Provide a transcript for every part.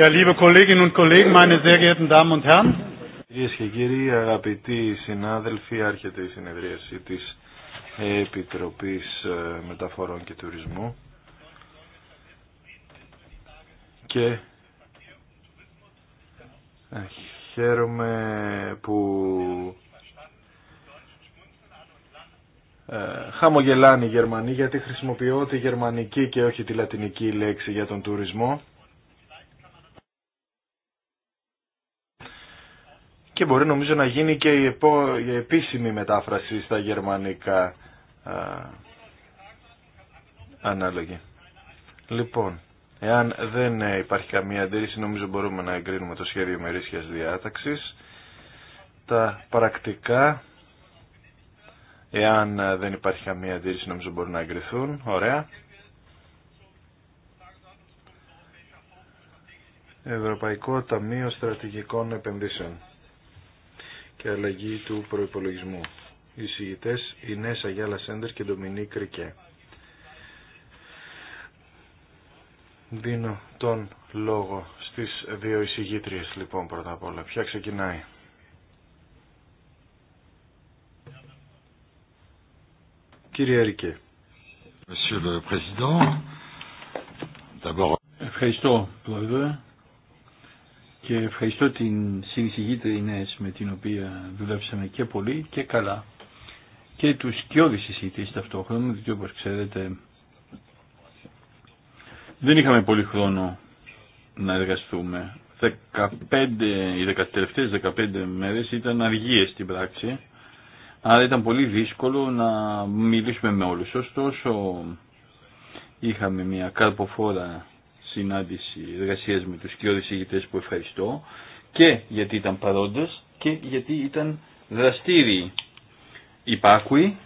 Ja, liebe Kolleginnen Κυρίες και κύριοι, αγαπητοί συνάδελφοι, άρχεται η συνεδρίαση της Επιτροπής ε, Μεταφορών και Τουρισμού και ε, χαίρομαι που ε, χαμογελάνε οι Γερμανοί γιατί χρησιμοποιώ τη γερμανική και όχι τη λατινική λέξη για τον τουρισμό και μπορεί νομίζω να γίνει και η, επό... η επίσημη μετάφραση στα γερμανικά ανάλογη. Λοιπόν, εάν δεν ε, υπάρχει καμία αντίρρηση νομίζω μπορούμε να εγκρίνουμε το σχέδιο μερίσιας διάταξης. Τα πρακτικά, εάν ε, δεν υπάρχει καμία αντίρρηση νομίζω μπορούν να εγκριθούν. Ωραία. Ευρωπαϊκό Ταμείο Στρατηγικών Επενδύσεων και αλλαγή του προϋπολογισμού. Οι συγητές είναι Σαγιάλα Σέντερ και Ντομινί Κρικέ. Δίνω τον λόγο στις δύο εισηγήτριες λοιπόν πρώτα απ' όλα. Ποια ξεκινάει. Κύριε Ρικέ. Ευχαριστώ, Πρόεδρε και ευχαριστώ την συνεισηγήτρια Ινέες με την οποία δουλέψαμε και πολύ και καλά και τους σκιώδη συζητήσεις ταυτόχρονα, διότι όπως ξέρετε δεν είχαμε πολύ χρόνο να εργαστούμε. 15, οι τελευταίες 15 μέρες ήταν αργίες στην πράξη, αλλά ήταν πολύ δύσκολο να μιλήσουμε με όλους. Ωστόσο είχαμε μια καρποφόρα συνάντηση εργασίας με τους κύριους ηγητές που ευχαριστώ και γιατί ήταν παρόντες και γιατί ήταν δραστήριοι υπάκουοι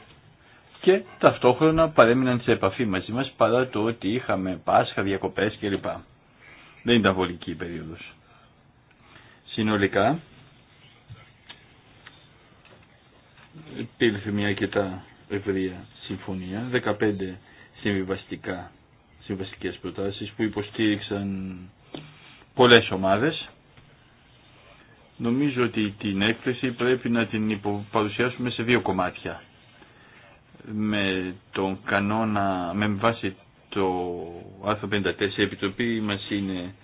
και ταυτόχρονα παρέμειναν σε επαφή μαζί μας παρά το ότι είχαμε Πάσχα, διακοπές κλπ. Δεν ήταν βολική η περίοδος. Συνολικά υπήρχε μια αρκετά ευρεία συμφωνία, 15 συμβιβαστικά βασικές προτάσεις που υποστήριξαν πολλές ομάδες. Νομίζω ότι την έκθεση πρέπει να την παρουσιάσουμε σε δύο κομμάτια. Με τον κανόνα, με βάση το άρθρο 54, η Επιτροπή μας είναι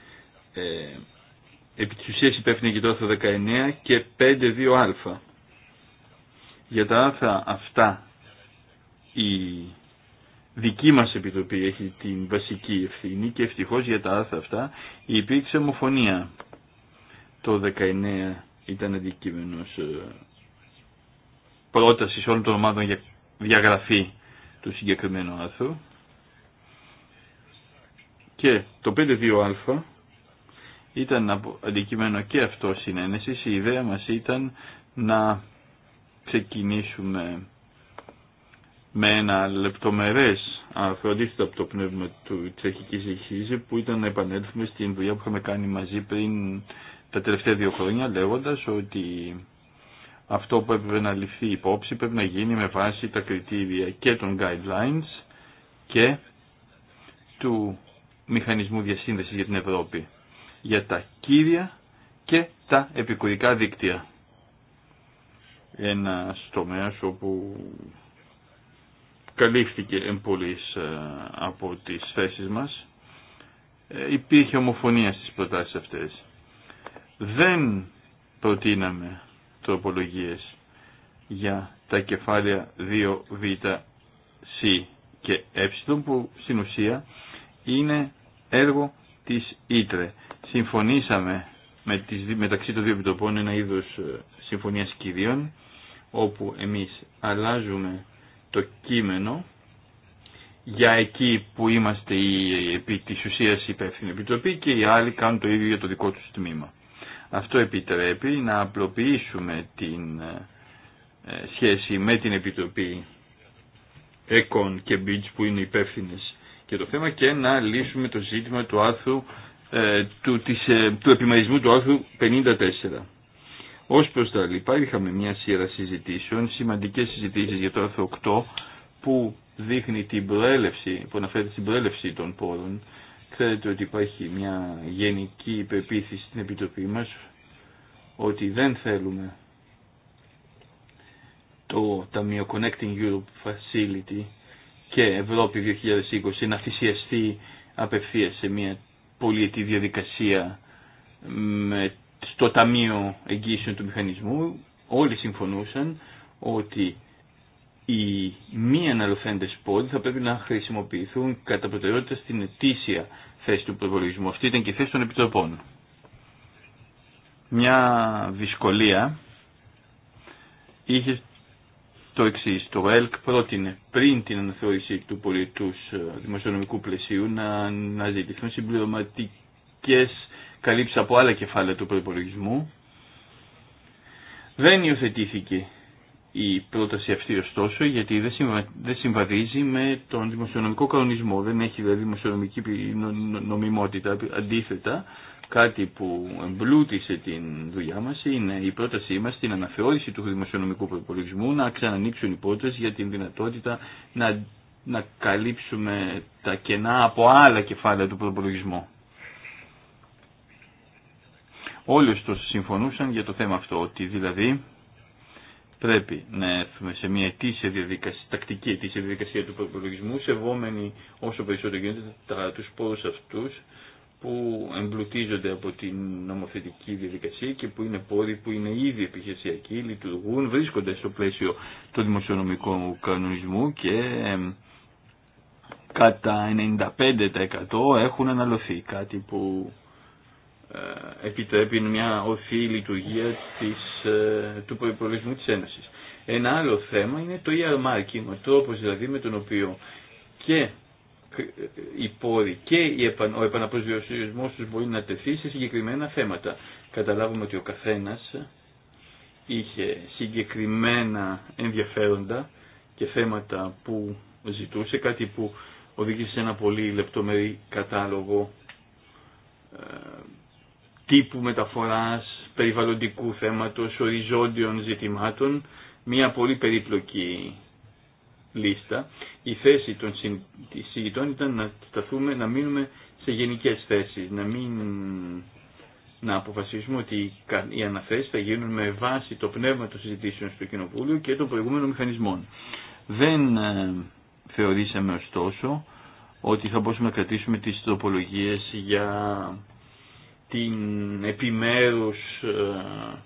ε, επί της ουσίας υπεύθυνη για το άρθρο 19 και 5.2α. Για τα άρθρα αυτά η δική μας επιτροπή έχει την βασική ευθύνη και ευτυχώς για τα άρθρα αυτά υπήρξε ομοφωνία. Το 19 ήταν αντικείμενος ε, πρότασης όλων των ομάδων για διαγραφή του συγκεκριμένου άρθρου και το 5.2α ήταν αντικείμενο και αυτό συνένεση. Η ιδέα μας ήταν να ξεκινήσουμε με ένα λεπτομερές αφροντίθετο από το πνεύμα του τσεχικής διοίκησης που ήταν να επανέλθουμε στην δουλειά που είχαμε κάνει μαζί πριν τα τελευταία δύο χρόνια λέγοντας ότι αυτό που έπρεπε να ληφθεί υπόψη πρέπει να γίνει με βάση τα κριτήρια και των guidelines και του μηχανισμού διασύνδεσης για την Ευρώπη για τα κύρια και τα επικουρικά δίκτυα. Ένα τομέα όπου καλύφθηκε εμπολής ε, από τις θέσεις μας. Ε, υπήρχε ομοφωνία στις προτάσεις αυτές. Δεν προτείναμε τροπολογίες για τα κεφάλαια 2, Β, Σ και Ε που στην ουσία είναι έργο της Ήτρε. Συμφωνήσαμε με τις, μεταξύ των δύο επιτροπών ένα είδος ε, συμφωνίας κυρίων όπου εμείς αλλάζουμε το κείμενο για εκεί που είμαστε η, επί της ουσίας υπεύθυνη επιτροπή και οι άλλοι κάνουν το ίδιο για το δικό τους τμήμα. Αυτό επιτρέπει να απλοποιήσουμε την ε, σχέση με την επιτροπή ΕΚΟΝ και beach που είναι υπεύθυνε για το θέμα και να λύσουμε το ζήτημα του άρθρου ε, του, της, ε, του επιμερισμού του άρθρου 54. Ω προς τα λοιπά είχαμε μια σειρά συζητήσεων, σημαντικές συζητήσει για το άρθρο 8 που δείχνει την προέλευση, που αναφέρεται στην προέλευση των πόρων. Ξέρετε ότι υπάρχει μια γενική υπεποίθηση στην Επιτροπή μας ότι δεν θέλουμε το Ταμείο Connecting Europe Facility και Ευρώπη 2020 να θυσιαστεί απευθείας σε μια πολιετή διαδικασία με στο Ταμείο Εγγύσεων του Μηχανισμού όλοι συμφωνούσαν ότι οι μη αναλωθέντες πόδι θα πρέπει να χρησιμοποιηθούν κατά προτεραιότητα στην αιτήσια θέση του προπολογισμού. Αυτή ήταν και η θέση των επιτροπών. Μια δυσκολία είχε το εξή. Το ΕΛΚ πρότεινε πριν την αναθεώρηση του πολιτού ε, δημοσιονομικού πλαισίου να αναζητηθούν συμπληρωματικέ καλύψει από άλλα κεφάλαια του προπολογισμού. Δεν υιοθετήθηκε η πρόταση αυτή ωστόσο γιατί δεν, συμβα... δεν συμβαδίζει με τον δημοσιονομικό κανονισμό. Δεν έχει δηλαδή δημοσιονομική νομιμότητα. Αντίθετα, κάτι που εμπλούτησε την δουλειά μας είναι η πρότασή μας στην αναθεώρηση του δημοσιονομικού προπολογισμού να ξανανοίξουν οι για την δυνατότητα να, να καλύψουμε τα κενά από άλλα κεφάλαια του προπολογισμού. Όλοι τους συμφωνούσαν για το θέμα αυτό, ότι δηλαδή πρέπει να έρθουμε σε μια αιτήσια διαδικασία, τακτική αιτήσια διαδικασία του προπολογισμού, σεβόμενοι όσο περισσότερο γίνεται τα, τους πόρους αυτούς που εμπλουτίζονται από την νομοθετική διαδικασία και που είναι πόροι που είναι ήδη επιχειρησιακοί, λειτουργούν, βρίσκονται στο πλαίσιο του δημοσιονομικού κανονισμού και κατά 95% έχουν αναλωθεί, κάτι που ε, επιτρέπει μια ορθή λειτουργία της, ε, του προϋπολογισμού της Ένωσης. Ένα άλλο θέμα είναι το earmarking, ο τρόπο δηλαδή με τον οποίο και ε, οι πόροι και ο επαναπροσδιορισμός τους μπορεί να τεθεί σε συγκεκριμένα θέματα. Καταλάβουμε ότι ο καθένας είχε συγκεκριμένα ενδιαφέροντα και θέματα που ζητούσε, κάτι που οδήγησε σε ένα πολύ λεπτομερή κατάλογο τύπου μεταφοράς, περιβαλλοντικού θέματος, οριζόντιων ζητημάτων, μια πολύ περίπλοκη λίστα. Η θέση των συγητών ήταν να σταθούμε, να μείνουμε σε γενικές θέσεις, να μην να αποφασίσουμε ότι οι αναθέσεις θα γίνουν με βάση το πνεύμα των συζητήσεων στο Κοινοβούλιο και των προηγούμενων μηχανισμών. Δεν ε, θεωρήσαμε ωστόσο ότι θα μπορούσαμε να κρατήσουμε τις τροπολογίες για την επιμέρους ε,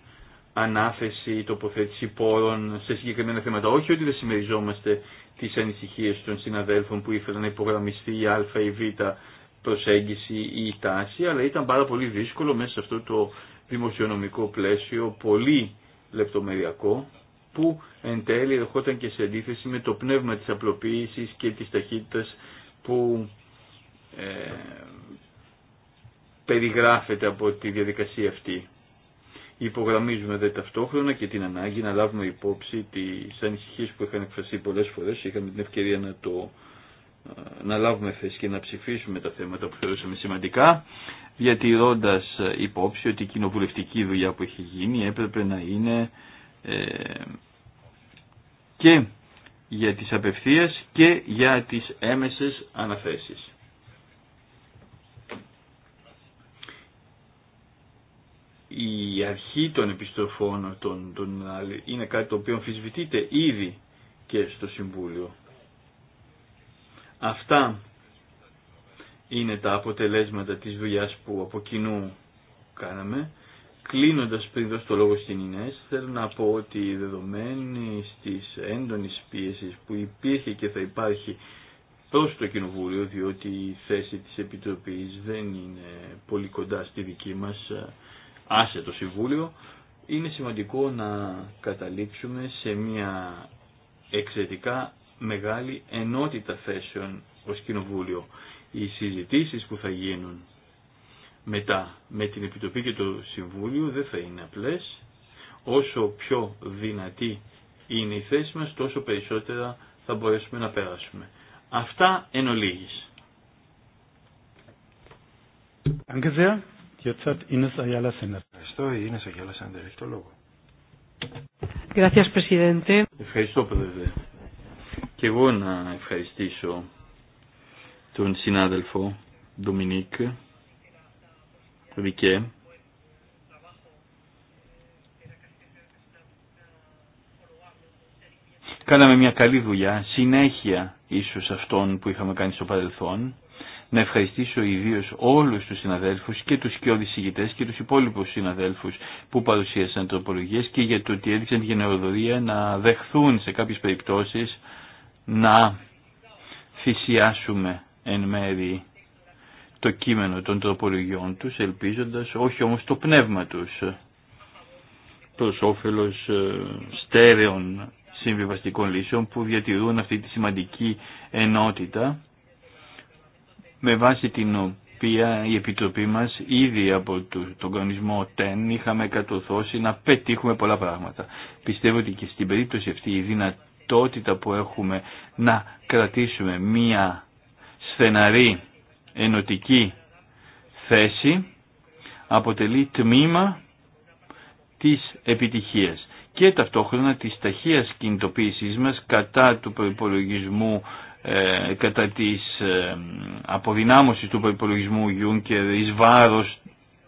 ανάθεση τοποθέτηση πόρων σε συγκεκριμένα θέματα. Όχι ότι δεν συμμεριζόμαστε τις ανησυχίες των συναδέλφων που ήθελαν να υπογραμμιστεί η α ή β προσέγγιση ή τάση, αλλά ήταν πάρα πολύ δύσκολο μέσα σε αυτό το δημοσιονομικό πλαίσιο, πολύ λεπτομεριακό, που εν τέλει ερχόταν και σε αντίθεση με το πνεύμα της απλοποίησης και της ταχύτητας που ε, περιγράφεται από τη διαδικασία αυτή. Υπογραμμίζουμε δε ταυτόχρονα και την ανάγκη να λάβουμε υπόψη τις ανησυχίες που είχαν εκφραστεί πολλές φορές. Είχαμε την ευκαιρία να, το, ε, να λάβουμε θέση και να ψηφίσουμε τα θέματα που θεωρούσαμε σημαντικά, διατηρώντας ε, υπόψη ότι η κοινοβουλευτική δουλειά που έχει γίνει έπρεπε να είναι ε, και για τις απευθείας και για τις έμεσες αναθέσεις. η αρχή των επιστροφών των, των, είναι κάτι το οποίο αμφισβητείται ήδη και στο Συμβούλιο. Αυτά είναι τα αποτελέσματα της δουλειάς που από κοινού κάναμε. Κλείνοντας πριν δώσω το λόγο στην Ινές, θέλω να πω ότι δεδομένη στις έντονης πίεσης που υπήρχε και θα υπάρχει προς το Κοινοβούλιο, διότι η θέση της Επιτροπής δεν είναι πολύ κοντά στη δική μας, άσε το Συμβούλιο, είναι σημαντικό να καταλήξουμε σε μια εξαιρετικά μεγάλη ενότητα θέσεων ως Κοινοβούλιο. Οι συζητήσεις που θα γίνουν μετά με την Επιτροπή και το Συμβούλιο δεν θα είναι απλές. Όσο πιο δυνατή είναι η θέση μας, τόσο περισσότερα θα μπορέσουμε να περάσουμε. Αυτά εν ολίγης. Ευχαριστώ, είναι Έχει το λόγο. Ευχαριστώ, Πρόεδρε. Και εγώ να ευχαριστήσω τον συνάδελφο Ντομινίκ Ρικέ Κάναμε μια καλή δουλειά, συνέχεια ίσως αυτών που είχαμε κάνει στο παρελθόν να ευχαριστήσω ιδίω όλους τους συναδέλφους και τους σκιώδης ηγητέ και τους υπόλοιπου συναδέλφου που παρουσίασαν τροπολογίες και για το ότι έδειξαν τη γενεοδορία να δεχθούν σε κάποιε περιπτώσεις να θυσιάσουμε εν μέρη το κείμενο των τροπολογιών τους, ελπίζοντας όχι όμως το πνεύμα τους προς όφελος ε, στέρεων συμβιβαστικών λύσεων που διατηρούν αυτή τη σημαντική ενότητα με βάση την οποία η Επιτροπή μας ήδη από τον κανονισμό ΤΕΝ είχαμε κατορθώσει να πετύχουμε πολλά πράγματα. Πιστεύω ότι και στην περίπτωση αυτή η δυνατότητα που έχουμε να κρατήσουμε μία στεναρή ενωτική θέση αποτελεί τμήμα της επιτυχίας και ταυτόχρονα της ταχείας κινητοποίησής μας κατά του προϋπολογισμού ε, κατά της ε, αποδυνάμωσης του προπολογισμού Juncker εις βάρος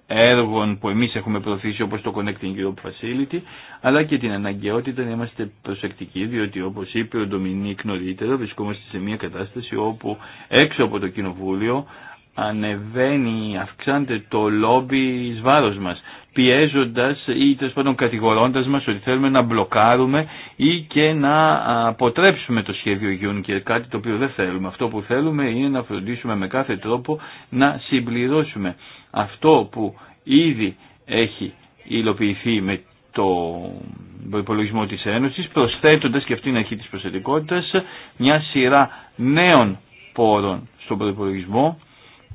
έργων που εμείς έχουμε προωθήσει όπως το Connecting Europe Facility αλλά και την αναγκαιότητα να είμαστε προσεκτικοί διότι όπως είπε ο Ντομινίκ νωρίτερα βρισκόμαστε σε μια κατάσταση όπου έξω από το Κοινοβούλιο ανεβαίνει, αυξάνεται το λόμπι εις βάρος μας πιέζοντας ή τέλο πάντων κατηγορώντας μας ότι θέλουμε να μπλοκάρουμε ή και να αποτρέψουμε το σχέδιο Γιούνκερ, κάτι το οποίο δεν θέλουμε. Αυτό που θέλουμε είναι να φροντίσουμε με κάθε τρόπο να συμπληρώσουμε αυτό που ήδη έχει υλοποιηθεί με το υπολογισμό της Ένωσης, προσθέτοντας και αυτήν την αρχή της προσθετικότητας μια σειρά νέων πόρων στον προπολογισμό,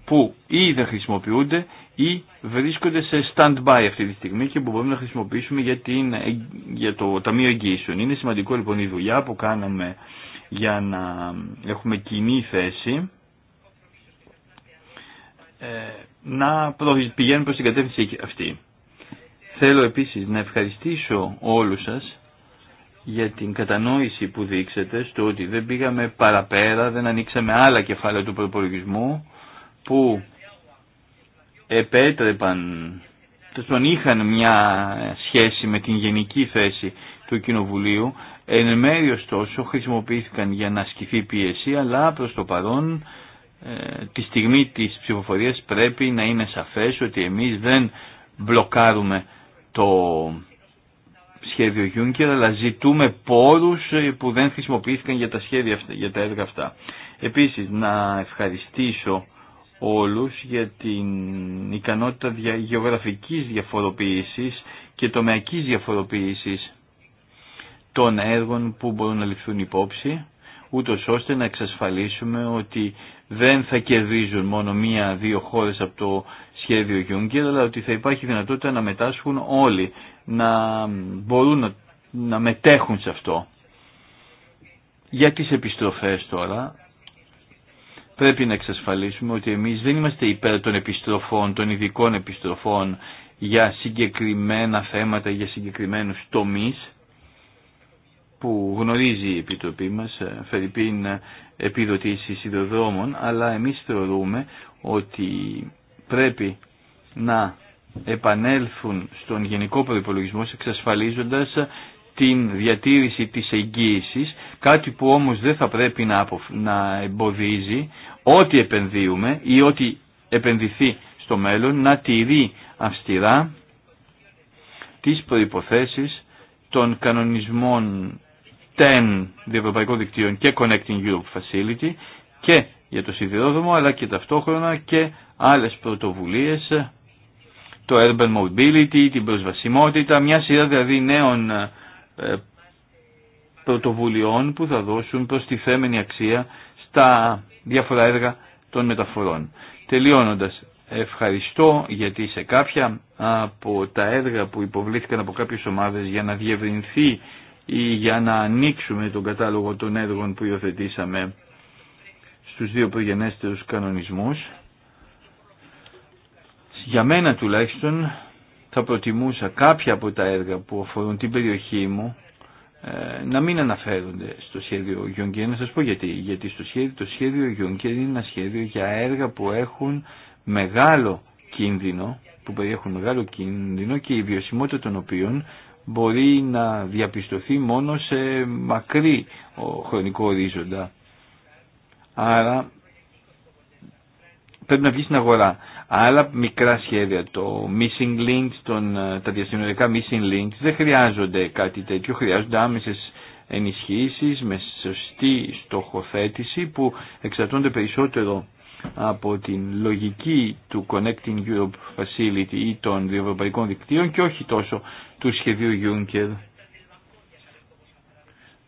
που ή δεν χρησιμοποιούνται ή βρίσκονται σε stand-by αυτή τη στιγμή και που μπορούμε να χρησιμοποιήσουμε για, την, για το Ταμείο Εγγύησεων. Είναι σημαντικό λοιπόν η δουλειά που κάναμε για να έχουμε κοινή θέση ε, να πηγαίνουμε προς την κατεύθυνση αυτή. Θέλω επίσης να ευχαριστήσω όλους σας για την κατανόηση που δείξετε στο ότι δεν πήγαμε παραπέρα, δεν ανοίξαμε άλλα κεφάλαια του προπολογισμού που επέτρεπαν, τον είχαν μια σχέση με την γενική θέση του Κοινοβουλίου, εν μέρει ωστόσο χρησιμοποιήθηκαν για να ασκηθεί πίεση, αλλά προς το παρόν ε, τη στιγμή της ψηφοφορίας πρέπει να είναι σαφές ότι εμείς δεν μπλοκάρουμε το σχέδιο Juncker, αλλά ζητούμε πόρους ε, που δεν χρησιμοποιήθηκαν για τα, σχέδια, για τα έργα αυτά. Επίσης, να ευχαριστήσω όλους για την ικανότητα γεωγραφικής διαφοροποίησης και τομεακής διαφοροποίησης των έργων που μπορούν να ληφθούν υπόψη, ούτω ώστε να εξασφαλίσουμε ότι δεν θα κερδίζουν μόνο μία-δύο χώρες από το σχέδιο Γιούγκερ αλλά ότι θα υπάρχει δυνατότητα να μετάσχουν όλοι, να μπορούν να, να μετέχουν σε αυτό. Για τις επιστροφές τώρα, πρέπει να εξασφαλίσουμε ότι εμείς δεν είμαστε υπέρ των επιστροφών, των ειδικών επιστροφών για συγκεκριμένα θέματα, για συγκεκριμένους τομείς που γνωρίζει η Επιτροπή μας, ε, φερειπίν ε, επιδοτήσει ιδεοδρόμων, αλλά εμείς θεωρούμε ότι πρέπει να επανέλθουν στον γενικό προπολογισμό, εξασφαλίζοντας την διατήρηση της εγγύησης, κάτι που όμως δεν θα πρέπει να, εμποδίζει ό,τι επενδύουμε ή ό,τι επενδυθεί στο μέλλον να τηρεί αυστηρά τις προϋποθέσεις των κανονισμών TEN διευρωπαϊκών δικτύων και Connecting Europe Facility και για το σιδηρόδρομο αλλά και ταυτόχρονα και άλλες πρωτοβουλίες το urban mobility, την προσβασιμότητα, μια σειρά δηλαδή νέων ε, πρωτοβουλειών που θα δώσουν τη θέμενη αξία τα διάφορα έργα των μεταφορών. Τελειώνοντας, ευχαριστώ γιατί σε κάποια από τα έργα που υποβλήθηκαν από κάποιες ομάδες για να διευρυνθεί ή για να ανοίξουμε τον κατάλογο των έργων που υιοθετήσαμε στους δύο προγενέστερους κανονισμούς, για μένα τουλάχιστον θα προτιμούσα κάποια από τα έργα που αφορούν την περιοχή μου ε, να μην αναφέρονται στο σχέδιο Γιονγκέν, Να σας πω γιατί. Γιατί στο σχέδιο, το σχέδιο Γιονγκέν είναι ένα σχέδιο για έργα που έχουν μεγάλο κίνδυνο, που περιέχουν μεγάλο κίνδυνο και η βιωσιμότητα των οποίων μπορεί να διαπιστωθεί μόνο σε μακρύ χρονικό ορίζοντα. Άρα πρέπει να βγει στην αγορά. Άλλα μικρά σχέδια, το missing links, τον, ε, τα διασυνοριακά missing links δεν χρειάζονται κάτι τέτοιο, χρειάζονται άμεσες ενισχύσεις με σωστή στοχοθέτηση που εξαρτώνται περισσότερο από την λογική του Connecting Europe Facility ή των διευρωπαϊκών δικτύων και όχι τόσο του σχεδίου Juncker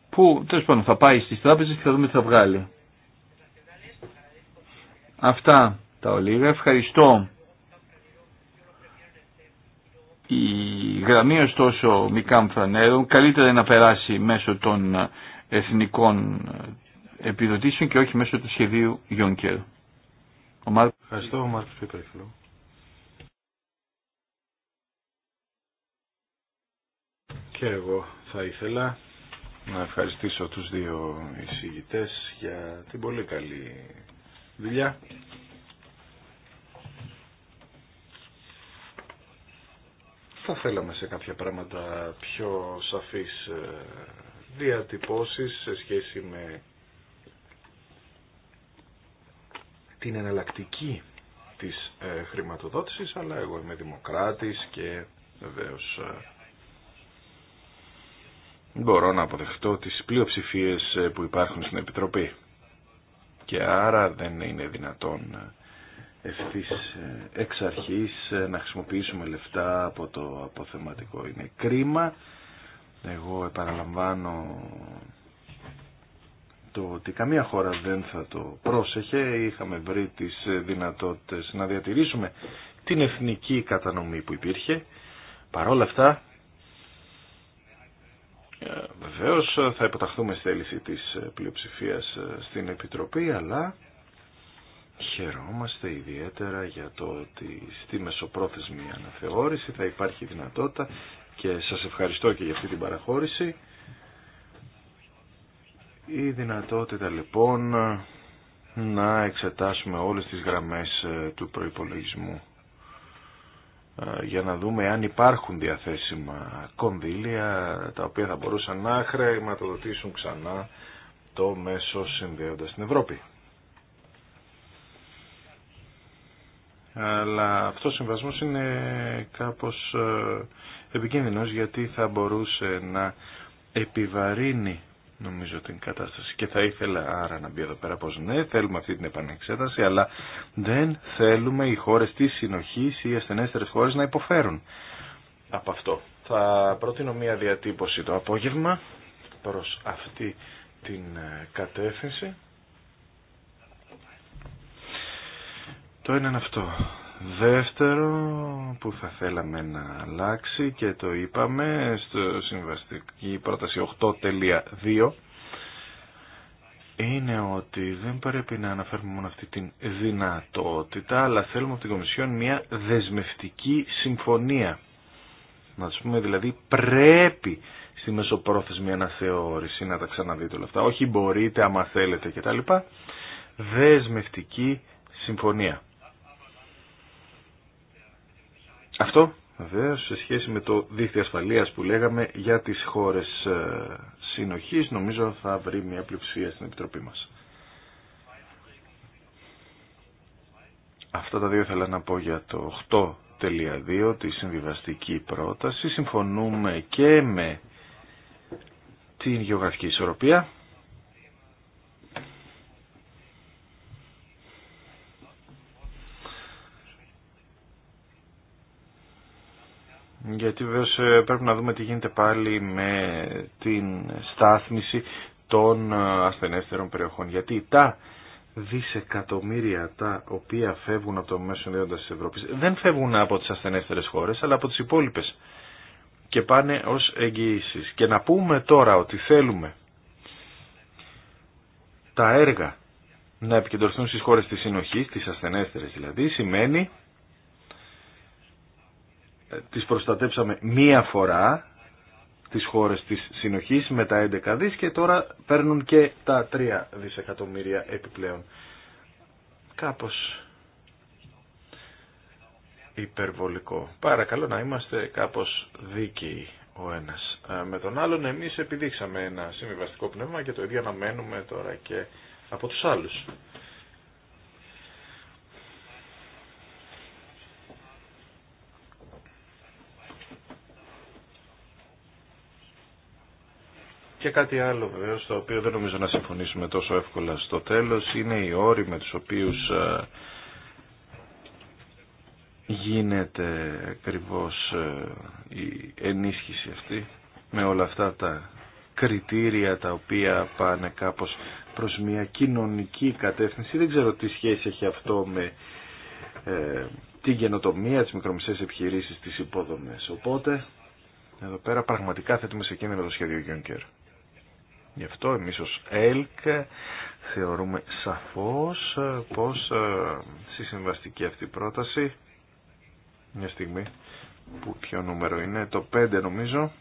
που τέλος πάντων θα πάει στις τράπεζες και θα δούμε τι θα βγάλει. Αυτά τα ολίγα. Ευχαριστώ. Η γραμμή ωστόσο Μικάμ Φρανέρων καλύτερα να περάσει μέσω των εθνικών επιδοτήσεων και όχι μέσω του σχεδίου Γιονκέρ. Ευχαριστώ ο Μάρκος Και εγώ θα ήθελα να ευχαριστήσω τους δύο εισηγητές για την πολύ καλή δουλειά θα θέλαμε σε κάποια πράγματα πιο σαφείς ε, διατυπώσεις σε σχέση με την εναλλακτική της ε, χρηματοδότησης, αλλά εγώ είμαι δημοκράτης και βεβαίω. Ε, μπορώ να αποδεχτώ τις πλειοψηφίες που υπάρχουν στην Επιτροπή και άρα δεν είναι δυνατόν ευθύς ε, εξ αρχής ε, να χρησιμοποιήσουμε λεφτά από το αποθεματικό. Είναι κρίμα. Εγώ επαναλαμβάνω το ότι καμία χώρα δεν θα το πρόσεχε. Είχαμε βρει τις δυνατότητες να διατηρήσουμε την εθνική κατανομή που υπήρχε. Παρόλα αυτά, ε, βεβαίως θα υποταχθούμε στη τη της πλειοψηφίας στην Επιτροπή, αλλά Χαιρόμαστε ιδιαίτερα για το ότι στη μεσοπρόθεσμη αναθεώρηση θα υπάρχει δυνατότητα και σας ευχαριστώ και για αυτή την παραχώρηση. Η δυνατότητα λοιπόν να εξετάσουμε όλες τις γραμμές ε, του προϋπολογισμού ε, για να δούμε αν υπάρχουν διαθέσιμα κονδύλια τα οποία θα μπορούσαν να χρηματοδοτήσουν ξανά το μέσο συνδέοντας την Ευρώπη. αλλά αυτό ο συμβασμός είναι κάπως ε, επικίνδυνος γιατί θα μπορούσε να επιβαρύνει νομίζω την κατάσταση και θα ήθελα άρα να μπει εδώ πέρα πως ναι θέλουμε αυτή την επανεξέταση αλλά δεν θέλουμε οι χώρες της συνοχής ή οι ασθενέστερες χώρες να υποφέρουν από αυτό. Θα προτείνω μια διατύπωση το απόγευμα προς αυτή την ε, κατεύθυνση Το ένα είναι αυτό. Δεύτερο που θα θέλαμε να αλλάξει και το είπαμε στο συμβαστική πρόταση 8.2 είναι ότι δεν πρέπει να αναφέρουμε μόνο αυτή την δυνατότητα αλλά θέλουμε από την Κομισιόν μια δεσμευτική συμφωνία. Να τους πούμε δηλαδή πρέπει στη μεσοπρόθεσμη αναθεώρηση να τα ξαναδείτε όλα αυτά. Όχι μπορείτε άμα θέλετε κτλ. Δεσμευτική συμφωνία. Αυτό βεβαίω σε σχέση με το δίκτυο ασφαλείας που λέγαμε για τις χώρες ε, συνοχής νομίζω θα βρει μια πλειοψηφία στην Επιτροπή μας. Αυτά τα δύο ήθελα να πω για το 8.2 τη συμβιβαστική πρόταση. Συμφωνούμε και με την γεωγραφική ισορροπία γιατί βέβαια ε, πρέπει να δούμε τι γίνεται πάλι με την στάθμιση των ε, ασθενέστερων περιοχών. Γιατί τα δισεκατομμύρια τα οποία φεύγουν από το μέσο ενδιόντα της Ευρώπης δεν φεύγουν από τις ασθενέστερες χώρες αλλά από τις υπόλοιπες και πάνε ως εγγυήσεις. Και να πούμε τώρα ότι θέλουμε τα έργα να επικεντρωθούν στις χώρες της συνοχής, τις ασθενέστερες δηλαδή, σημαίνει ε, τις προστατέψαμε μία φορά τις χώρες της συνοχής με τα 11 δις και τώρα παίρνουν και τα 3 δισεκατομμύρια επιπλέον. Κάπως υπερβολικό. Παρακαλώ να είμαστε κάπως δίκαιοι ο ένας ε, με τον άλλον. Εμείς επιδείξαμε ένα συμβιβαστικό πνεύμα και το ίδιο αναμένουμε τώρα και από τους άλλους. Και κάτι άλλο βεβαίω, το οποίο δεν νομίζω να συμφωνήσουμε τόσο εύκολα στο τέλος, είναι οι όροι με τους οποίους ε, γίνεται ακριβώ ε, η ενίσχυση αυτή με όλα αυτά τα κριτήρια τα οποία πάνε κάπως προς μια κοινωνική κατεύθυνση. Δεν ξέρω τι σχέση έχει αυτό με ε, την καινοτομία, τις μικρομισές επιχειρήσεις, τις υποδομές. Οπότε, εδώ πέρα πραγματικά θέτουμε σε κίνδυνο το σχέδιο Juncker. Γι' αυτό εμείς ως ΕΛΚ θεωρούμε σαφώς ε, πως ε, στη συμβαστική αυτή πρόταση μια στιγμή που ποιο νούμερο είναι το 5 νομίζω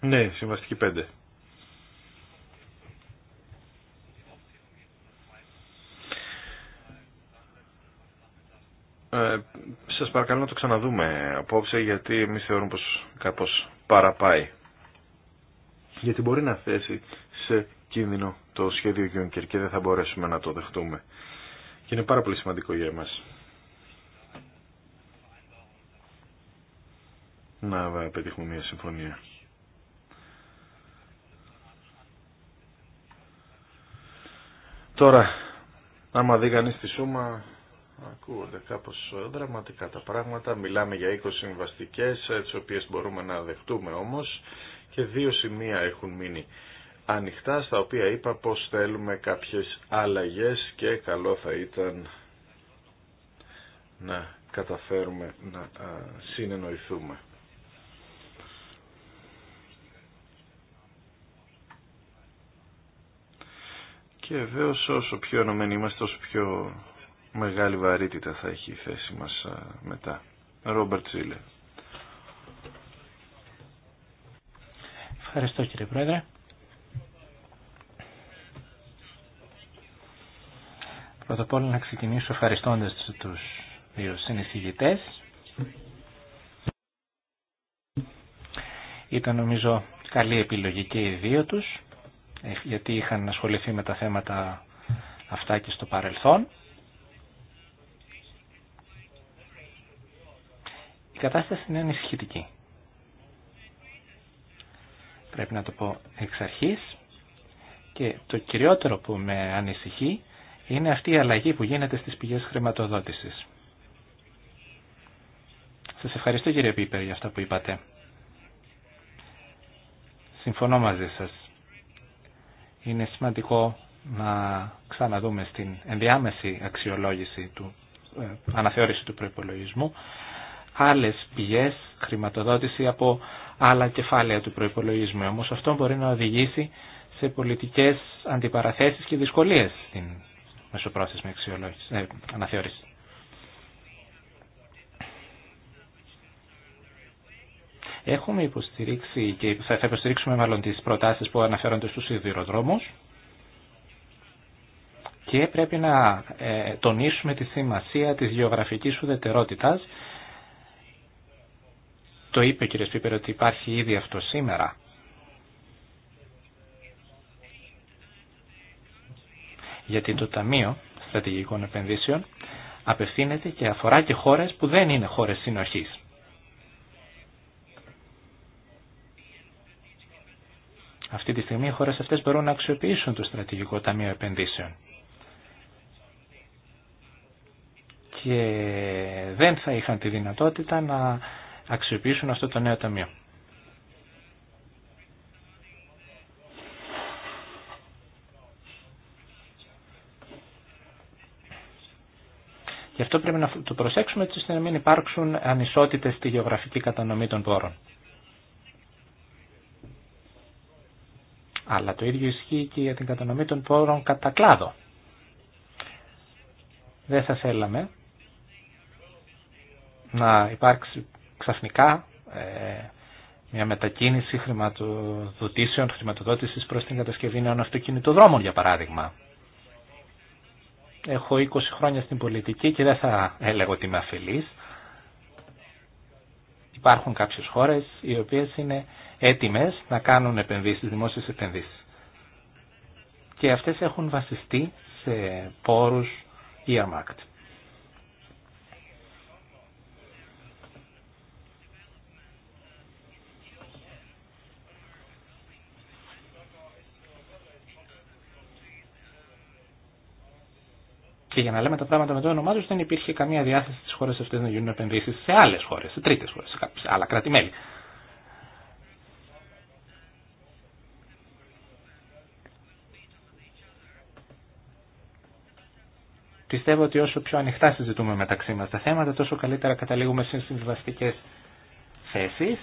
ναι συμβαστική 5 ε, σας παρακαλώ να το ξαναδούμε απόψε γιατί εμείς θεωρούμε πως κάπως παραπάει. Γιατί μπορεί να θέσει σε κίνδυνο το σχέδιο Γιούνκερ και δεν θα μπορέσουμε να το δεχτούμε. Και είναι πάρα πολύ σημαντικό για εμάς. Να πετύχουμε μια συμφωνία. Τώρα, άμα δει κανείς τη σούμα, Ακούγονται κάπως δραματικά τα πράγματα. Μιλάμε για 20 συμβαστικέ, τις οποίες μπορούμε να δεχτούμε όμως και δύο σημεία έχουν μείνει ανοιχτά, στα οποία είπα πως θέλουμε κάποιες αλλαγές και καλό θα ήταν να καταφέρουμε να συνεννοηθούμε. Και βεβαίω όσο πιο ενωμένοι είμαστε, όσο πιο μεγάλη βαρύτητα θα έχει η θέση μας μετά. Ρόμπερτ Σίλε. Ευχαριστώ κύριε Πρόεδρε. Πρώτα απ' όλα να ξεκινήσω ευχαριστώντα τους δύο συνεισηγητές. Ήταν νομίζω καλή επιλογή και οι δύο τους, ε, γιατί είχαν ασχοληθεί με τα θέματα αυτά και στο παρελθόν. κατάσταση είναι ανησυχητική. Πρέπει να το πω εξ αρχής και το κυριότερο που με ανησυχεί είναι αυτή η αλλαγή που γίνεται στις πηγές χρηματοδότησης. Σας ευχαριστώ κύριε Πίπερ για αυτά που είπατε. Συμφωνώ μαζί σας. Είναι σημαντικό να ξαναδούμε στην ενδιάμεση αξιολόγηση του ε, αναθεώρηση του προϋπολογισμού άλλες πηγές, χρηματοδότηση από άλλα κεφάλαια του προϋπολογισμού. Όμως αυτό μπορεί να οδηγήσει σε πολιτικές αντιπαραθέσεις και δυσκολίες στην μεσοπρόθεσμη ε, αναθεώρηση. Έχουμε υποστηρίξει και θα υποστηρίξουμε μάλλον τις προτάσεις που αναφέρονται στους σιδηροδρόμους και πρέπει να ε, τονίσουμε τη σημασία της γεωγραφικής ουδετερότητας το είπε ο κ. Πίπερ ότι υπάρχει ήδη αυτό σήμερα. Γιατί το Ταμείο Στρατηγικών Επενδύσεων απευθύνεται και αφορά και χώρες που δεν είναι χώρες συνοχής. Αυτή τη στιγμή οι χώρες αυτές μπορούν να αξιοποιήσουν το Στρατηγικό Ταμείο Επενδύσεων. Και δεν θα είχαν τη δυνατότητα να αξιοποιήσουν αυτό το νέο ταμείο. Γι' αυτό πρέπει να το προσέξουμε έτσι ώστε να μην υπάρξουν ανισότητες στη γεωγραφική κατανομή των πόρων. Αλλά το ίδιο ισχύει και για την κατανομή των πόρων κατά κλάδο. Δεν θα θέλαμε να υπάρξει ξαφνικά ε, μια μετακίνηση χρηματοδοτήσεων, χρηματοδότησης προς την κατασκευή νέων αυτοκινητοδρόμων για παράδειγμα. Έχω 20 χρόνια στην πολιτική και δεν θα έλεγα ότι είμαι αφελής. Υπάρχουν κάποιες χώρες οι οποίες είναι έτοιμες να κάνουν επενδύσεις, δημόσιες επενδύσεις. Και αυτές έχουν βασιστεί σε πόρους earmarked. Και για να λέμε τα πράγματα με το όνομά του, δεν υπήρχε καμία διάθεση στι χώρε αυτέ να γίνουν επενδύσει σε άλλε χώρε, σε τρίτε χώρε, σε αλλα άλλα κράτη-μέλη. Πιστεύω ότι όσο πιο ανοιχτά συζητούμε μεταξύ μα τα θέματα, τόσο καλύτερα καταλήγουμε σε συμβιβαστικέ θέσεις,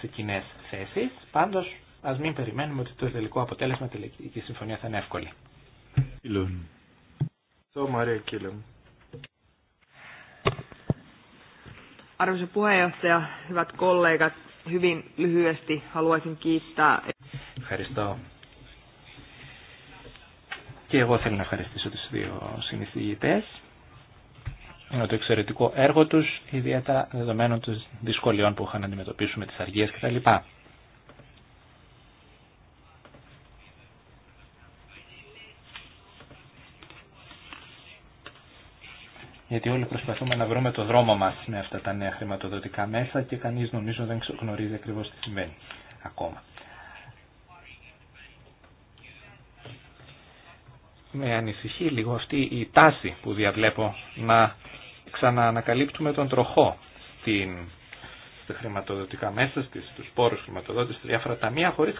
σε κοινέ θέσεις. Πάντως, α μην περιμένουμε ότι το τελικό αποτέλεσμα τη συμφωνία θα είναι εύκολη. Ευχαριστώ, Μαρία Κίλε μου. Arvoisa puheenjohtaja, hyvät kollegat, hyvin lyhyesti haluaisin kiittää. Ευχαριστώ. Και εγώ θέλω να ευχαριστήσω τους δύο συνηθιγητές για το εξαιρετικό έργο τους, ιδιαίτερα δεδομένων των δυσκολιών που είχαν να αντιμετωπίσουν με τις αργίες κτλ. γιατί όλοι προσπαθούμε να βρούμε το δρόμο μας με αυτά τα νέα χρηματοδοτικά μέσα και κανείς νομίζω δεν γνωρίζει ακριβώς τι συμβαίνει ακόμα. Με ανησυχεί λίγο αυτή η τάση που διαβλέπω να ξαναανακαλύπτουμε τον τροχό στην στα χρηματοδοτικά μέσα, στους πόρους χρηματοδότηση, τη διάφορα ταμεία, χωρίς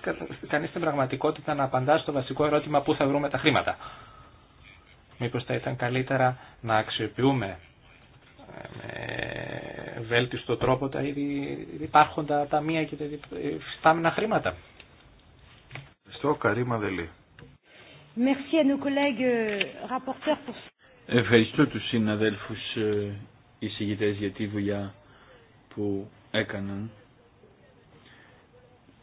κανείς στην πραγματικότητα να απαντά στο βασικό ερώτημα πού θα βρούμε τα χρήματα μήπως θα ήταν καλύτερα να αξιοποιούμε ε, με βέλτιστο τρόπο τα ήδη υπάρχοντα ταμεία και τα φυστάμενα χρήματα. Ευχαριστώ, Καρίμα Δελή. Euh, Ευχαριστώ τους συναδέλφους ε, εισηγητές για τη δουλειά που έκαναν.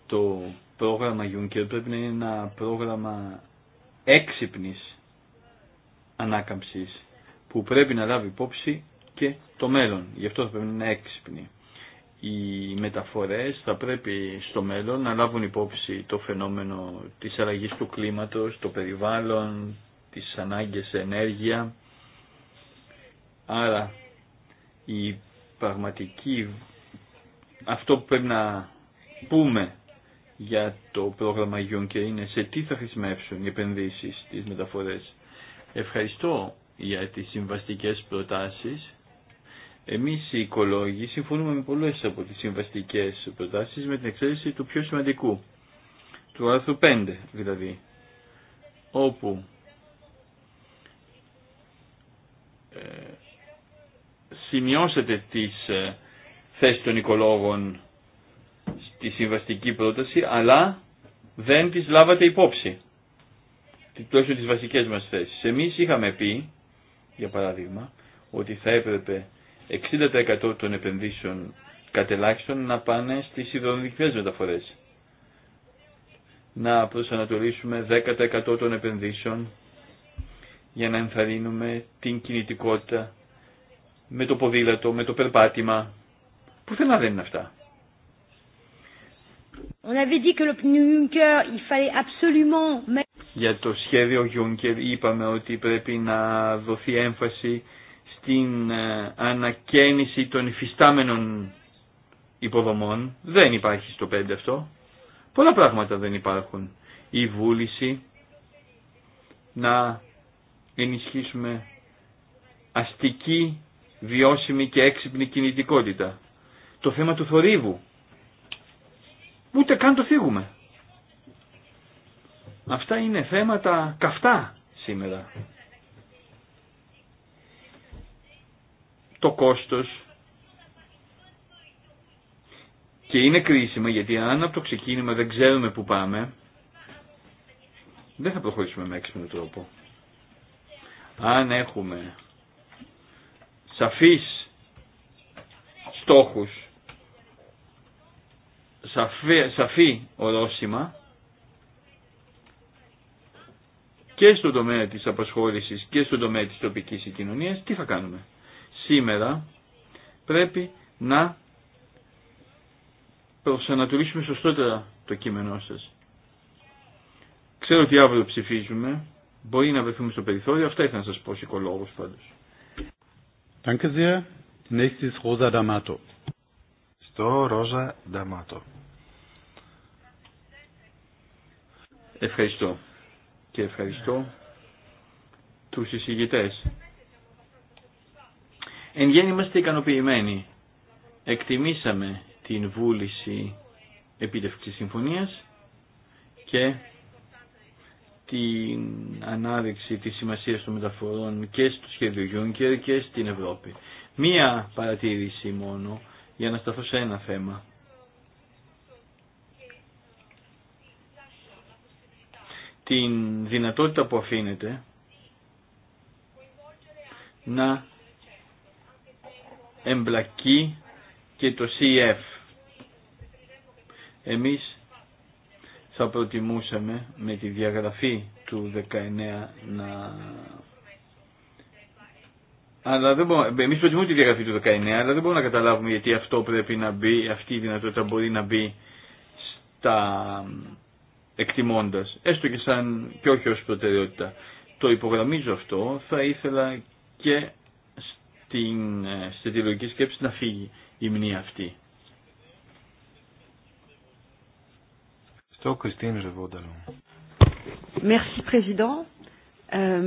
Το πρόγραμμα Juncker πρέπει να είναι ένα πρόγραμμα έξυπνης ανάκαμψης που πρέπει να λάβει υπόψη και το μέλλον. Γι' αυτό θα πρέπει να είναι έξυπνη. Οι μεταφορές θα πρέπει στο μέλλον να λάβουν υπόψη το φαινόμενο της αλλαγής του κλίματος, το περιβάλλον, τις ανάγκες σε ενέργεια. Άρα η πραγματική, αυτό που πρέπει να πούμε για το πρόγραμμα Juncker είναι σε τι θα χρησιμεύσουν οι επενδύσεις στις μεταφορές. Ευχαριστώ για τις συμβαστικές προτάσεις. Εμείς οι οικολόγοι συμφωνούμε με πολλές από τις συμβαστικές προτάσεις με την εξαίρεση του πιο σημαντικού, του άρθρου 5 δηλαδή, όπου ε, σημειώσετε τις ε, θέσεις των οικολόγων στη συμβαστική πρόταση, αλλά δεν τις λάβατε υπόψη τουλάχιστον τις βασικές μας θέσεις. Εμείς είχαμε πει, για παράδειγμα, ότι θα έπρεπε 60% των επενδύσεων κατελάχιστον να πάνε στις ιδεοδικέ μεταφορές. Να προσανατολίσουμε 10% των επενδύσεων για να ενθαρρύνουμε την κινητικότητα με το ποδήλατο, με το περπάτημα. Που Πουθενά να είναι αυτά για το σχέδιο Γιούνκερ είπαμε ότι πρέπει να δοθεί έμφαση στην ε, ανακαίνιση των υφιστάμενων υποδομών. Δεν υπάρχει στο πέντε αυτό. Πολλά πράγματα δεν υπάρχουν. Η βούληση να ενισχύσουμε αστική, βιώσιμη και έξυπνη κινητικότητα. Το θέμα του θορύβου. Ούτε καν το φύγουμε. Αυτά είναι θέματα καυτά σήμερα. Το κόστος και είναι κρίσιμο γιατί αν από το ξεκίνημα δεν ξέρουμε που πάμε, δεν θα προχωρήσουμε με έξυπνο τρόπο. Αν έχουμε σαφείς στόχους, σαφή, σαφή ορόσημα, και στον τομέα της απασχόλησης και στον τομέα της τοπικής κοινωνίας, τι θα κάνουμε. Σήμερα πρέπει να προσανατολίσουμε σωστότερα το κείμενό σας. Ξέρω ότι αύριο ψηφίζουμε, μπορεί να βρεθούμε στο περιθώριο, αυτά ήθελα να σας πω ως οικολόγος πάντως. Στο D'Amato. Ευχαριστώ και ευχαριστώ τους εισηγητές. Εν γέννη είμαστε ικανοποιημένοι. Εκτιμήσαμε την βούληση επίτευξης συμφωνίας και την ανάδειξη της σημασίας των μεταφορών και στο σχέδιο Juncker και στην Ευρώπη. Μία παρατήρηση μόνο για να σταθώ σε ένα θέμα. την δυνατότητα που αφήνεται να εμπλακεί και το CF. Εμείς θα προτιμούσαμε με τη διαγραφή του 19 να... Αλλά δεν μπορούμε, εμείς προτιμούμε τη διαγραφή του 19, αλλά δεν μπορούμε να καταλάβουμε γιατί αυτό πρέπει να μπει, αυτή η δυνατότητα μπορεί να μπει στα εκτιμώντας, έστω και σαν και όχι ως προτεραιότητα. Το υπογραμμίζω αυτό, θα ήθελα και στην, ε, στην σκέψη να φύγει η μνήμη αυτή. Στο Κριστίν Ρεβόνταλο. Merci, Président. Ε,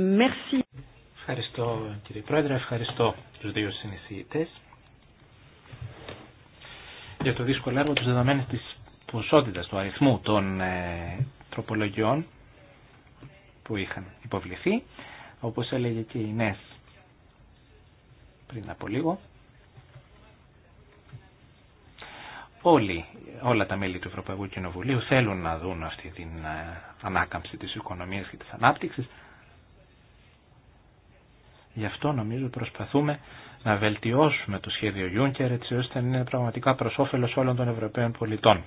ευχαριστώ κύριε Πρόεδρε, ευχαριστώ τους δύο συνεισηγητές για το δύσκολο έργο τους δεδομένες της ποσότητας, του αριθμού των ε, τροπολογιών που είχαν υποβληθεί, όπως έλεγε και η Νέσ πριν από λίγο. Όλοι, όλα τα μέλη του Ευρωπαϊκού Κοινοβουλίου θέλουν να δουν αυτή την ε, ανάκαμψη της οικονομίας και της ανάπτυξης. Γι' αυτό νομίζω προσπαθούμε να βελτιώσουμε το σχέδιο Juncker έτσι ώστε να είναι πραγματικά προς όφελος όλων των Ευρωπαίων πολιτών.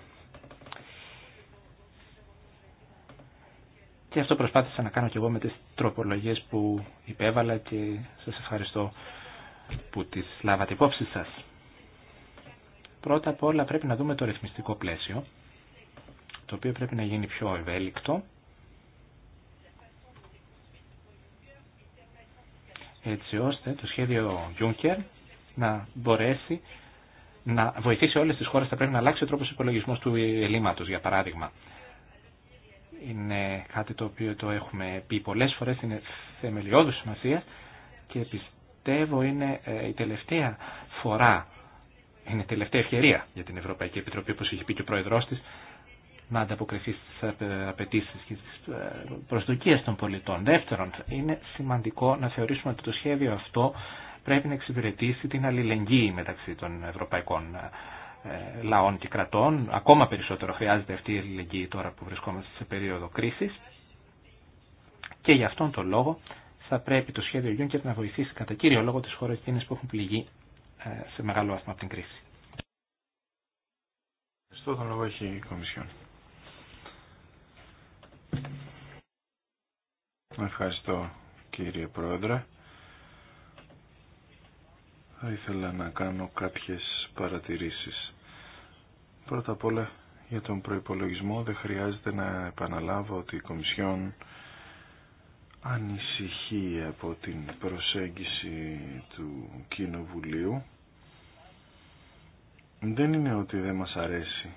Και αυτό προσπάθησα να κάνω και εγώ με τις τροπολογίες που υπέβαλα και σας ευχαριστώ που τις λάβατε υπόψη σας. Πρώτα απ' όλα πρέπει να δούμε το ρυθμιστικό πλαίσιο, το οποίο πρέπει να γίνει πιο ευέλικτο, έτσι ώστε το σχέδιο Juncker να μπορέσει να βοηθήσει όλες τις χώρες θα πρέπει να αλλάξει ο τρόπος υπολογισμού του ελλείμματος, για παράδειγμα είναι κάτι το οποίο το έχουμε πει πολλές φορές, είναι θεμελιώδους σημασία και πιστεύω είναι ε, η τελευταία φορά, είναι η τελευταία ευκαιρία για την Ευρωπαϊκή Επιτροπή, όπως είχε πει και ο Πρόεδρός της, να ανταποκριθεί στις απαιτήσει και στις ε, προσδοκίες των πολιτών. Δεύτερον, είναι σημαντικό να θεωρήσουμε ότι το σχέδιο αυτό πρέπει να εξυπηρετήσει την αλληλεγγύη μεταξύ των ευρωπαϊκών ε, ε, λαών και κρατών. Ακόμα περισσότερο χρειάζεται αυτή η ελληνική τώρα που βρισκόμαστε σε περίοδο κρίσης. Και γι' αυτόν τον λόγο θα πρέπει το σχέδιο και να βοηθήσει κατά κύριο λόγο τις χώρες εκείνες που έχουν πληγεί ε, σε μεγάλο βαθμό από την κρίση. Ευχαριστώ. Τον λόγο έχει η Κομισιόν. Ευχαριστώ κύριε Πρόεδρε. Θα ήθελα να κάνω κάποιες παρατηρήσεις. Πρώτα απ' όλα για τον προϋπολογισμό δεν χρειάζεται να επαναλάβω ότι η Κομισιόν ανησυχεί από την προσέγγιση του Κοινοβουλίου. Δεν είναι ότι δεν μας αρέσει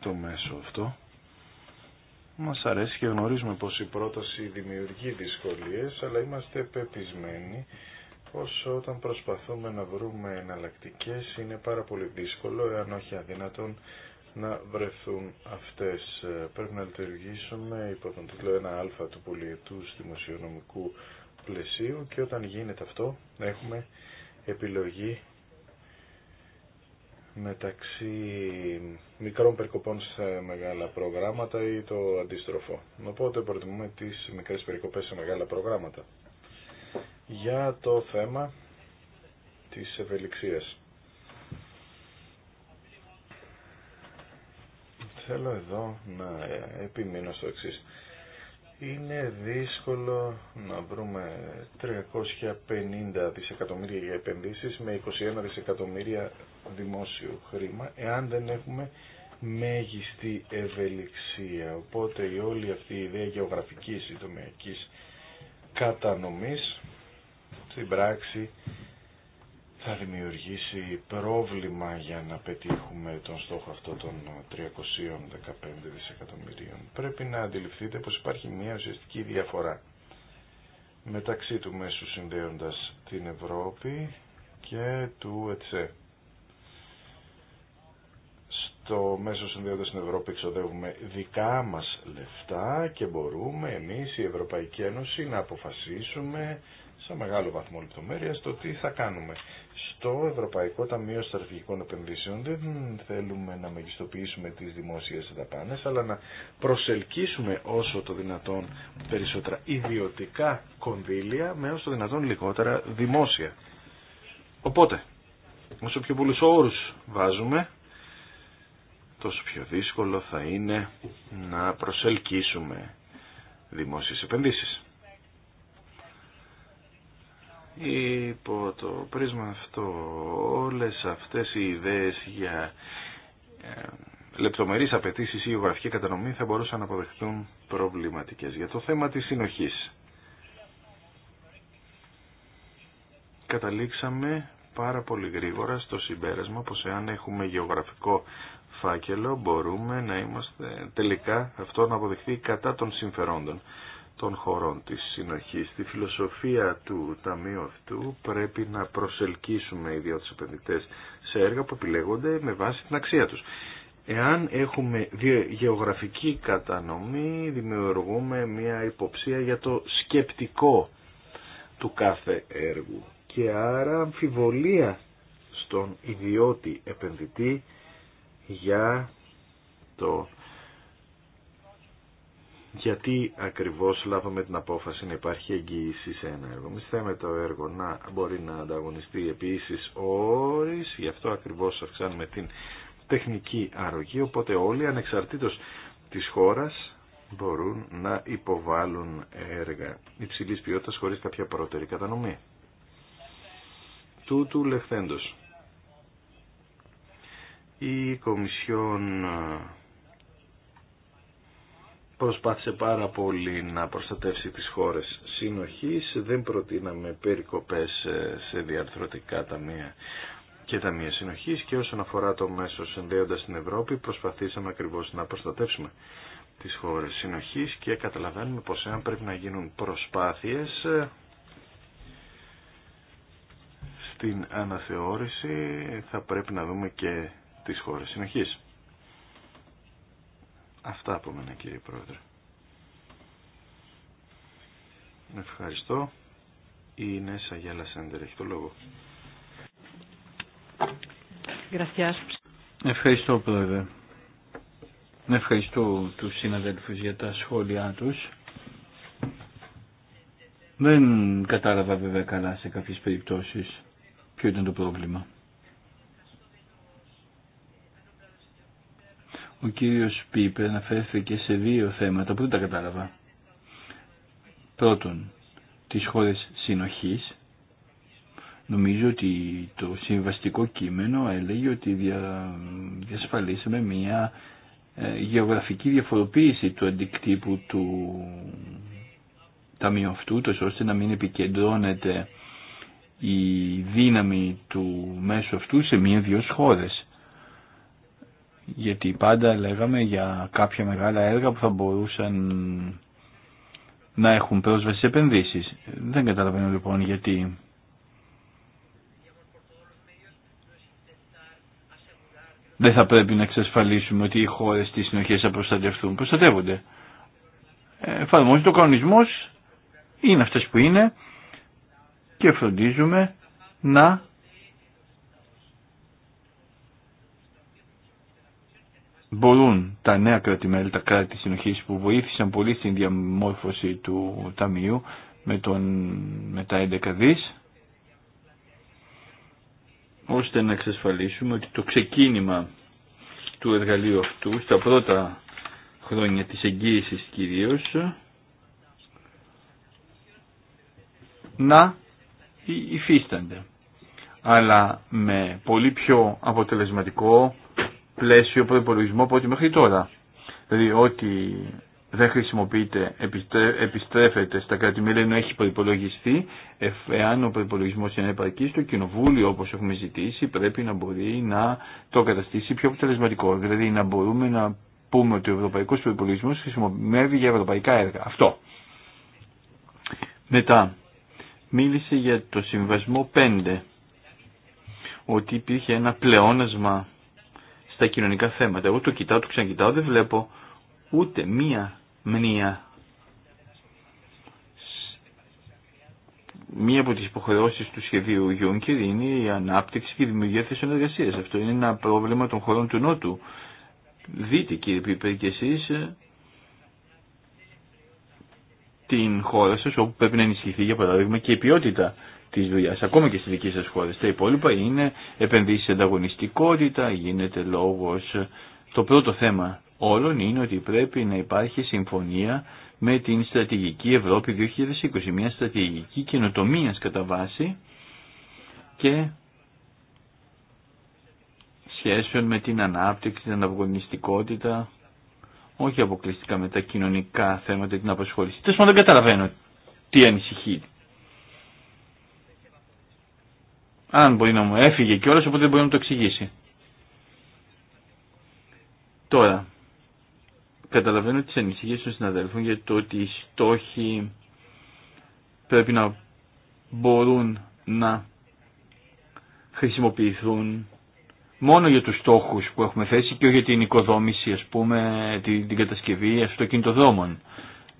το μέσο αυτό. Μας αρέσει και γνωρίζουμε πως η πρόταση δημιουργεί δυσκολίες, αλλά είμαστε πεπισμένοι πως όταν προσπαθούμε να βρούμε εναλλακτικέ είναι πάρα πολύ δύσκολο, εάν όχι αδύνατον, να βρεθούν αυτές. Ε, πρέπει να λειτουργήσουμε υπό τον τίτλο 1α του πολιετούς δημοσιονομικού πλαισίου και όταν γίνεται αυτό έχουμε επιλογή μεταξύ μικρών περικοπών σε μεγάλα προγράμματα ή το αντίστροφο. Οπότε προτιμούμε τις μικρές περικοπές σε μεγάλα προγράμματα για το θέμα της ευελιξίας. Θέλω εδώ να επιμείνω στο εξής. Είναι δύσκολο να βρούμε 350 δισεκατομμύρια για επενδύσεις με 21 δισεκατομμύρια δημόσιο χρήμα εάν δεν έχουμε μέγιστη ευελιξία. Οπότε η όλη αυτή η ιδέα γεωγραφικής ή τομεακής κατανομής στην πράξη θα δημιουργήσει πρόβλημα για να πετύχουμε τον στόχο αυτό των 315 δισεκατομμυρίων. Πρέπει να αντιληφθείτε πως υπάρχει μια ουσιαστική διαφορά μεταξύ του μέσου συνδέοντας την Ευρώπη και του ΕΤΣΕ. Στο μέσο συνδέοντας την Ευρώπη εξοδεύουμε δικά μας λεφτά και μπορούμε εμείς η Ευρωπαϊκή Ένωση να αποφασίσουμε σε μεγάλο βαθμό λεπτομέρεια το τι θα κάνουμε. Στο Ευρωπαϊκό Ταμείο Στρατηγικών Επενδύσεων δεν θέλουμε να μεγιστοποιήσουμε τις δημόσιες δαπάνε, αλλά να προσελκύσουμε όσο το δυνατόν περισσότερα ιδιωτικά κονδύλια με όσο το δυνατόν λιγότερα δημόσια. Οπότε, όσο πιο πολλού όρου βάζουμε, τόσο πιο δύσκολο θα είναι να προσελκύσουμε δημόσιες επενδύσεις. Υπό το πρίσμα αυτό όλες αυτές οι ιδέες για ε, λεπτομερείς απαιτήσει ή γεωγραφική κατανομή θα μπορούσαν να αποδεχτούν προβληματικές. Για το θέμα της συνοχής καταλήξαμε πάρα πολύ γρήγορα στο συμπέρασμα πως εάν έχουμε γεωγραφικό φάκελο μπορούμε να είμαστε τελικά αυτό να αποδεχθεί κατά των συμφερόντων των χωρών της συνοχής. Στη φιλοσοφία του ταμείου αυτού πρέπει να προσελκύσουμε ιδιώτες επενδυτές σε έργα που επιλέγονται με βάση την αξία τους. Εάν έχουμε γεωγραφική κατανομή, δημιουργούμε μια υποψία για το σκεπτικό του κάθε έργου και άρα αμφιβολία στον ιδιώτη επενδυτή για το γιατί ακριβώς λάβαμε την απόφαση να υπάρχει εγγύηση σε ένα έργο. Μισθέμε το έργο να μπορεί να ανταγωνιστεί επίσης όρις, γι' αυτό ακριβώς αυξάνουμε την τεχνική αρρωγή, οπότε όλοι ανεξαρτήτως της χώρας μπορούν να υποβάλουν έργα υψηλή ποιότητας χωρίς κάποια πρώτερη κατανομή. Τούτου λεχθέντος. Η Κομισιόν προσπάθησε πάρα πολύ να προστατεύσει τις χώρες συνοχής, δεν προτείναμε περικοπές σε διαρθρωτικά ταμεία και ταμεία συνοχής και όσον αφορά το μέσο συνδέοντα την Ευρώπη προσπαθήσαμε ακριβώς να προστατεύσουμε τις χώρες συνοχής και καταλαβαίνουμε πως εάν πρέπει να γίνουν προσπάθειες ε, στην αναθεώρηση θα πρέπει να δούμε και τις χώρες συνοχής. Αυτά από μένα κύριε Πρόεδρε. Ευχαριστώ. Η Νέσα Γιάλα Σέντερ έχει το λόγο. Ευχαριστώ Πρόεδρε. Ευχαριστώ τους συναδέλφους για τα σχόλιά τους. Δεν κατάλαβα βέβαια καλά σε κάποιες περιπτώσεις ποιο ήταν το πρόβλημα. Ο κύριος Πίπερ αναφέρθηκε σε δύο θέματα που δεν τα κατάλαβα. Πρώτον, τις χώρες συνοχής. Νομίζω ότι το συμβαστικό κείμενο έλεγε ότι δια, διασφαλίσαμε μια ε, γεωγραφική διαφοροποίηση του αντικτύπου του ταμείου αυτού, ώστε να μην επικεντρώνεται η δύναμη του μέσου αυτού σε μία-δυο χώρες γιατί πάντα λέγαμε για κάποια μεγάλα έργα που θα μπορούσαν να έχουν πρόσβαση σε επενδύσεις. Δεν καταλαβαίνω λοιπόν γιατί δεν θα πρέπει να εξασφαλίσουμε ότι οι χώρες στις συνοχές θα προστατευτούν. Προστατεύονται. Ε, Εφαρμόζεται ο κανονισμός, είναι αυτές που είναι και φροντίζουμε να μπορούν τα νέα τα κράτη συνοχής που βοήθησαν πολύ στην διαμόρφωση του Ταμείου με, τον, με τα 11 δις, ώστε να εξασφαλίσουμε ότι το ξεκίνημα του εργαλείου αυτού στα πρώτα χρόνια της εγγύησης κυρίως να υφίστανται αλλά με πολύ πιο αποτελεσματικό πλαίσιο προπολογισμό από ό,τι μέχρι τώρα. Δηλαδή ό,τι δεν χρησιμοποιείται επιστρέφεται στα κράτη-μέλη ενώ έχει προπολογιστεί. Εάν ο προπολογισμό είναι επαρκή, το κοινοβούλιο όπω έχουμε ζητήσει πρέπει να μπορεί να το καταστήσει πιο αποτελεσματικό. Δηλαδή να μπορούμε να πούμε ότι ο ευρωπαϊκό προπολογισμό χρησιμοποιεί για ευρωπαϊκά έργα. Αυτό. Μετά, μίλησε για το συμβασμό 5, ότι υπήρχε ένα πλεόνασμα στα κοινωνικά θέματα. Εγώ το κοιτάω, το ξανακοιτάω, δεν βλέπω ούτε μία μνήα. Μία από τις υποχρεώσεις του σχεδίου Γιούνκερ είναι η ανάπτυξη και η δημιουργία θέσεων εργασίας. Αυτό είναι ένα πρόβλημα των χωρών του Νότου. Δείτε κύριε Πίπερ και εσείς την χώρα σας όπου πρέπει να ενισχυθεί για παράδειγμα και η ποιότητα της δουλειάς, ακόμα και στη δική σας χώρα. Τα υπόλοιπα είναι επενδύσεις σε ανταγωνιστικότητα, γίνεται λόγος. Το πρώτο θέμα όλων είναι ότι πρέπει να υπάρχει συμφωνία με την στρατηγική Ευρώπη 2020, μια στρατηγική καινοτομίας κατά βάση και σχέσεων με την ανάπτυξη, την ανταγωνιστικότητα, όχι αποκλειστικά με τα κοινωνικά θέματα, την απασχόληση. Τέλο δεν καταλαβαίνω τι ανησυχεί, Αν μπορεί να μου έφυγε κιόλας, οπότε δεν μπορεί να μου το εξηγήσει. Τώρα, καταλαβαίνω τις ανησυχίες των συναδέλφων για το ότι οι στόχοι πρέπει να μπορούν να χρησιμοποιηθούν μόνο για τους στόχους που έχουμε θέσει και όχι για την οικοδόμηση, ας πούμε, την, την κατασκευή αυτοκινητοδρόμων.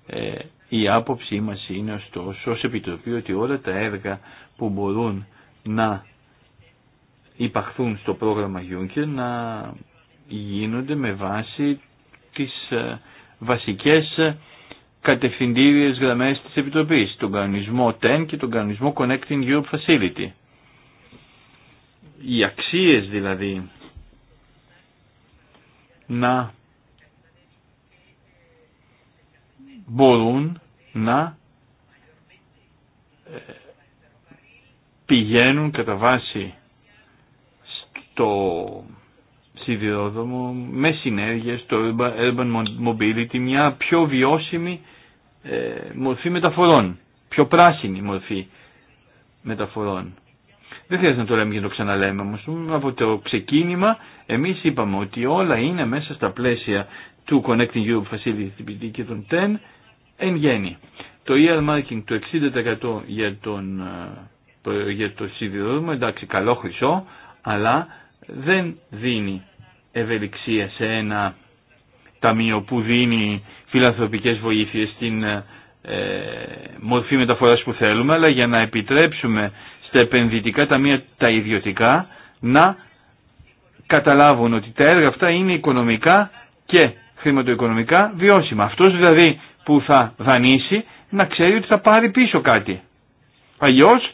Ε, η άποψή μας είναι ωστόσο ως επιτροπή ότι όλα τα έργα που μπορούν να υπαχθούν στο πρόγραμμα Juncker να γίνονται με βάση τις ε, βασικές κατευθυντήριες γραμμές της Επιτροπής, τον κανονισμό TEN και τον κανονισμό Connecting Europe Facility. Οι αξίες δηλαδή να μπορούν να ε, πηγαίνουν κατά βάση στο σιδηρόδρομο με συνέργεια στο urban mobility, μια πιο βιώσιμη ε, μορφή μεταφορών, πιο πράσινη μορφή μεταφορών. Δεν χρειάζεται να το λέμε και να το ξαναλέμε όμως. Από το ξεκίνημα εμείς είπαμε ότι όλα είναι μέσα στα πλαίσια του Connecting Europe Facility και των TEN εν γέννη. Το earmarking του 60% για τον ε, για το σιδηρόδρομο, εντάξει καλό χρυσό, αλλά δεν δίνει ευελιξία σε ένα ταμείο που δίνει φιλανθρωπικές βοήθειες στην ε, μορφή μεταφοράς που θέλουμε, αλλά για να επιτρέψουμε στα επενδυτικά ταμεία τα ιδιωτικά να καταλάβουν ότι τα έργα αυτά είναι οικονομικά και χρηματοοικονομικά βιώσιμα. Αυτός δηλαδή που θα δανείσει να ξέρει ότι θα πάρει πίσω κάτι. Αλλιώς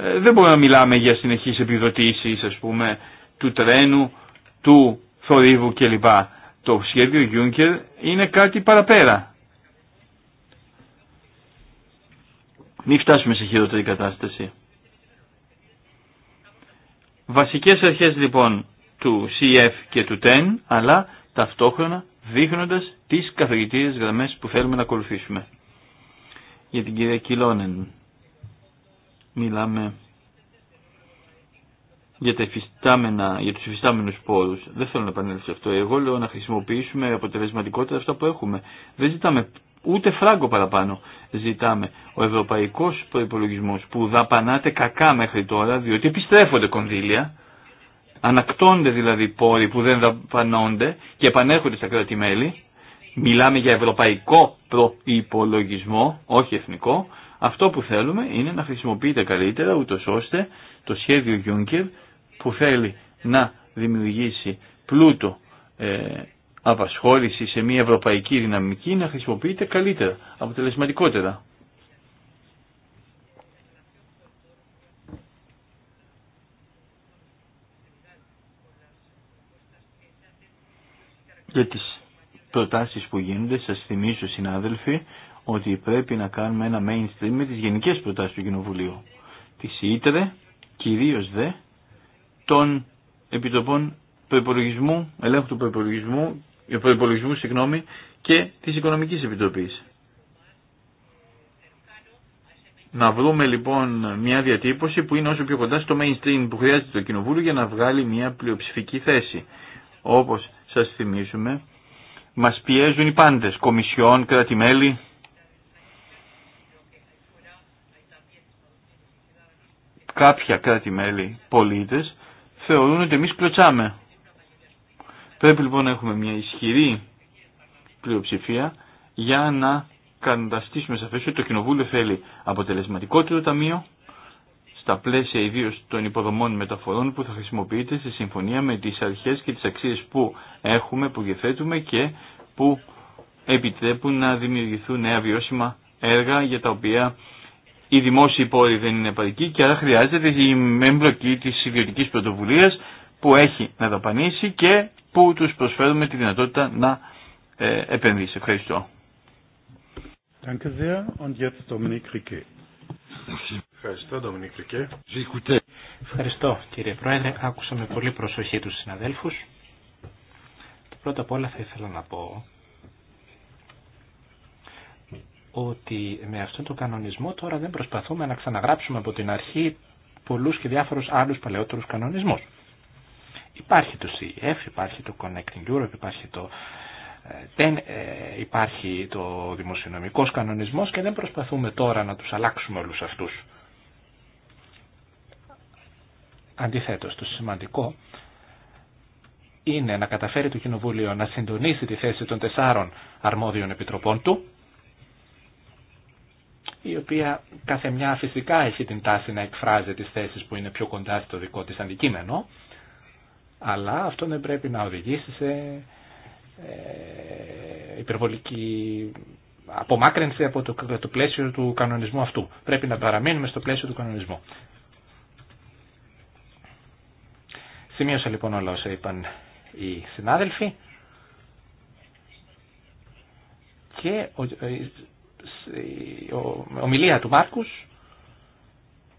ε, δεν μπορούμε να μιλάμε για συνεχείς επιδοτήσεις ας πούμε του τρένου, του θορύβου κλπ. Το σχέδιο γιούνκερ είναι κάτι παραπέρα. Μην φτάσουμε σε χειρότερη κατάσταση. Βασικές αρχές λοιπόν του CF και του TEN, αλλά ταυτόχρονα δείχνοντας τις καθοδητήριες γραμμές που θέλουμε να ακολουθήσουμε. Για την κυρία Κιλόνεν μιλάμε για, τα υφιστάμενα, για τους υφιστάμενους πόρους. Δεν θέλω να επανέλθω σε αυτό. Εγώ λέω να χρησιμοποιήσουμε αποτελεσματικότητα αυτά που έχουμε. Δεν ζητάμε ούτε φράγκο παραπάνω. Ζητάμε ο ευρωπαϊκός προϋπολογισμός που δαπανάται κακά μέχρι τώρα διότι επιστρέφονται κονδύλια ανακτώνται δηλαδή πόροι που δεν δαπανώνται και επανέρχονται στα κράτη-μέλη. Μιλάμε για ευρωπαϊκό προϋπολογισμό, όχι εθνικό. Αυτό που θέλουμε είναι να χρησιμοποιείται καλύτερα ούτω ώστε το σχέδιο Γιούνκερ που θέλει να δημιουργήσει πλούτο ε, απασχόληση σε μια ευρωπαϊκή δυναμική να χρησιμοποιείται καλύτερα, αποτελεσματικότερα. Για τις προτάσεις που γίνονται, σας θυμίζω συνάδελφοι, ότι πρέπει να κάνουμε ένα mainstream με τις γενικές προτάσεις του Κοινοβουλίου. Τις ΣΥΤΡΕ, κυρίως δε, των επιτροπών προϋπολογισμού, ελέγχου του ε, προϋπολογισμού, συγγνώμη, και της Οικονομικής Επιτροπής. Να βρούμε λοιπόν μια διατύπωση που είναι όσο πιο κοντά στο mainstream που χρειάζεται το Κοινοβούλιο για να βγάλει μια πλειοψηφική θέση. Όπως σας θυμίζουμε, μας πιέζουν οι πάντες, κομισιόν, κράτη-μέλη, κάποια κράτη-μέλη πολίτες θεωρούν ότι εμείς κλωτσάμε. Πρέπει λοιπόν να έχουμε μια ισχυρή πλειοψηφία για να καταστήσουμε σαφές ότι το Κοινοβούλιο θέλει αποτελεσματικότερο ταμείο στα πλαίσια ιδίως των υποδομών μεταφορών που θα χρησιμοποιείται σε συμφωνία με τις αρχές και τις αξίες που έχουμε, που διαθέτουμε και που επιτρέπουν να δημιουργηθούν νέα βιώσιμα έργα για τα οποία οι δημόσιοι πόροι δεν είναι παρικοί και άρα χρειάζεται η εμπλοκή της ιδιωτικής πρωτοβουλίας που έχει να δαπανίσει και που τους προσφέρουμε τη δυνατότητα να ε, επενδύσει. Ευχαριστώ. Ευχαριστώ, κύριε Πρόεδρε. Άκουσα με πολύ προσοχή τους συναδέλφους. Το πρώτα απ' όλα θα ήθελα να πω ότι με αυτόν τον κανονισμό τώρα δεν προσπαθούμε να ξαναγράψουμε από την αρχή πολλούς και διάφορους άλλους παλαιότερους κανονισμούς. Υπάρχει το CEF, υπάρχει το Connecting Europe, υπάρχει το ε, δεν ε, υπάρχει το δημοσιονομικός κανονισμός και δεν προσπαθούμε τώρα να τους αλλάξουμε όλους αυτούς. Αντιθέτως, το σημαντικό είναι να καταφέρει το Κοινοβούλιο να συντονίσει τη θέση των τεσσάρων αρμόδιων επιτροπών του η οποία κάθε μια φυσικά έχει την τάση να εκφράζει τις θέσεις που είναι πιο κοντά στο δικό της αντικείμενο, αλλά αυτό δεν πρέπει να οδηγήσει σε ε, υπερβολική απομάκρυνση από το, το πλαίσιο του κανονισμού αυτού. Πρέπει να παραμείνουμε στο πλαίσιο του κανονισμού. Σημείωσα λοιπόν όλα όσα είπαν οι συνάδελφοι και ε, η ομιλία του Μάρκου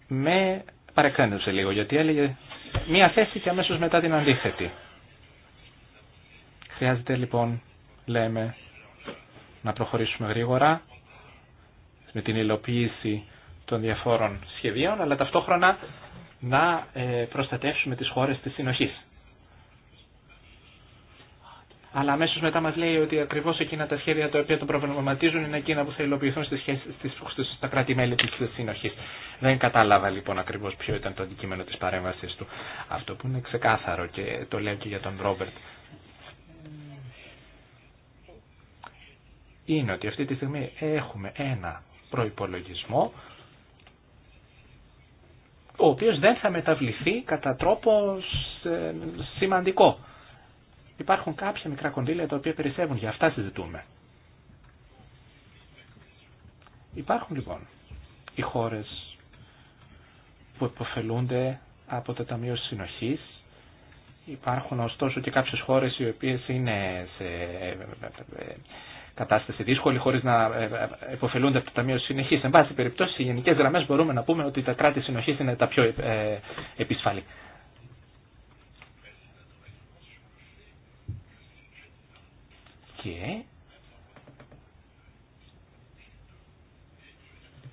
με παρεκκρέντωσε λίγο γιατί έλεγε μία θέση και αμέσω μετά την αντίθετη. Χρειάζεται λοιπόν, λέμε, να προχωρήσουμε γρήγορα με την υλοποίηση των διαφόρων σχεδίων αλλά ταυτόχρονα να ε, προστατεύσουμε τις χώρες της συνοχής αλλά αμέσω μετά μα λέει ότι ακριβώ εκείνα τα σχέδια τα οποία τον προβληματίζουν είναι εκείνα που θα υλοποιηθούν στα κράτη-μέλη τη συνοχή. Δεν κατάλαβα λοιπόν ακριβώ ποιο ήταν το αντικείμενο τη παρέμβαση του. Αυτό που είναι ξεκάθαρο και το λέω και για τον Ρόμπερτ. Είναι ότι αυτή τη στιγμή έχουμε ένα προϋπολογισμό ο οποίος δεν θα μεταβληθεί κατά τρόπο ε, σημαντικό. Υπάρχουν κάποια μικρά κονδύλια τα οποία περισσεύουν, για αυτά συζητούμε. Υπάρχουν λοιπόν οι χώρες που υποφελούνται από το Ταμείο Συνοχής. Υπάρχουν ωστόσο και κάποιες χώρες οι οποίες είναι σε ε, ε, ε, κατάσταση δύσκολη χωρίς να υποφελούνται από το Ταμείο Συνοχής. Εν πάση περιπτώσει, σε γενικές γραμμές μπορούμε να πούμε ότι τα κράτη συνοχής είναι τα πιο επισφαλή. και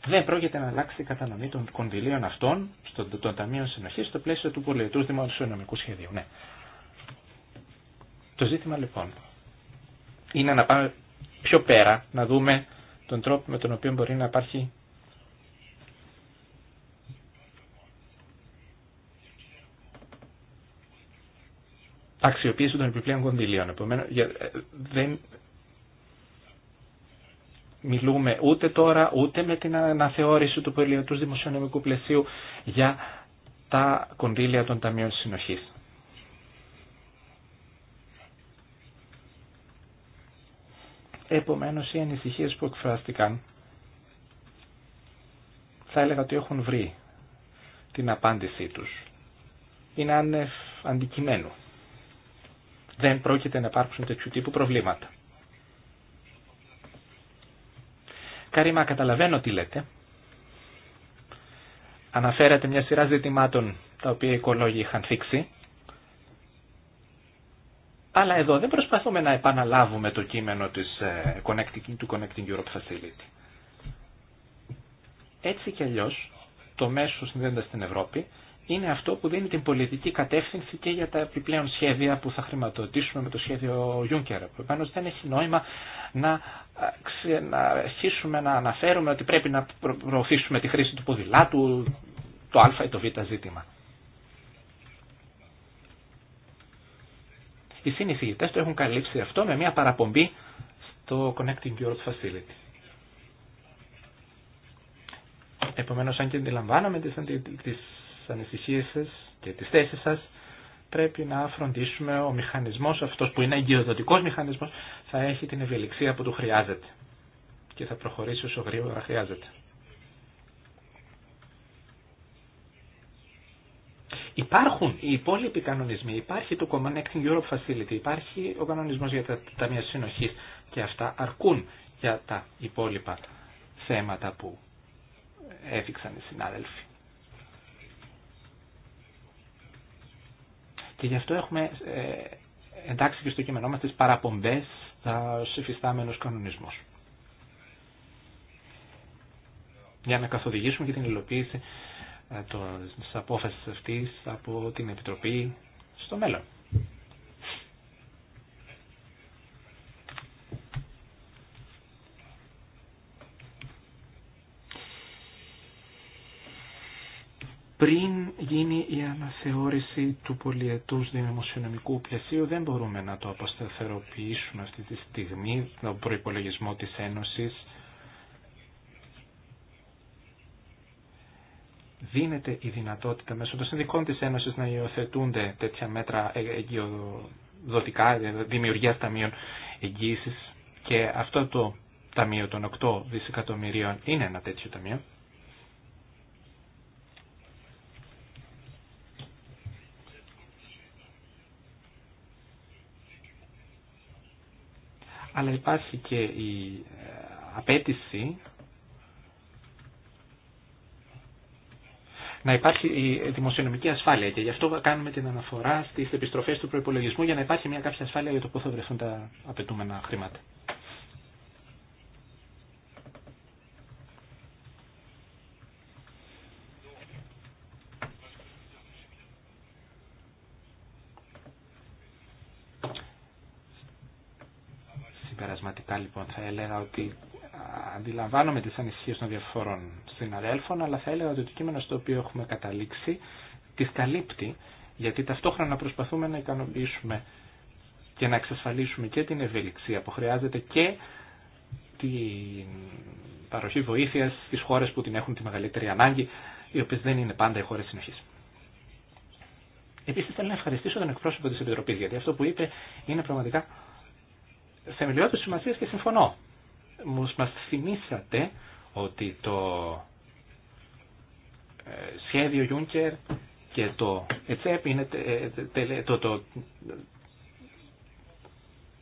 δεν πρόκειται να αλλάξει η κατανομή των κονδυλίων αυτών στον το, ταμείο συνοχή στο πλαίσιο του πολιετού δημοσιονομικού σχεδίου. Ναι. Το ζήτημα λοιπόν είναι να πάμε πιο πέρα, να δούμε τον τρόπο με τον οποίο μπορεί να υπάρχει αξιοποίηση των επιπλέον κονδυλίων. Επομένως, ε, δεν μιλούμε ούτε τώρα, ούτε με την αναθεώρηση του πολιτικού δημοσιονομικού πλαισίου για τα κονδύλια των Ταμείων Συνοχής. Επομένως, οι ανησυχίες που εκφράστηκαν θα έλεγα ότι έχουν βρει την απάντησή τους. Είναι άνευ αντικειμένου δεν πρόκειται να υπάρξουν τέτοιου τύπου προβλήματα. Καρίμα, καταλαβαίνω τι λέτε. Αναφέρατε μια σειρά ζητημάτων τα οποία οι οικολόγοι είχαν θίξει. Αλλά εδώ δεν προσπαθούμε να επαναλάβουμε το κείμενο της, ε, του Connecting Europe Facility. Έτσι κι αλλιώς το μέσο συνδέοντας στην Ευρώπη είναι αυτό που δίνει την πολιτική κατεύθυνση και για τα επιπλέον σχέδια που θα χρηματοδοτήσουμε με το σχέδιο Juncker. Επομένω δεν έχει νόημα να, αρχίσουμε να αναφέρουμε ότι πρέπει να προωθήσουμε τη χρήση του ποδηλάτου, το α ή το β ζήτημα. Οι συνεισηγητές το έχουν καλύψει αυτό με μια παραπομπή στο Connecting Europe Facility. Επομένως, αν και αντιλαμβάνομαι τις, τις ανησυχίε σας και τις θέσεις σας, πρέπει να φροντίσουμε ο μηχανισμός αυτός που είναι εγκυοδοτικός μηχανισμός θα έχει την ευελιξία που του χρειάζεται και θα προχωρήσει όσο γρήγορα χρειάζεται. Υπάρχουν οι υπόλοιποι κανονισμοί, υπάρχει το Common Acting Europe Facility, υπάρχει ο κανονισμός για τα ταμεία συνοχής και αυτά αρκούν για τα υπόλοιπα θέματα που έδειξαν οι συνάδελφοι. Και γι' αυτό έχουμε ε, εντάξει και στο κείμενό μας τις παραπομπές στα υφιστάμενους κανονισμούς. Για να καθοδηγήσουμε και την υλοποίηση ε, της απόφασης αυτής από την Επιτροπή στο μέλλον. πριν γίνει η αναθεώρηση του πολυετούς δημοσιονομικού πλαισίου δεν μπορούμε να το αποσταθεροποιήσουμε αυτή τη στιγμή τον προϋπολογισμό της Ένωσης δίνεται η δυνατότητα μέσω των συνδικών της Ένωσης να υιοθετούνται τέτοια μέτρα εγγυοδοτικά, δημιουργία ταμείων εγγύησης και αυτό το ταμείο των 8 δισεκατομμυρίων είναι ένα τέτοιο ταμείο αλλά υπάρχει και η ε, απέτηση να υπάρχει η δημοσιονομική ασφάλεια και γι' αυτό κάνουμε την αναφορά στις επιστροφές του προϋπολογισμού για να υπάρχει μια κάποια ασφάλεια για το πού θα βρεθούν τα απαιτούμενα χρήματα. έλεγα ότι αντιλαμβάνομαι τις ανησυχίες των διαφορών συναδέλφων, αλλά θα έλεγα ότι το κείμενο στο οποίο έχουμε καταλήξει τις καλύπτει, γιατί ταυτόχρονα προσπαθούμε να ικανοποιήσουμε και να εξασφαλίσουμε και την ευελιξία που χρειάζεται και την παροχή βοήθειας στις χώρες που την έχουν τη μεγαλύτερη ανάγκη, οι οποίες δεν είναι πάντα οι χώρες συνοχής. Επίσης θέλω να ευχαριστήσω τον εκπρόσωπο της Επιτροπής, γιατί αυτό που είπε είναι πραγματικά θεμελιώδης σημασία και συμφωνώ μου μας θυμήσατε ότι το ε, σχέδιο Juncker και το ΕΤΣΕΠ είναι ε, το, το,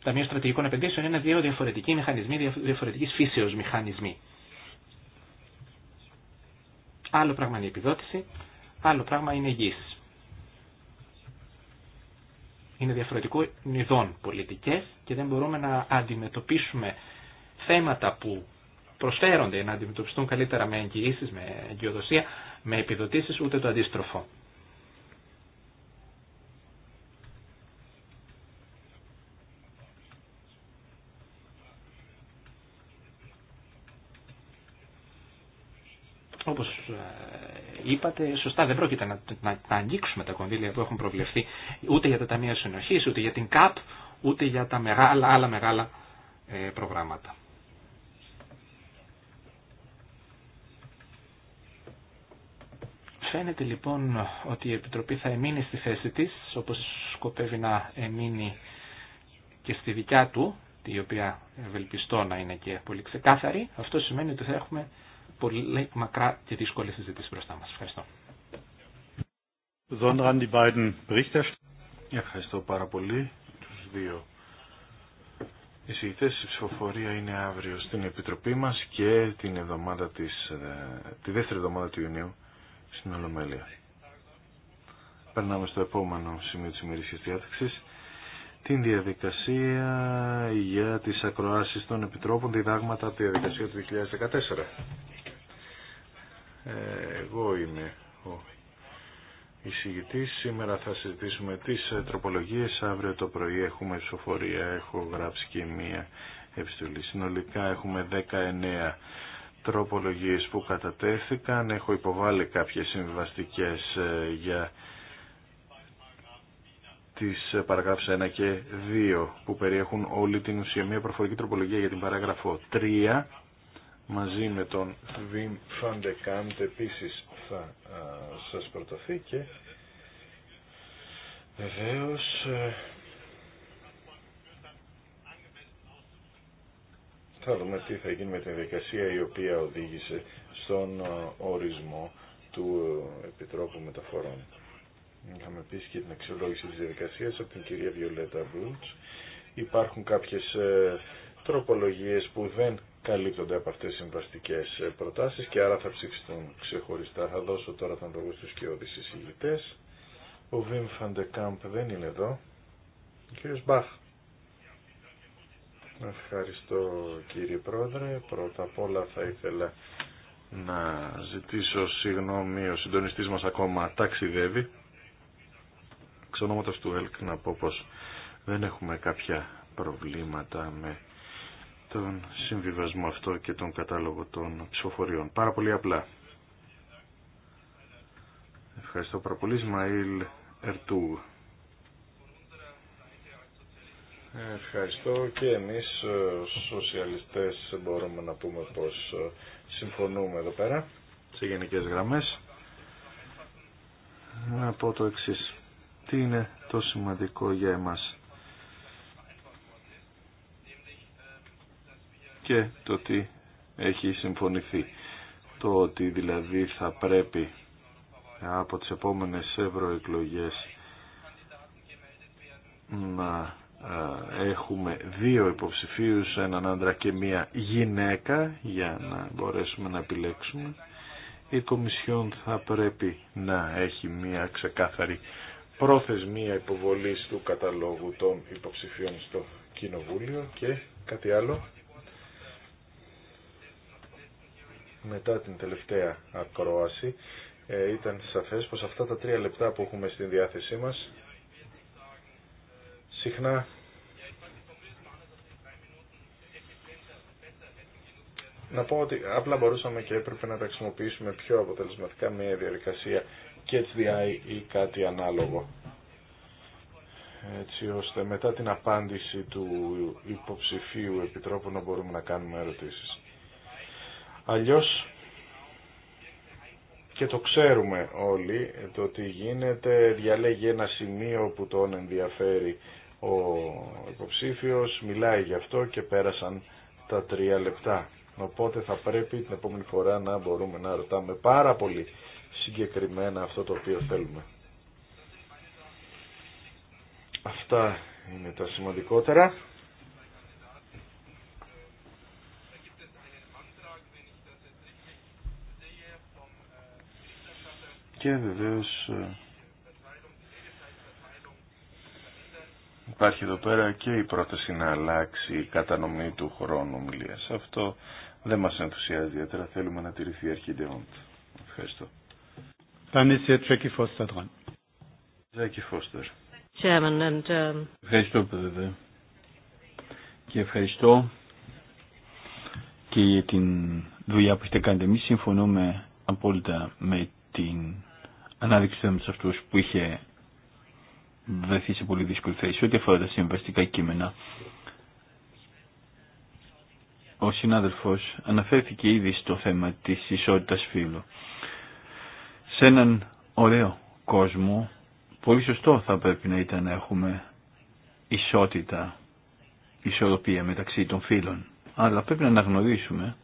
Ταμείο Στρατηγικών Επενδύσεων είναι δύο διαφορετικοί μηχανισμοί, διαφορετικής φύσεως μηχανισμοί. Άλλο πράγμα είναι η επιδότηση, άλλο πράγμα είναι η γης. Είναι διαφορετικό ειδών πολιτικές και δεν μπορούμε να αντιμετωπίσουμε θέματα που προσφέρονται να αντιμετωπιστούν καλύτερα με εγγυήσεις, με εγκυοδοσία, με επιδοτήσεις, ούτε το αντίστροφο. Όπως ε, είπατε, σωστά δεν πρόκειται να, να, αγγίξουμε τα κονδύλια που έχουν προβλεφθεί ούτε για τα Ταμεία Συνοχής, ούτε για την ΚΑΠ, ούτε για τα μεγάλα, άλλα μεγάλα ε, προγράμματα. Φαίνεται λοιπόν ότι η Επιτροπή θα εμείνει στη θέση της, όπως σκοπεύει να εμείνει και στη δικιά του, η οποία ευελπιστώ να είναι και πολύ ξεκάθαρη. Αυτό σημαίνει ότι θα έχουμε πολύ μακρά και δύσκολη συζήτηση μπροστά μας. Ευχαριστώ. Ευχαριστώ πάρα πολύ τους δύο εισηγητές. Η ψηφοφορία είναι αύριο στην Επιτροπή μας και την εβδομάδα της, ε, τη δεύτερη εβδομάδα του Ιουνίου στην Ολομέλεια. Περνάμε στο επόμενο σημείο της ημερήσιας διάθεξης. την διαδικασία για τις ακροάσεις των επιτρόπων διδάγματα από τη διαδικασία του 2014. Ε, εγώ είμαι ο εισηγητής. Σήμερα θα συζητήσουμε τις τροπολογίες. Αύριο το πρωί έχουμε ψηφοφορία. Έχω γράψει και μία επιστολή. Συνολικά έχουμε 19 τροπολογίες που κατατέθηκαν. Έχω υποβάλει κάποιες συμβαστικές ε, για τις ε, παραγράφους 1 και 2 που περιέχουν όλη την ουσία. Μια προφορική τροπολογία για την παράγραφο 3 μαζί με τον Βιμ Φαντεκάντ. επίσης θα ε, σας προταθεί και βεβαίως Θα δούμε τι θα γίνει με την διαδικασία η οποία οδήγησε στον ε, ορισμό του ε, Επιτρόπου Μεταφορών. Είχαμε επίση και την αξιολόγηση της διαδικασίας από την κυρία Βιολέτα Βούλτς. Υπάρχουν κάποιες ε, τροπολογίες που δεν καλύπτονται από αυτές τις συμβαστικές προτάσεις και άρα θα ψηφιστούν ξεχωριστά. Θα δώσω τώρα τον λόγο στους και όδης Ο Βίμφαντε Κάμπ δεν είναι εδώ. Ο κύριος Μπαχ. Ευχαριστώ κύριε Πρόεδρε. Πρώτα απ' όλα θα ήθελα να ζητήσω συγγνώμη, ο συντονιστής μας ακόμα ταξιδεύει. Εξ του ΕΛΚ να πω πως δεν έχουμε κάποια προβλήματα με τον συμβιβασμό αυτό και τον κατάλογο των ψηφοφοριών. Πάρα πολύ απλά. Ευχαριστώ πάρα πολύ, Σμαήλ Ερτού. Ευχαριστώ και εμείς ε, σοσιαλιστές μπορούμε να πούμε πως ε, συμφωνούμε εδώ πέρα σε γενικές γραμμές. Να πω το εξής. Τι είναι το σημαντικό για εμάς. Και το τι έχει συμφωνηθεί. Το ότι δηλαδή θα πρέπει από τις επόμενες ευρωεκλογές να έχουμε δύο υποψηφίους, έναν άντρα και μία γυναίκα για να μπορέσουμε να επιλέξουμε. Η Κομισιόν θα πρέπει να έχει μία ξεκάθαρη προθεσμία υποβολή... του καταλόγου των υποψηφίων στο Κοινοβούλιο και κάτι άλλο. Μετά την τελευταία ακρόαση ε, ήταν σαφές πως αυτά τα τρία λεπτά που έχουμε στην διάθεσή μας συχνά να πω ότι απλά μπορούσαμε και έπρεπε να τα χρησιμοποιήσουμε πιο αποτελεσματικά μια διαδικασία και HDI ή κάτι ανάλογο έτσι ώστε μετά την απάντηση του υποψηφίου επιτρόπου να μπορούμε να κάνουμε ερωτήσεις. Αλλιώς και το ξέρουμε όλοι το ότι γίνεται, διαλέγει ένα σημείο που τον ενδιαφέρει ο υποψήφιος μιλάει γι' αυτό και πέρασαν τα τρία λεπτά. Οπότε θα πρέπει την επόμενη φορά να μπορούμε να ρωτάμε πάρα πολύ συγκεκριμένα αυτό το οποίο θέλουμε. Αυτά είναι τα σημαντικότερα. Και βεβαίως ε, Υπάρχει εδώ πέρα και η πρόταση να αλλάξει η κατανομή του χρόνου ομιλία. Αυτό δεν μας ενθουσιάζει ιδιαίτερα. Θέλουμε να τηρηθεί η αρχή Ντεόντ. Ευχαριστώ. Φώστερ. Um, ευχαριστώ, Πρόεδρε. Και ευχαριστώ και για την δουλειά που έχετε κάνει. Εμεί συμφωνούμε απόλυτα με την ανάδειξη του αυτού που είχε βρεθεί σε πολύ δύσκολη θέση ό,τι αφορά τα συμβαστικά κείμενα. Ο συνάδελφος αναφέρθηκε ήδη στο θέμα της ισότητας φύλου. Σε έναν ωραίο κόσμο, πολύ σωστό θα πρέπει να ήταν να έχουμε ισότητα, ισορροπία μεταξύ των φύλων. Αλλά πρέπει να αναγνωρίσουμε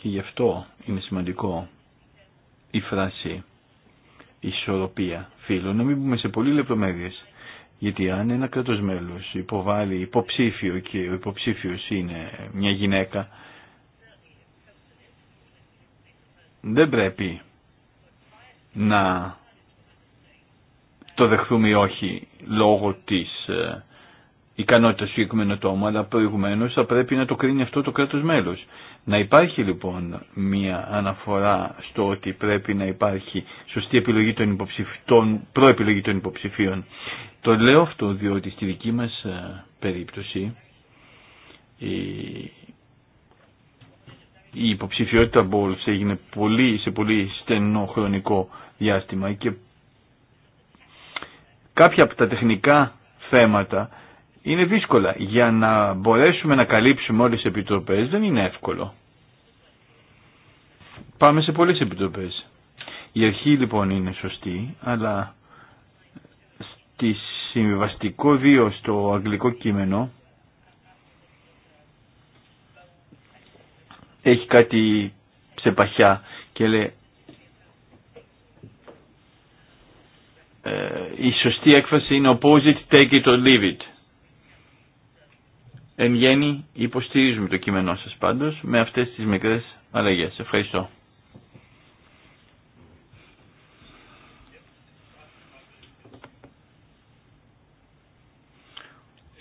και γι' αυτό είναι σημαντικό η φράση ισορροπία φίλων, να μην πούμε σε πολύ λεπτομέρειε. Γιατί αν ένα κράτο μέλο υποβάλλει υποψήφιο και ο υποψήφιο είναι μια γυναίκα, δεν πρέπει να το δεχθούμε ή όχι λόγω της ε, ικανότητα του συγκεκριμένου ατόμου, αλλά προηγουμένω θα πρέπει να το κρίνει αυτό το κράτο μέλο. Να υπάρχει λοιπόν μια αναφορά στο ότι πρέπει να υπάρχει σωστή επιλογή των υποψηφίων, προεπιλογή των υποψηφίων. Το λέω αυτό διότι στη δική μα ε, περίπτωση η, η υποψηφιότητα Μπόλτ έγινε πολύ, σε πολύ στενό χρονικό διάστημα και κάποια από τα τεχνικά θέματα είναι δύσκολα. Για να μπορέσουμε να καλύψουμε όλες τις επιτροπές δεν είναι εύκολο. Πάμε σε πολλές επιτροπές. Η αρχή λοιπόν είναι σωστή, αλλά στη συμβιβαστικό 2 στο αγγλικό κείμενο έχει κάτι σε παχιά και λέει ε, η σωστή έκφραση είναι opposite, take it or leave it. Εν γέννη υποστηρίζουμε το κείμενό σας πάντως με αυτές τις μικρές αλλαγές. Ευχαριστώ.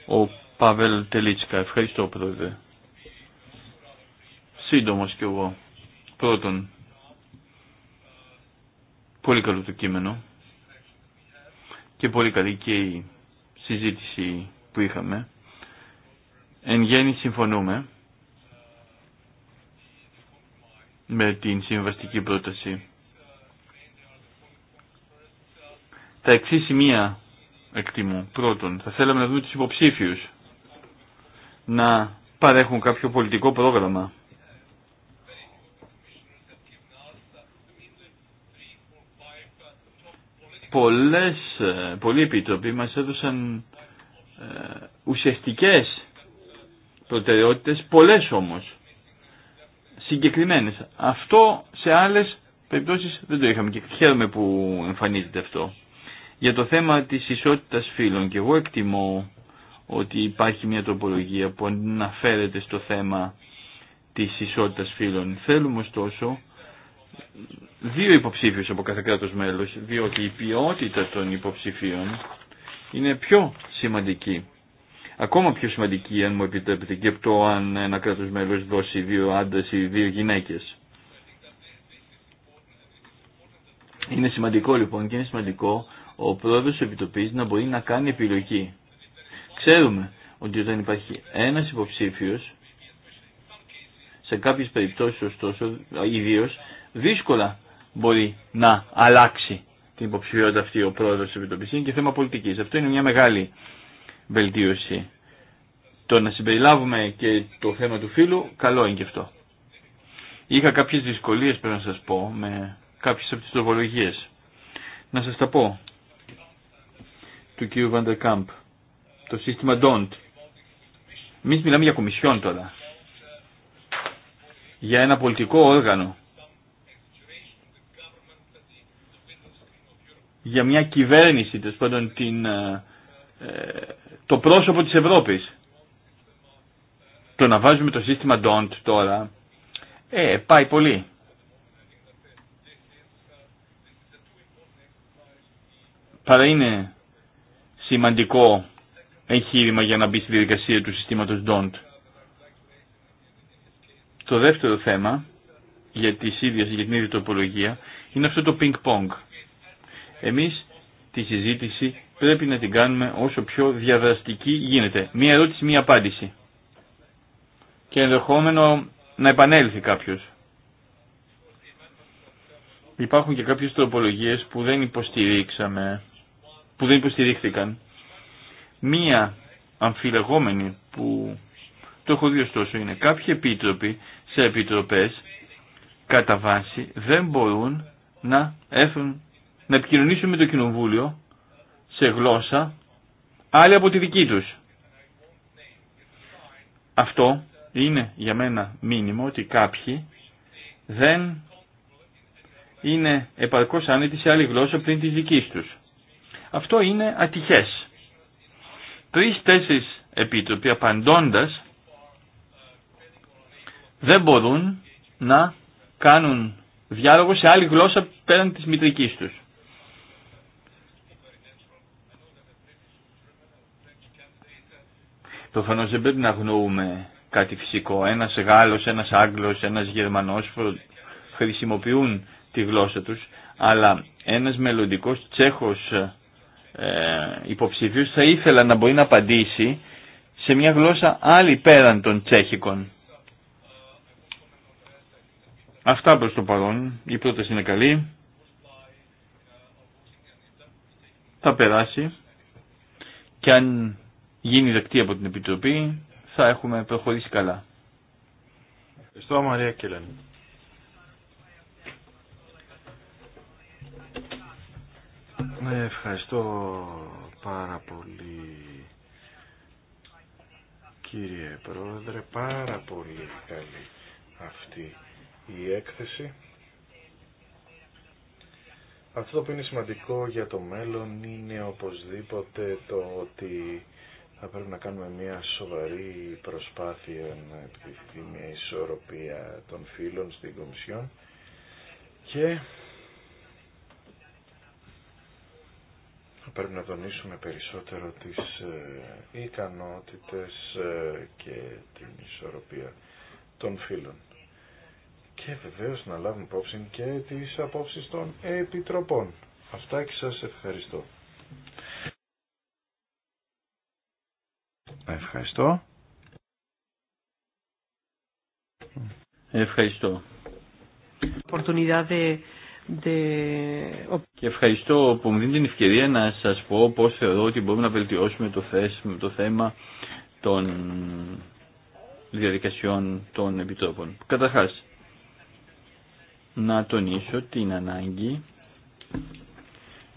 Ο Παβέλ Τελίτσκα. Ευχαριστώ πρόεδρε. Σύντομος κι εγώ. Πρώτον, πολύ καλό το κείμενο και πολύ καλή και η συζήτηση που είχαμε. Εν γέννη συμφωνούμε με την συμβαστική πρόταση. Τα εξή σημεία εκτιμού. Πρώτον, θα θέλαμε να δούμε τους υποψήφιους να παρέχουν κάποιο πολιτικό πρόγραμμα. Πολλές, ε, πολλοί επιτροποί μας έδωσαν ε, ουσιαστικές προτεραιότητες, πολλές όμως, συγκεκριμένες. Αυτό σε άλλες περιπτώσεις δεν το είχαμε και χαίρομαι που εμφανίζεται αυτό. Για το θέμα της ισότητας φύλων και εγώ εκτιμώ ότι υπάρχει μια τροπολογία που αναφέρεται στο θέμα της ισότητας φύλων. Θέλουμε ωστόσο δύο υποψήφιους από κάθε κράτος μέλος, διότι η ποιότητα των υποψηφίων είναι πιο σημαντική ακόμα πιο σημαντική, αν μου επιτρέπετε, και από το αν ένα κράτο μέλος δώσει δύο άντρε ή δύο γυναίκε. Είναι σημαντικό λοιπόν και είναι σημαντικό ο πρόεδρο τη Επιτροπής να μπορεί να κάνει επιλογή. Ξέρουμε ότι όταν υπάρχει ένα υποψήφιο σε κάποιε περιπτώσει, ωστόσο, ιδίω δύσκολα μπορεί να αλλάξει την υποψηφιότητα αυτή ο πρόεδρο τη Επιτροπής. Είναι και θέμα πολιτική. Αυτό είναι μια μεγάλη βελτίωση. Το να συμπεριλάβουμε και το θέμα του φίλου, καλό είναι και αυτό. Είχα κάποιες δυσκολίες πρέπει να σας πω με κάποιες από τις τροπολογίες. Να σας τα πω του κ. Βαντερκάμπ. Το σύστημα DON'T. Εμεί μιλάμε για κομισιόν τώρα. Για ένα πολιτικό όργανο. Για μια κυβέρνηση, τέλο πάντων την ε, το πρόσωπο της Ευρώπης. Το να βάζουμε το σύστημα DONT τώρα, ε, πάει πολύ. Παρά είναι σημαντικό εγχείρημα για να μπει στη διαδικασία του συστήματος DONT. Το δεύτερο θέμα για, τη ίδια για την ίδια τοπολογία είναι αυτό το ping-pong. Εμείς τη συζήτηση πρέπει να την κάνουμε όσο πιο διαδραστική γίνεται. Μία ερώτηση, μία απάντηση. Και ενδεχόμενο να επανέλθει κάποιος. Υπάρχουν και κάποιες τροπολογίες που δεν υποστηρίξαμε, που δεν υποστηρίχθηκαν. Μία αμφιλεγόμενη που το έχω δει ωστόσο είναι κάποιοι επίτροποι σε επιτροπές κατά βάση δεν μπορούν να έρθουν να επικοινωνήσουν με το κοινοβούλιο σε γλώσσα άλλη από τη δική τους. Αυτό είναι για μένα μήνυμα ότι κάποιοι δεν είναι επαρκώς άνετοι σε άλλη γλώσσα πριν τη δική τους. Αυτό είναι ατυχές. Τρεις-τέσσερις επίτροποι απαντώντας δεν μπορούν να κάνουν διάλογο σε άλλη γλώσσα πέραν της μητρικής τους. Προφανώ δεν πρέπει να γνωρούμε κάτι φυσικό. Ένα Γάλλο, ένα Άγγλο, ένα Γερμανό χρησιμοποιούν τη γλώσσα του, αλλά ένα μελλοντικό Τσέχο ε, υποψήφιο θα ήθελα να μπορεί να απαντήσει σε μια γλώσσα άλλη πέραν των τσέχικων. Αυτά προς το παρόν. Η πρόταση είναι καλή. Θα περάσει. Και αν γίνει δεκτή από την Επιτροπή, θα έχουμε προχωρήσει καλά. Ευχαριστώ Μαρία Κέλεν. Ναι, ευχαριστώ πάρα πολύ κύριε Πρόεδρε, πάρα πολύ καλή αυτή η έκθεση. Αυτό που είναι σημαντικό για το μέλλον είναι οπωσδήποτε το ότι θα πρέπει να κάνουμε μια σοβαρή προσπάθεια να επιτευχθεί μια ισορροπία των φίλων στην Κομισιόν και θα πρέπει να τονίσουμε περισσότερο τις ε, ικανότητες ε, και την ισορροπία των φίλων. Και βεβαίως να λάβουμε υπόψη και τις απόψεις των επιτροπών. Αυτά και σας ευχαριστώ. Ευχαριστώ. Ευχαριστώ. Και ευχαριστώ που μου δίνετε την ευκαιρία να σας πω πώς θεωρώ ότι μπορούμε να βελτιώσουμε το, το θέμα των διαδικασιών των επιτρόπων. Καταρχάς, να τονίσω την ανάγκη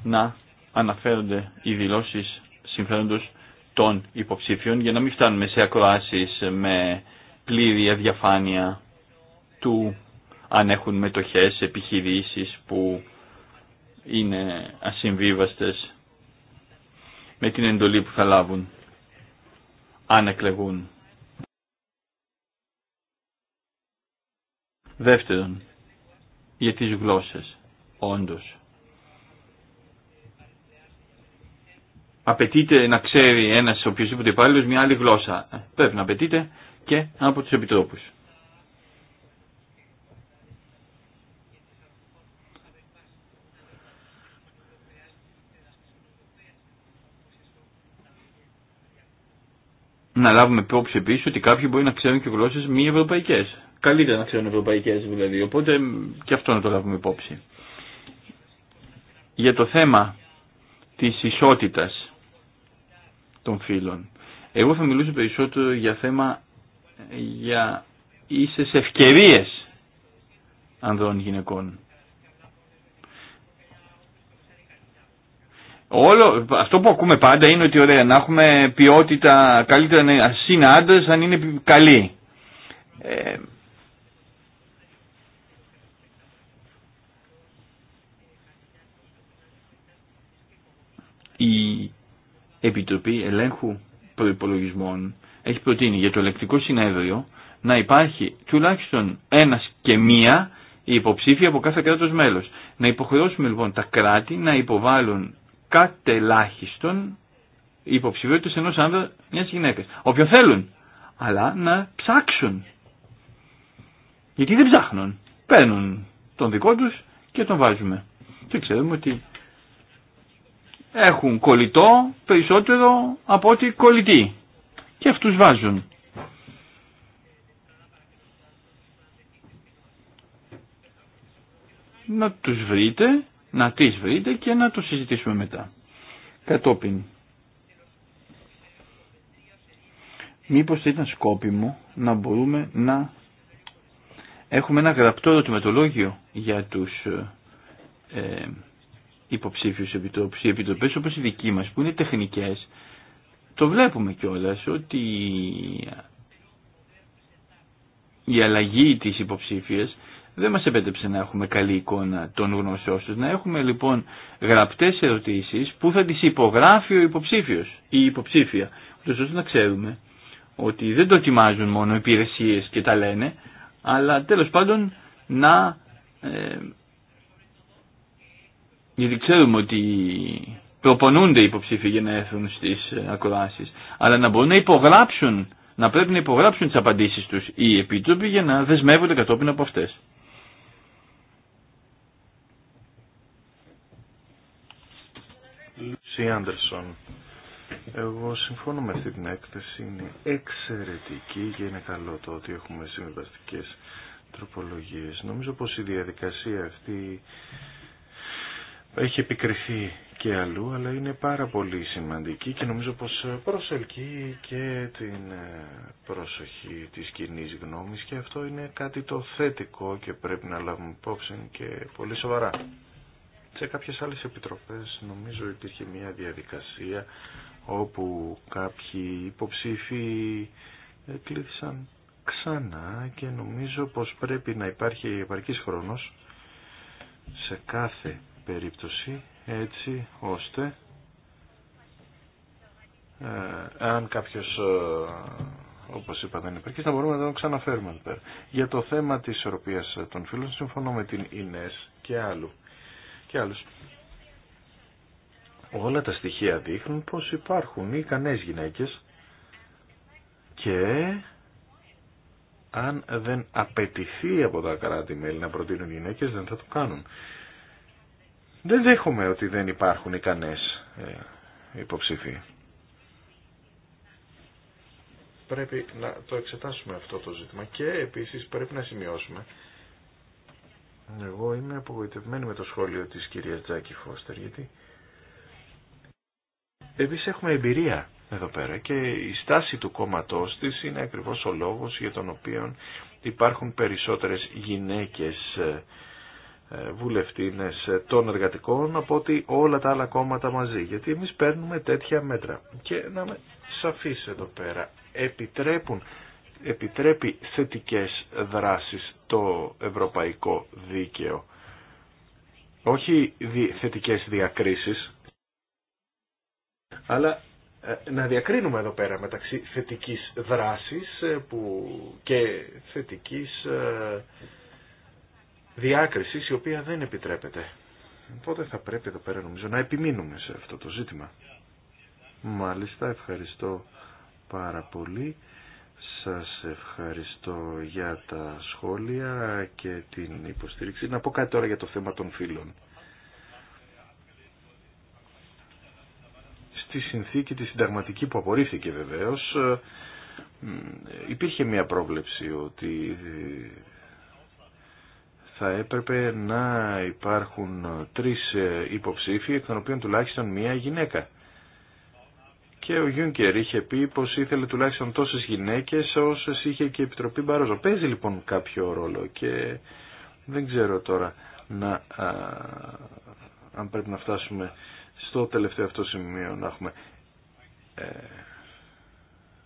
να αναφέρονται οι δηλώσεις συμφέροντος των υποψήφιων για να μην φτάνουμε σε ακροάσεις με πλήρη αδιαφάνεια του αν έχουν μετοχές, επιχειρήσεις που είναι ασυμβίβαστες με την εντολή που θα λάβουν αν εκλεγούν. Δεύτερον, για τις γλώσσες, όντως. απαιτείται να ξέρει ένας οποιοδήποτε υπάλληλο μια άλλη γλώσσα. Ε, πρέπει να απαιτείται και από του επιτρόπου. Να λάβουμε υπόψη επίση ότι κάποιοι μπορεί να ξέρουν και γλώσσε μη ευρωπαϊκέ. Καλύτερα να ξέρουν ευρωπαϊκέ δηλαδή. Οπότε και αυτό να το λάβουμε υπόψη. Για το θέμα τη ισότητα των φίλων. Εγώ θα μιλούσα περισσότερο για θέμα για ίσες ευκαιρίες ανδρών γυναικών. Όλο, αυτό που ακούμε πάντα είναι ότι ωραία να έχουμε ποιότητα καλύτερα να είναι άντρες αν είναι καλοί. Ε, Επιτροπή Ελέγχου Προϋπολογισμών έχει προτείνει για το ελεκτικό συνέδριο να υπάρχει τουλάχιστον ένας και μία υποψήφια από κάθε κράτος μέλος. Να υποχρεώσουμε λοιπόν τα κράτη να υποβάλουν κατελάχιστον υποψηφιότητες ενός άνδρα μιας γυναίκας. Όποιον θέλουν, αλλά να ψάξουν. Γιατί δεν ψάχνουν. Παίρνουν τον δικό τους και τον βάζουμε. Και ξέρουμε ότι έχουν κολλητό περισσότερο από ότι κολλητή. Και αυτούς βάζουν. Να τους βρείτε, να τις βρείτε και να το συζητήσουμε μετά. Κατόπιν. Μήπως ήταν σκόπιμο να μπορούμε να έχουμε ένα γραπτό ερωτηματολόγιο για τους ε, υποψήφιου επιτροπές, οι επιτροπέ όπως οι δικοί μα που είναι τεχνικέ, το βλέπουμε κιόλα ότι η αλλαγή τη υποψήφια δεν μας επέτρεψε να έχουμε καλή εικόνα των γνώσεών τους. Να έχουμε λοιπόν γραπτές ερωτήσεις που θα τι υπογράφει ο υποψήφιος ή η υποψήφια, Οπότε ώστε να ξέρουμε ότι δεν το ετοιμάζουν μόνο υπηρεσίε και τα λένε, αλλά τέλο πάντων να ε, γιατί ξέρουμε ότι προπονούνται οι υποψήφοι για να έρθουν στις ε, ακροάσεις, αλλά να μπορούν να υπογράψουν, να πρέπει να υπογράψουν τις απαντήσεις τους οι επίτροποι για να δεσμεύονται κατόπιν από αυτές. Λουσί Άντερσον, εγώ συμφωνώ με αυτή την έκθεση, είναι εξαιρετική και είναι καλό το ότι έχουμε συμβαστικές τροπολογίες. Νομίζω πως η διαδικασία αυτή έχει επικριθεί και αλλού, αλλά είναι πάρα πολύ σημαντική και νομίζω πως προσελκύει και την ε, προσοχή της κοινή γνώμης και αυτό είναι κάτι το θετικό και πρέπει να λάβουμε υπόψη και πολύ σοβαρά. Σε κάποιες άλλες επιτροπές νομίζω υπήρχε μια διαδικασία όπου κάποιοι υποψήφοι ε, κλείθησαν ξανά και νομίζω πως πρέπει να υπάρχει επαρκής χρόνος σε κάθε περίπτωση έτσι ώστε αν ε, κάποιος ε, όπως είπα δεν υπερκείς να μπορούμε να τον ξαναφέρουμε πέρα. Για το θέμα της ισορροπίας των φίλων συμφωνώ με την Ινές και, άλλου, και άλλους. Όλα τα στοιχεία δείχνουν πως υπάρχουν ικανές γυναίκες και αν δεν απαιτηθεί από τα κράτη-μέλη να προτείνουν γυναίκες δεν θα το κάνουν. Δεν δέχομαι ότι δεν υπάρχουν ικανές ε, υποψήφοι. Πρέπει να το εξετάσουμε αυτό το ζήτημα και επίσης πρέπει να σημειώσουμε. Εγώ είμαι απογοητευμένη με το σχόλιο της κυρίας Τζάκη Φώστερ γιατί εμείς έχουμε εμπειρία εδώ πέρα και η στάση του κόμματός της είναι ακριβώς ο λόγος για τον οποίο υπάρχουν περισσότερες γυναίκες ε, ε, βουλευτίνες των εργατικών από ότι όλα τα άλλα κόμματα μαζί. Γιατί εμείς παίρνουμε τέτοια μέτρα. Και να με σαφείς εδώ πέρα. Επιτρέπουν, επιτρέπει θετικές δράσεις το ευρωπαϊκό δίκαιο. Όχι θετικές διακρίσεις, αλλά ε, να διακρίνουμε εδώ πέρα μεταξύ θετικής δράσης ε, που και θετικής διάκρισης η οποία δεν επιτρέπεται. Οπότε θα πρέπει εδώ πέρα νομίζω να επιμείνουμε σε αυτό το ζήτημα. Μάλιστα, ευχαριστώ πάρα πολύ. Σας ευχαριστώ για τα σχόλια και την υποστήριξη. Να πω κάτι τώρα για το θέμα των φίλων. Στη συνθήκη τη συνταγματική που απορρίφθηκε βεβαίως υπήρχε μια πρόβλεψη ότι θα έπρεπε να υπάρχουν τρεις ε, υποψήφοι, εκ των οποίων τουλάχιστον μία γυναίκα. Και ο Γιούνκερ είχε πει πως ήθελε τουλάχιστον τόσες γυναίκες όσες είχε και η Επιτροπή Μπαρόζο. Παίζει λοιπόν κάποιο ρόλο και δεν ξέρω τώρα να, αν πρέπει να φτάσουμε στο τελευταίο αυτό σημείο να έχουμε ε,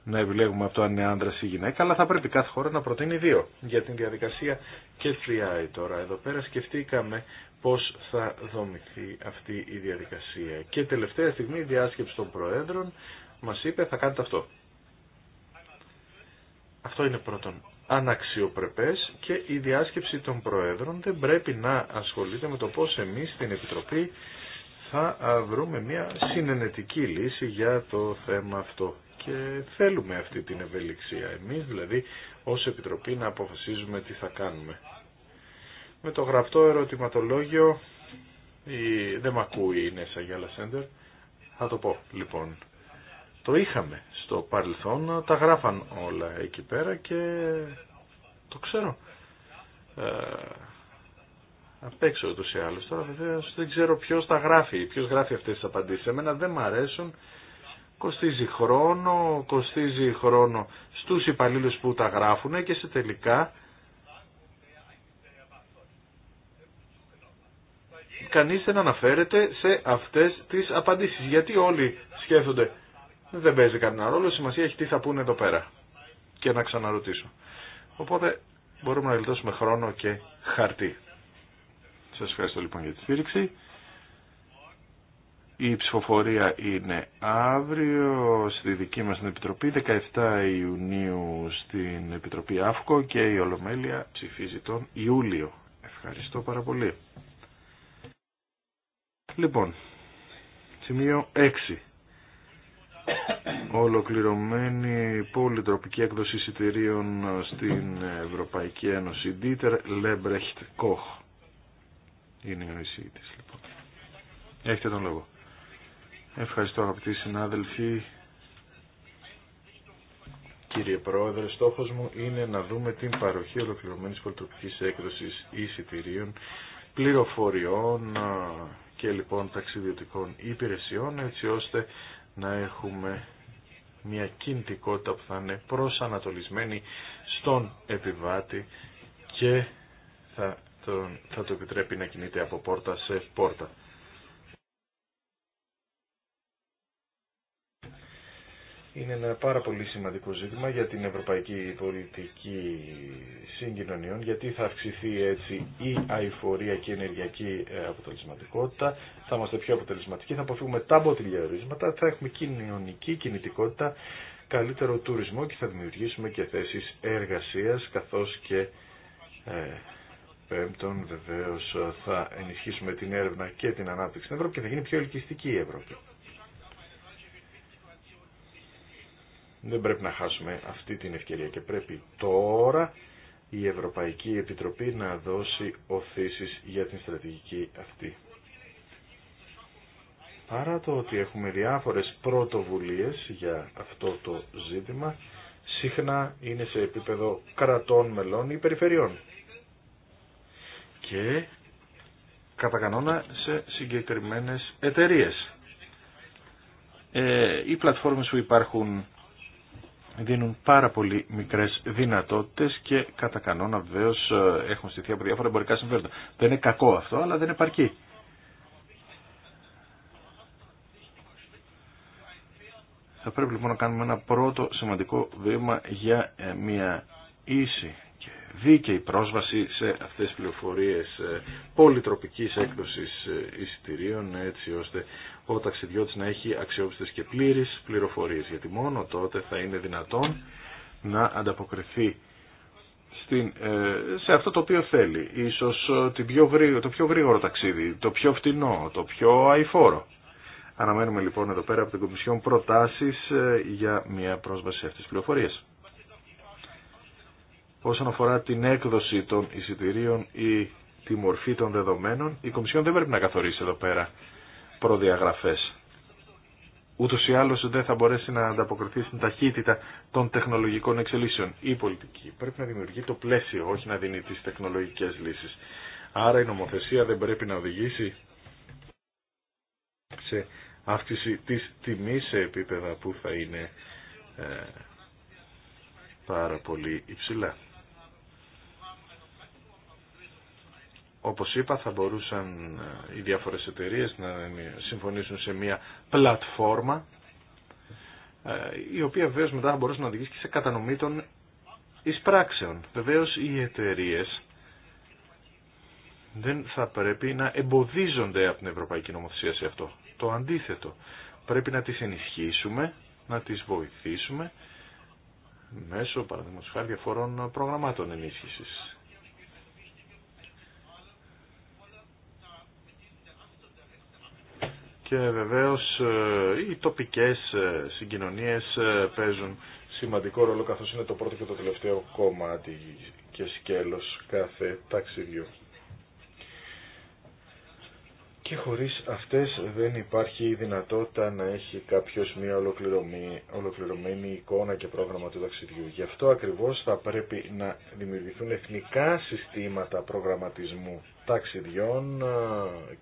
να επιλέγουμε αυτό αν είναι άντρα ή γυναίκα, αλλά θα πρέπει κάθε χώρα να προτείνει δύο. Για την διαδικασία και FDI τώρα εδώ πέρα σκεφτήκαμε πώς θα δομηθεί αυτή η διαδικασία. Και τελευταία στιγμή η διάσκεψη των Προέδρων μας είπε θα κάνετε αυτό. Αυτό είναι πρώτον αναξιοπρεπές και η διάσκεψη των Προέδρων δεν πρέπει να ασχολείται με το πώς εμείς στην Επιτροπή θα βρούμε μια συνενετική λύση για το θέμα αυτό και θέλουμε αυτή την ευελιξία. Εμείς δηλαδή ως Επιτροπή να αποφασίζουμε τι θα κάνουμε. Με το γραπτό ερωτηματολόγιο η... δεν μ' ακούει η Νέσα Γιάλα Σέντερ. Θα το πω λοιπόν. Το είχαμε στο παρελθόν, τα γράφαν όλα εκεί πέρα και το ξέρω. Ε, απ' έξω ούτως ή άλλως. Τώρα δεν ξέρω ποιος τα γράφει, ποιος γράφει αυτές τις απαντήσεις. Εμένα δεν μ' αρέσουν Κοστίζει χρόνο, κοστίζει χρόνο στους υπαλλήλους που τα γράφουν και σε τελικά κανείς δεν αναφέρεται σε αυτές τις απαντήσεις. Γιατί όλοι σκέφτονται δεν παίζει κανένα ρόλο, σημασία έχει τι θα πούνε εδώ πέρα και να ξαναρωτήσω. Οπότε μπορούμε να γλιτώσουμε χρόνο και χαρτί. Σας ευχαριστώ λοιπόν για τη στήριξη. Η ψηφοφορία είναι αύριο στη δική μας την Επιτροπή, 17 Ιουνίου στην Επιτροπή ΑΦΚΟ και η Ολομέλεια ψηφίζει τον Ιούλιο. Ευχαριστώ πάρα πολύ. Λοιπόν, σημείο 6. Ολοκληρωμένη πολυτροπική έκδοση εισιτηρίων στην Ευρωπαϊκή Ένωση. Dieter Λέμπρεχτ Κοχ. Είναι η της. λοιπόν. Έχετε τον λόγο. Ευχαριστώ αγαπητοί συνάδελφοι. Κύριε Πρόεδρε, στόχος μου είναι να δούμε την παροχή ολοκληρωμένης πολιτικής έκδοσης εισιτηρίων, πληροφοριών και λοιπόν ταξιδιωτικών υπηρεσιών, έτσι ώστε να έχουμε μια κινητικότητα που θα είναι προσανατολισμένη στον επιβάτη και θα, τον, θα το επιτρέπει να κινείται από πόρτα σε πόρτα. είναι ένα πάρα πολύ σημαντικό ζήτημα για την ευρωπαϊκή πολιτική συγκοινωνιών, γιατί θα αυξηθεί έτσι η αηφορία και η ενεργειακή ε, αποτελεσματικότητα, θα είμαστε πιο αποτελεσματικοί, θα αποφύγουμε τα μποτιλιαρίσματα, θα έχουμε κοινωνική κινητικότητα, καλύτερο τουρισμό και θα δημιουργήσουμε και θέσεις εργασίας, καθώς και ε, πέμπτον βεβαίως θα ενισχύσουμε την έρευνα και την ανάπτυξη στην Ευρώπη και θα γίνει πιο ελκυστική η Ευρώπη. Δεν πρέπει να χάσουμε αυτή την ευκαιρία και πρέπει τώρα η Ευρωπαϊκή Επιτροπή να δώσει οθήσεις για την στρατηγική αυτή. Παρά το ότι έχουμε διάφορες πρωτοβουλίες για αυτό το ζήτημα, συχνά είναι σε επίπεδο κρατών μελών ή περιφερειών. Και κατά κανόνα σε συγκεκριμένες εταιρείες. Ε, οι πλατφόρμες που υπάρχουν δίνουν πάρα πολύ μικρές δυνατότητες και κατά κανόνα βεβαίω ε, έχουν στηθεί από διάφορα εμπορικά συμφέροντα. Δεν είναι κακό αυτό, αλλά δεν επαρκεί. Θα πρέπει λοιπόν να κάνουμε ένα πρώτο σημαντικό βήμα για ε, μια ίση δίκαιη πρόσβαση σε αυτές τις πληροφορίες ε, πολυτροπικής έκδοσης ε, εισιτηρίων έτσι ώστε ο ταξιδιώτης να έχει αξιόπιστες και πλήρεις πληροφορίες γιατί μόνο τότε θα είναι δυνατόν να ανταποκριθεί στην, ε, σε αυτό το οποίο θέλει. Ίσως την πιο το πιο γρήγορο ταξίδι, το πιο φτηνό, το πιο αηφόρο. Αναμένουμε λοιπόν εδώ πέρα από την Κομισιόν προτάσεις για μια πρόσβαση σε αυτές τις πληροφορίες όσον αφορά την έκδοση των εισιτηρίων ή τη μορφή των δεδομένων, η Κομισιόν δεν πρέπει να καθορίσει εδώ πέρα προδιαγραφές. Ούτως ή άλλως δεν θα μπορέσει να ανταποκριθεί στην ταχύτητα των τεχνολογικών εξελίσεων. Η πολιτική πρέπει να δημιουργεί το πλαίσιο, όχι να δίνει τις τεχνολογικές λύσεις. Άρα η νομοθεσία δεν πρέπει να οδηγήσει σε αύξηση της τιμής σε επίπεδα που θα είναι ε, πάρα πολύ υψηλά. όπως είπα θα μπορούσαν ε, οι διάφορες εταιρείες να συμφωνήσουν σε μια πλατφόρμα ε, η οποία βεβαίως μετά θα μπορούσε να οδηγήσει σε κατανομή των εισπράξεων. Βεβαίως οι εταιρείες δεν θα πρέπει να εμποδίζονται από την Ευρωπαϊκή Νομοθεσία σε αυτό. Το αντίθετο. Πρέπει να τις ενισχύσουμε, να τις βοηθήσουμε μέσω παραδείγματος χάρη διαφορών προγραμμάτων ενίσχυσης. και βεβαίως ε, οι τοπικές ε, συγκοινωνίες ε, παίζουν σημαντικό ρόλο καθώς είναι το πρώτο και το τελευταίο κομμάτι και σκέλος κάθε ταξιδιού. Και χωρίς αυτές δεν υπάρχει η δυνατότητα να έχει κάποιος μια ολοκληρωμένη εικόνα και πρόγραμμα του ταξιδιού. Γι' αυτό ακριβώς θα πρέπει να δημιουργηθούν εθνικά συστήματα προγραμματισμού ταξιδιών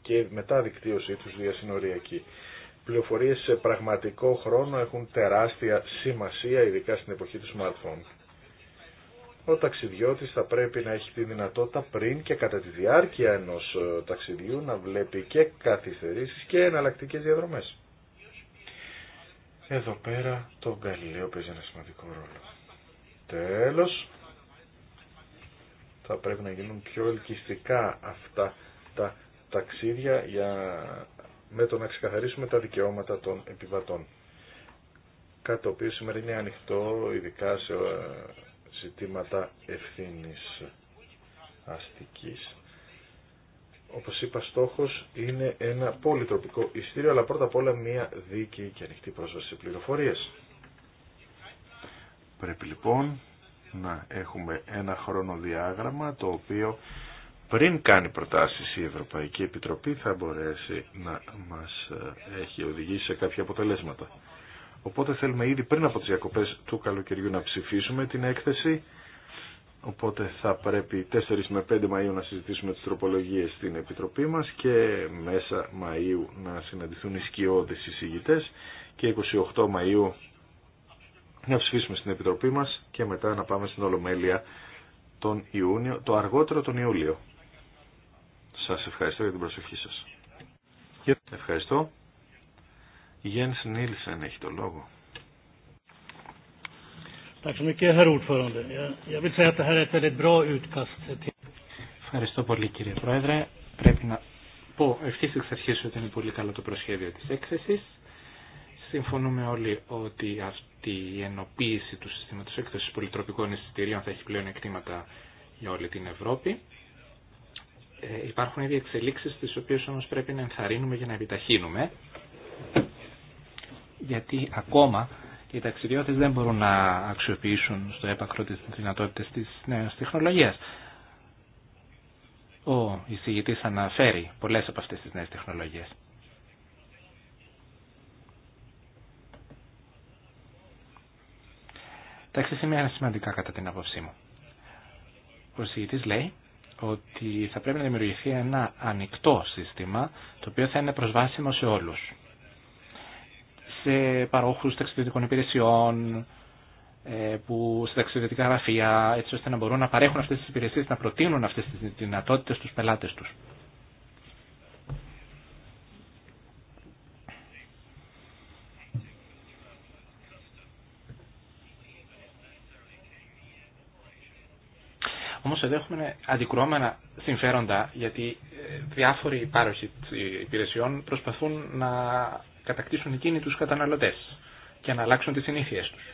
και μετά δικτύωσή τους διασυνοριακή. Πληροφορίες σε πραγματικό χρόνο έχουν τεράστια σημασία, ειδικά στην εποχή του smartphone ο ταξιδιώτης θα πρέπει να έχει τη δυνατότητα πριν και κατά τη διάρκεια ενός ε, ταξιδιού να βλέπει και καθυστερήσεις και εναλλακτικέ διαδρομές. Εδώ πέρα το Γκαλιλαίο παίζει ένα σημαντικό ρόλο. Τέλος, θα πρέπει να γίνουν πιο ελκυστικά αυτά τα ταξίδια για... με το να ξεκαθαρίσουμε τα δικαιώματα των επιβατών. Κάτι το οποίο σήμερα είναι ανοιχτό ειδικά σε ε, ζητήματα ευθύνης αστικής. Όπως είπα, στόχος είναι ένα πολυτροπικό ιστήριο, αλλά πρώτα απ' όλα μια δίκαιη και ανοιχτή πρόσβαση σε πληροφορίες. Πρέπει λοιπόν να έχουμε ένα χρονοδιάγραμμα το οποίο πριν κάνει προτάσεις η Ευρωπαϊκή Επιτροπή θα μπορέσει να μας ε, έχει οδηγήσει σε κάποια αποτελέσματα. Οπότε θέλουμε ήδη πριν από τις διακοπές του καλοκαιριού να ψηφίσουμε την έκθεση. Οπότε θα πρέπει 4 με 5 Μαΐου να συζητήσουμε τις τροπολογίες στην Επιτροπή μας και μέσα Μαΐου να συναντηθούν οι σκιώδεις εισηγητές και 28 Μαΐου να ψηφίσουμε στην Επιτροπή μας και μετά να πάμε στην Ολομέλεια τον Ιούνιο, το αργότερο τον Ιούλιο. Σας ευχαριστώ για την προσοχή σας. Ευχαριστώ. Η Γιάννης έχει το λόγο. Ευχαριστώ πολύ κύριε Πρόεδρε. Πρέπει να πω ευθύ εξ αρχή ότι είναι πολύ καλό το προσχέδιο τη έκθεση. Συμφωνούμε όλοι ότι αυτή η ενοποίηση του συστήματο έκθεση πολυτροπικών εισιτηρίων θα έχει πλέον εκτήματα για όλη την Ευρώπη. Ε, υπάρχουν ήδη εξελίξει τι οποίε όμω πρέπει να ενθαρρύνουμε για να επιταχύνουμε γιατί ακόμα οι ταξιδιώτες δεν μπορούν να αξιοποιήσουν στο έπακρο τις δυνατότητες της νέας τεχνολογίας. Ο εισηγητής αναφέρει πολλές από αυτές τις νέες τεχνολογίες. Τα εξή σημεία είναι σημαντικά κατά την άποψή μου. Ο εισηγητής λέει ότι θα πρέπει να δημιουργηθεί ένα ανοιχτό σύστημα το οποίο θα είναι προσβάσιμο σε όλους σε παρόχους ταξιδιωτικών υπηρεσιών, ε, που σε ταξιδιωτικά γραφεία, έτσι ώστε να μπορούν να παρέχουν αυτές τις υπηρεσίες, να προτείνουν αυτές τις δυνατότητες στους πελάτες τους. Όμως εδώ έχουμε αντικρουόμενα συμφέροντα, γιατί ε, διάφοροι πάροχοι ε, υπηρεσιών προσπαθούν να κατακτήσουν εκείνοι τους καταναλωτές και να αλλάξουν τις συνήθειές τους.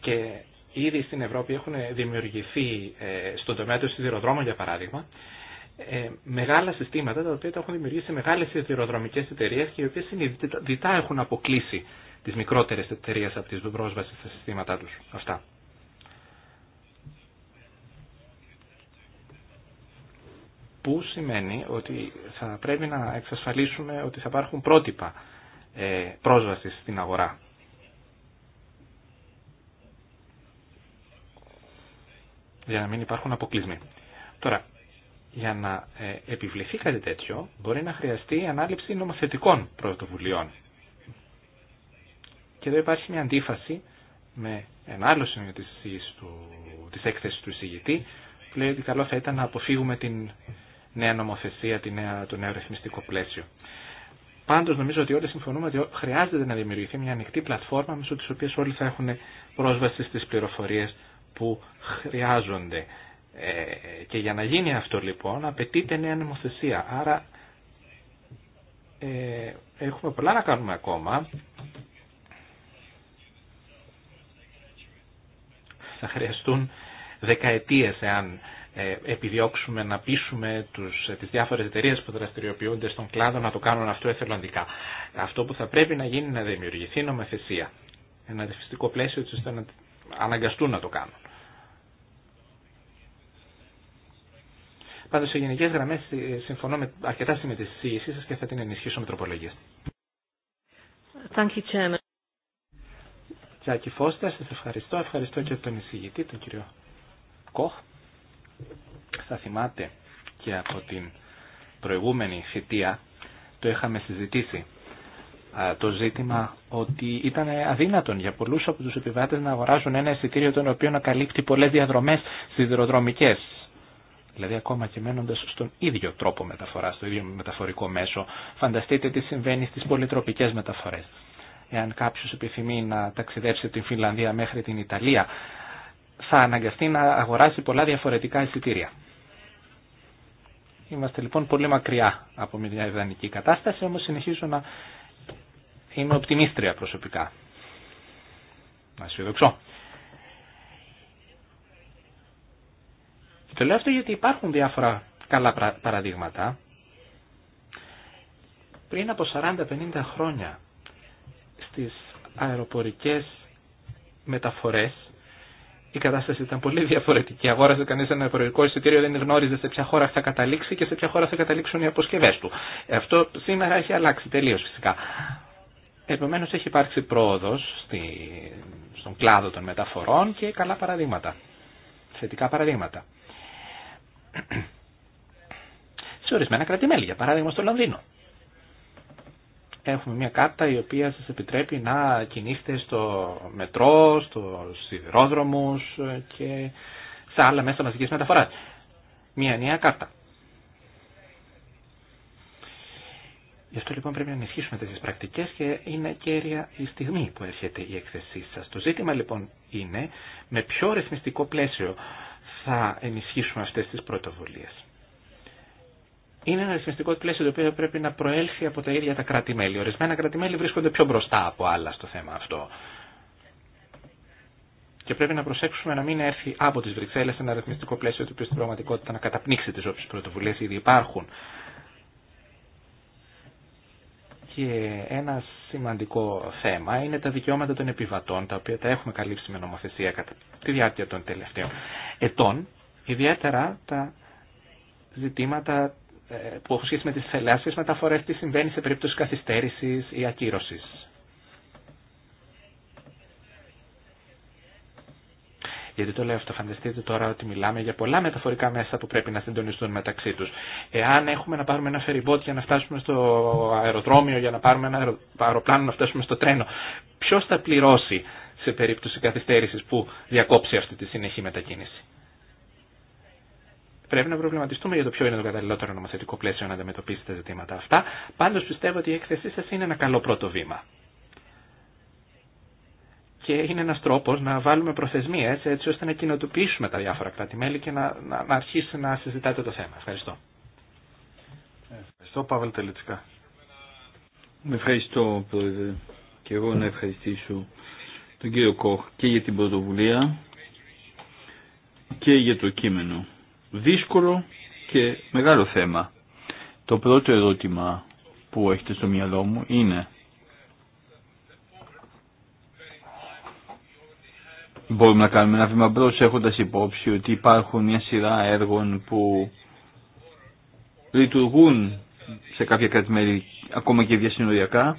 Και ήδη στην Ευρώπη έχουν δημιουργηθεί ε, στον τομέα του σιδηροδρόμου για παράδειγμα ε, μεγάλα συστήματα τα οποία τα έχουν δημιουργήσει μεγάλες σιδηροδρομικές εταιρείε και οι οποίες συνειδητά έχουν αποκλείσει τις μικρότερες εταιρείε από τις πρόσβαση στα συστήματά τους αυτά. που σημαίνει ότι θα πρέπει να εξασφαλίσουμε ότι θα υπάρχουν πρότυπα ε, πρόσβασης στην αγορά. Για να μην υπάρχουν αποκλεισμοί. Τώρα, για να ε, επιβληθεί κάτι τέτοιο, μπορεί να χρειαστεί η ανάληψη νομοθετικών πρωτοβουλειών. Και εδώ υπάρχει μια αντίφαση με ένα άλλο σημείο της, της έκθεσης του εισηγητή, που λέει ότι καλό θα ήταν να αποφύγουμε την νέα νομοθεσία, τη νέα, το νέο ρυθμιστικό πλαίσιο. Πάντως νομίζω ότι όλοι συμφωνούμε ότι χρειάζεται να δημιουργηθεί μια ανοιχτή πλατφόρμα μέσω της οποίας όλοι θα έχουν πρόσβαση στις πληροφορίες που χρειάζονται. Ε, και για να γίνει αυτό λοιπόν απαιτείται νέα νομοθεσία. Άρα ε, έχουμε πολλά να κάνουμε ακόμα. Θα χρειαστούν δεκαετίες εάν ε, επιδιώξουμε να πείσουμε τους, ε, τις διάφορες εταιρείε που δραστηριοποιούνται στον κλάδο να το κάνουν αυτό εθελοντικά. Αυτό που θα πρέπει να γίνει είναι να δημιουργηθεί νομοθεσία. Ένα αντιφυστικό πλαίσιο ώστε να αναγκαστούν να το κάνουν. Πάντω, σε γενικέ γραμμέ ε, συμφωνώ με, αρκετά με τη συζήτησή σα και θα την ενισχύσω με τροπολογίε. Τζάκι Φώστα, σα ευχαριστώ. Ευχαριστώ και τον εισηγητή, τον κύριο Κοχ θα θυμάται και από την προηγούμενη θητεία το είχαμε συζητήσει το ζήτημα ότι ήταν αδύνατον για πολλούς από τους επιβάτες να αγοράσουν ένα εισιτήριο τον οποίο να καλύπτει πολλές διαδρομές σιδηροδρομικές. Δηλαδή ακόμα και μένοντας στον ίδιο τρόπο μεταφοράς, στο ίδιο μεταφορικό μέσο, φανταστείτε τι συμβαίνει στις πολυτροπικές μεταφορές. Εάν κάποιος επιθυμεί να ταξιδέψει την Φιλανδία μέχρι την Ιταλία, θα αναγκαστεί να αγοράσει πολλά διαφορετικά εισιτήρια. Είμαστε λοιπόν πολύ μακριά από μια ιδανική κατάσταση, όμως συνεχίζω να είμαι οπτιμίστρια προσωπικά. Να αισιοδοξώ. Το λέω αυτό γιατί υπάρχουν διάφορα καλά παραδείγματα. Πριν από 40-50 χρόνια στις αεροπορικές μεταφορές η κατάσταση ήταν πολύ διαφορετική. Αγόρασε κανεί ένα εφορικό εισιτήριο, δεν γνώριζε σε ποια χώρα θα καταλήξει και σε ποια χώρα θα καταλήξουν οι αποσκευέ του. Αυτό σήμερα έχει αλλάξει τελείω φυσικά. Επομένω έχει υπάρξει πρόοδο στη... στον κλάδο των μεταφορών και καλά παραδείγματα. Θετικά παραδείγματα. Σε ορισμένα κρατημέλη, για παράδειγμα στο Λονδίνο έχουμε μια κάρτα η οποία σας επιτρέπει να κινείστε στο μετρό, στο σιδηρόδρομους και σε άλλα μέσα μαζικής μεταφοράς. Μια νέα κάρτα. Γι' αυτό λοιπόν πρέπει να ενισχύσουμε τις πρακτικές και είναι κέρια η στιγμή που έρχεται η έκθεσή σας. Το ζήτημα λοιπόν είναι με ποιο ρυθμιστικό πλαίσιο θα ενισχύσουμε αυτές τις πρωτοβουλίες είναι ένα ρυθμιστικό πλαίσιο το οποίο πρέπει να προέλθει από τα ίδια τα κράτη-μέλη. Ορισμένα κράτη-μέλη βρίσκονται πιο μπροστά από άλλα στο θέμα αυτό. Και πρέπει να προσέξουμε να μην έρθει από τι Βρυξέλλε ένα ρυθμιστικό πλαίσιο το οποίο στην πραγματικότητα να καταπνίξει τι όποιε πρωτοβουλίε ήδη υπάρχουν. Και ένα σημαντικό θέμα είναι τα δικαιώματα των επιβατών, τα οποία τα έχουμε καλύψει με νομοθεσία κατά τη διάρκεια των τελευταίων ετών, ιδιαίτερα τα ζητήματα ε, που έχουν σχέση με τις θελάσσιες μεταφορές, τι συμβαίνει σε περίπτωση καθυστέρησης ή ακύρωσης. Γιατί το λέω αυτό, φανταστείτε τώρα ότι μιλάμε για πολλά μεταφορικά μέσα που πρέπει να συντονιστούν μεταξύ τους. Εάν έχουμε να πάρουμε ένα φεριμπότ για να φτάσουμε στο αεροδρόμιο, για να πάρουμε ένα αεροπλάνο να φτάσουμε στο τρένο, ποιος θα πληρώσει σε περίπτωση καθυστέρησης που διακόψει αυτή τη συνεχή μετακίνηση πρέπει να προβληματιστούμε για το ποιο είναι το καταλληλότερο νομοθετικό πλαίσιο να αντιμετωπίσει τα ζητήματα αυτά. Πάντως πιστεύω ότι η έκθεσή σας είναι ένα καλό πρώτο βήμα. Και είναι ένας τρόπος να βάλουμε προθεσμίε έτσι ώστε να κοινοτοποιήσουμε τα διάφορα κράτη-μέλη και να, να, να αρχίσει να συζητάτε το θέμα. Ευχαριστώ. Ευχαριστώ Παύλ Τελετσικά. Ευχαριστώ Πρόεδρε και εγώ να ευχαριστήσω τον κύριο Κοχ και για την πρωτοβουλία και για το κείμενο δύσκολο και μεγάλο θέμα. Το πρώτο ερώτημα που έχετε στο μυαλό μου είναι μπορούμε να κάνουμε ένα βήμα μπρος έχοντας υπόψη ότι υπάρχουν μια σειρά έργων που λειτουργούν σε κάποια κρατημέρη ακόμα και διασυνοριακά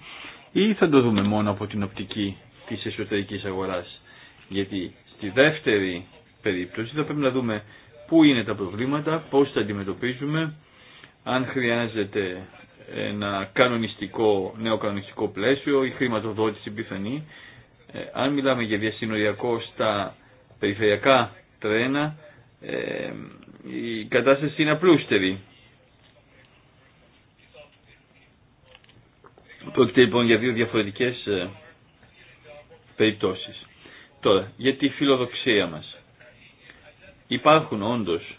ή θα το δούμε μόνο από την οπτική της εσωτερικής αγοράς. Γιατί στη δεύτερη περίπτωση θα πρέπει να δούμε πού είναι τα προβλήματα, πώς τα αντιμετωπίζουμε, αν χρειάζεται ένα κανονιστικό, νέο κανονιστικό πλαίσιο, η χρηματοδότηση πιθανή. Ε, αν μιλάμε για διασυνοριακό στα περιφερειακά τρένα, ε, η κατάσταση είναι απλούστερη. Πρόκειται λοιπόν για δύο διαφορετικές ε, περιπτώσεις. Τώρα, για τη φιλοδοξία μας. Υπάρχουν όντως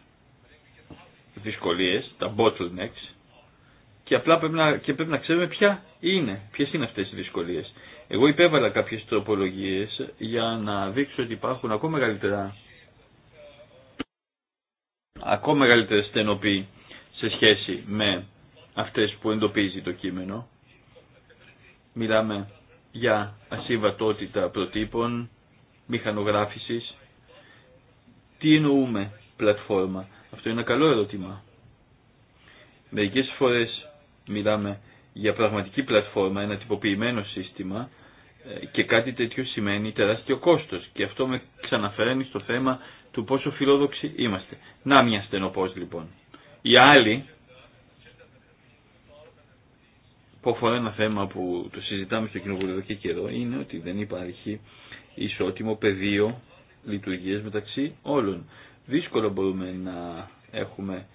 δυσκολίες, τα bottlenecks, και απλά πρέπει να, και πρέπει να ξέρουμε ποια είναι, ποιες είναι αυτές οι δυσκολίες. Εγώ υπέβαλα κάποιες τροπολογίες για να δείξω ότι υπάρχουν ακόμα μεγαλύτερα ακόμα στενοπή σε σχέση με αυτές που εντοπίζει το κείμενο. Μιλάμε για ασύμβατότητα προτύπων, μηχανογράφησης, τι εννοούμε πλατφόρμα. Αυτό είναι ένα καλό ερώτημα. Μερικές φορές μιλάμε για πραγματική πλατφόρμα, ένα τυποποιημένο σύστημα ε, και κάτι τέτοιο σημαίνει τεράστιο κόστος και αυτό με ξαναφέρνει στο θέμα του πόσο φιλόδοξοι είμαστε. Να μια στενοπός λοιπόν. Οι άλλοι που αφορά ένα θέμα που το συζητάμε στο και καιρό είναι ότι δεν υπάρχει ισότιμο πεδίο λειτουργίες μεταξύ όλων. Δύσκολο μπορούμε να έχουμε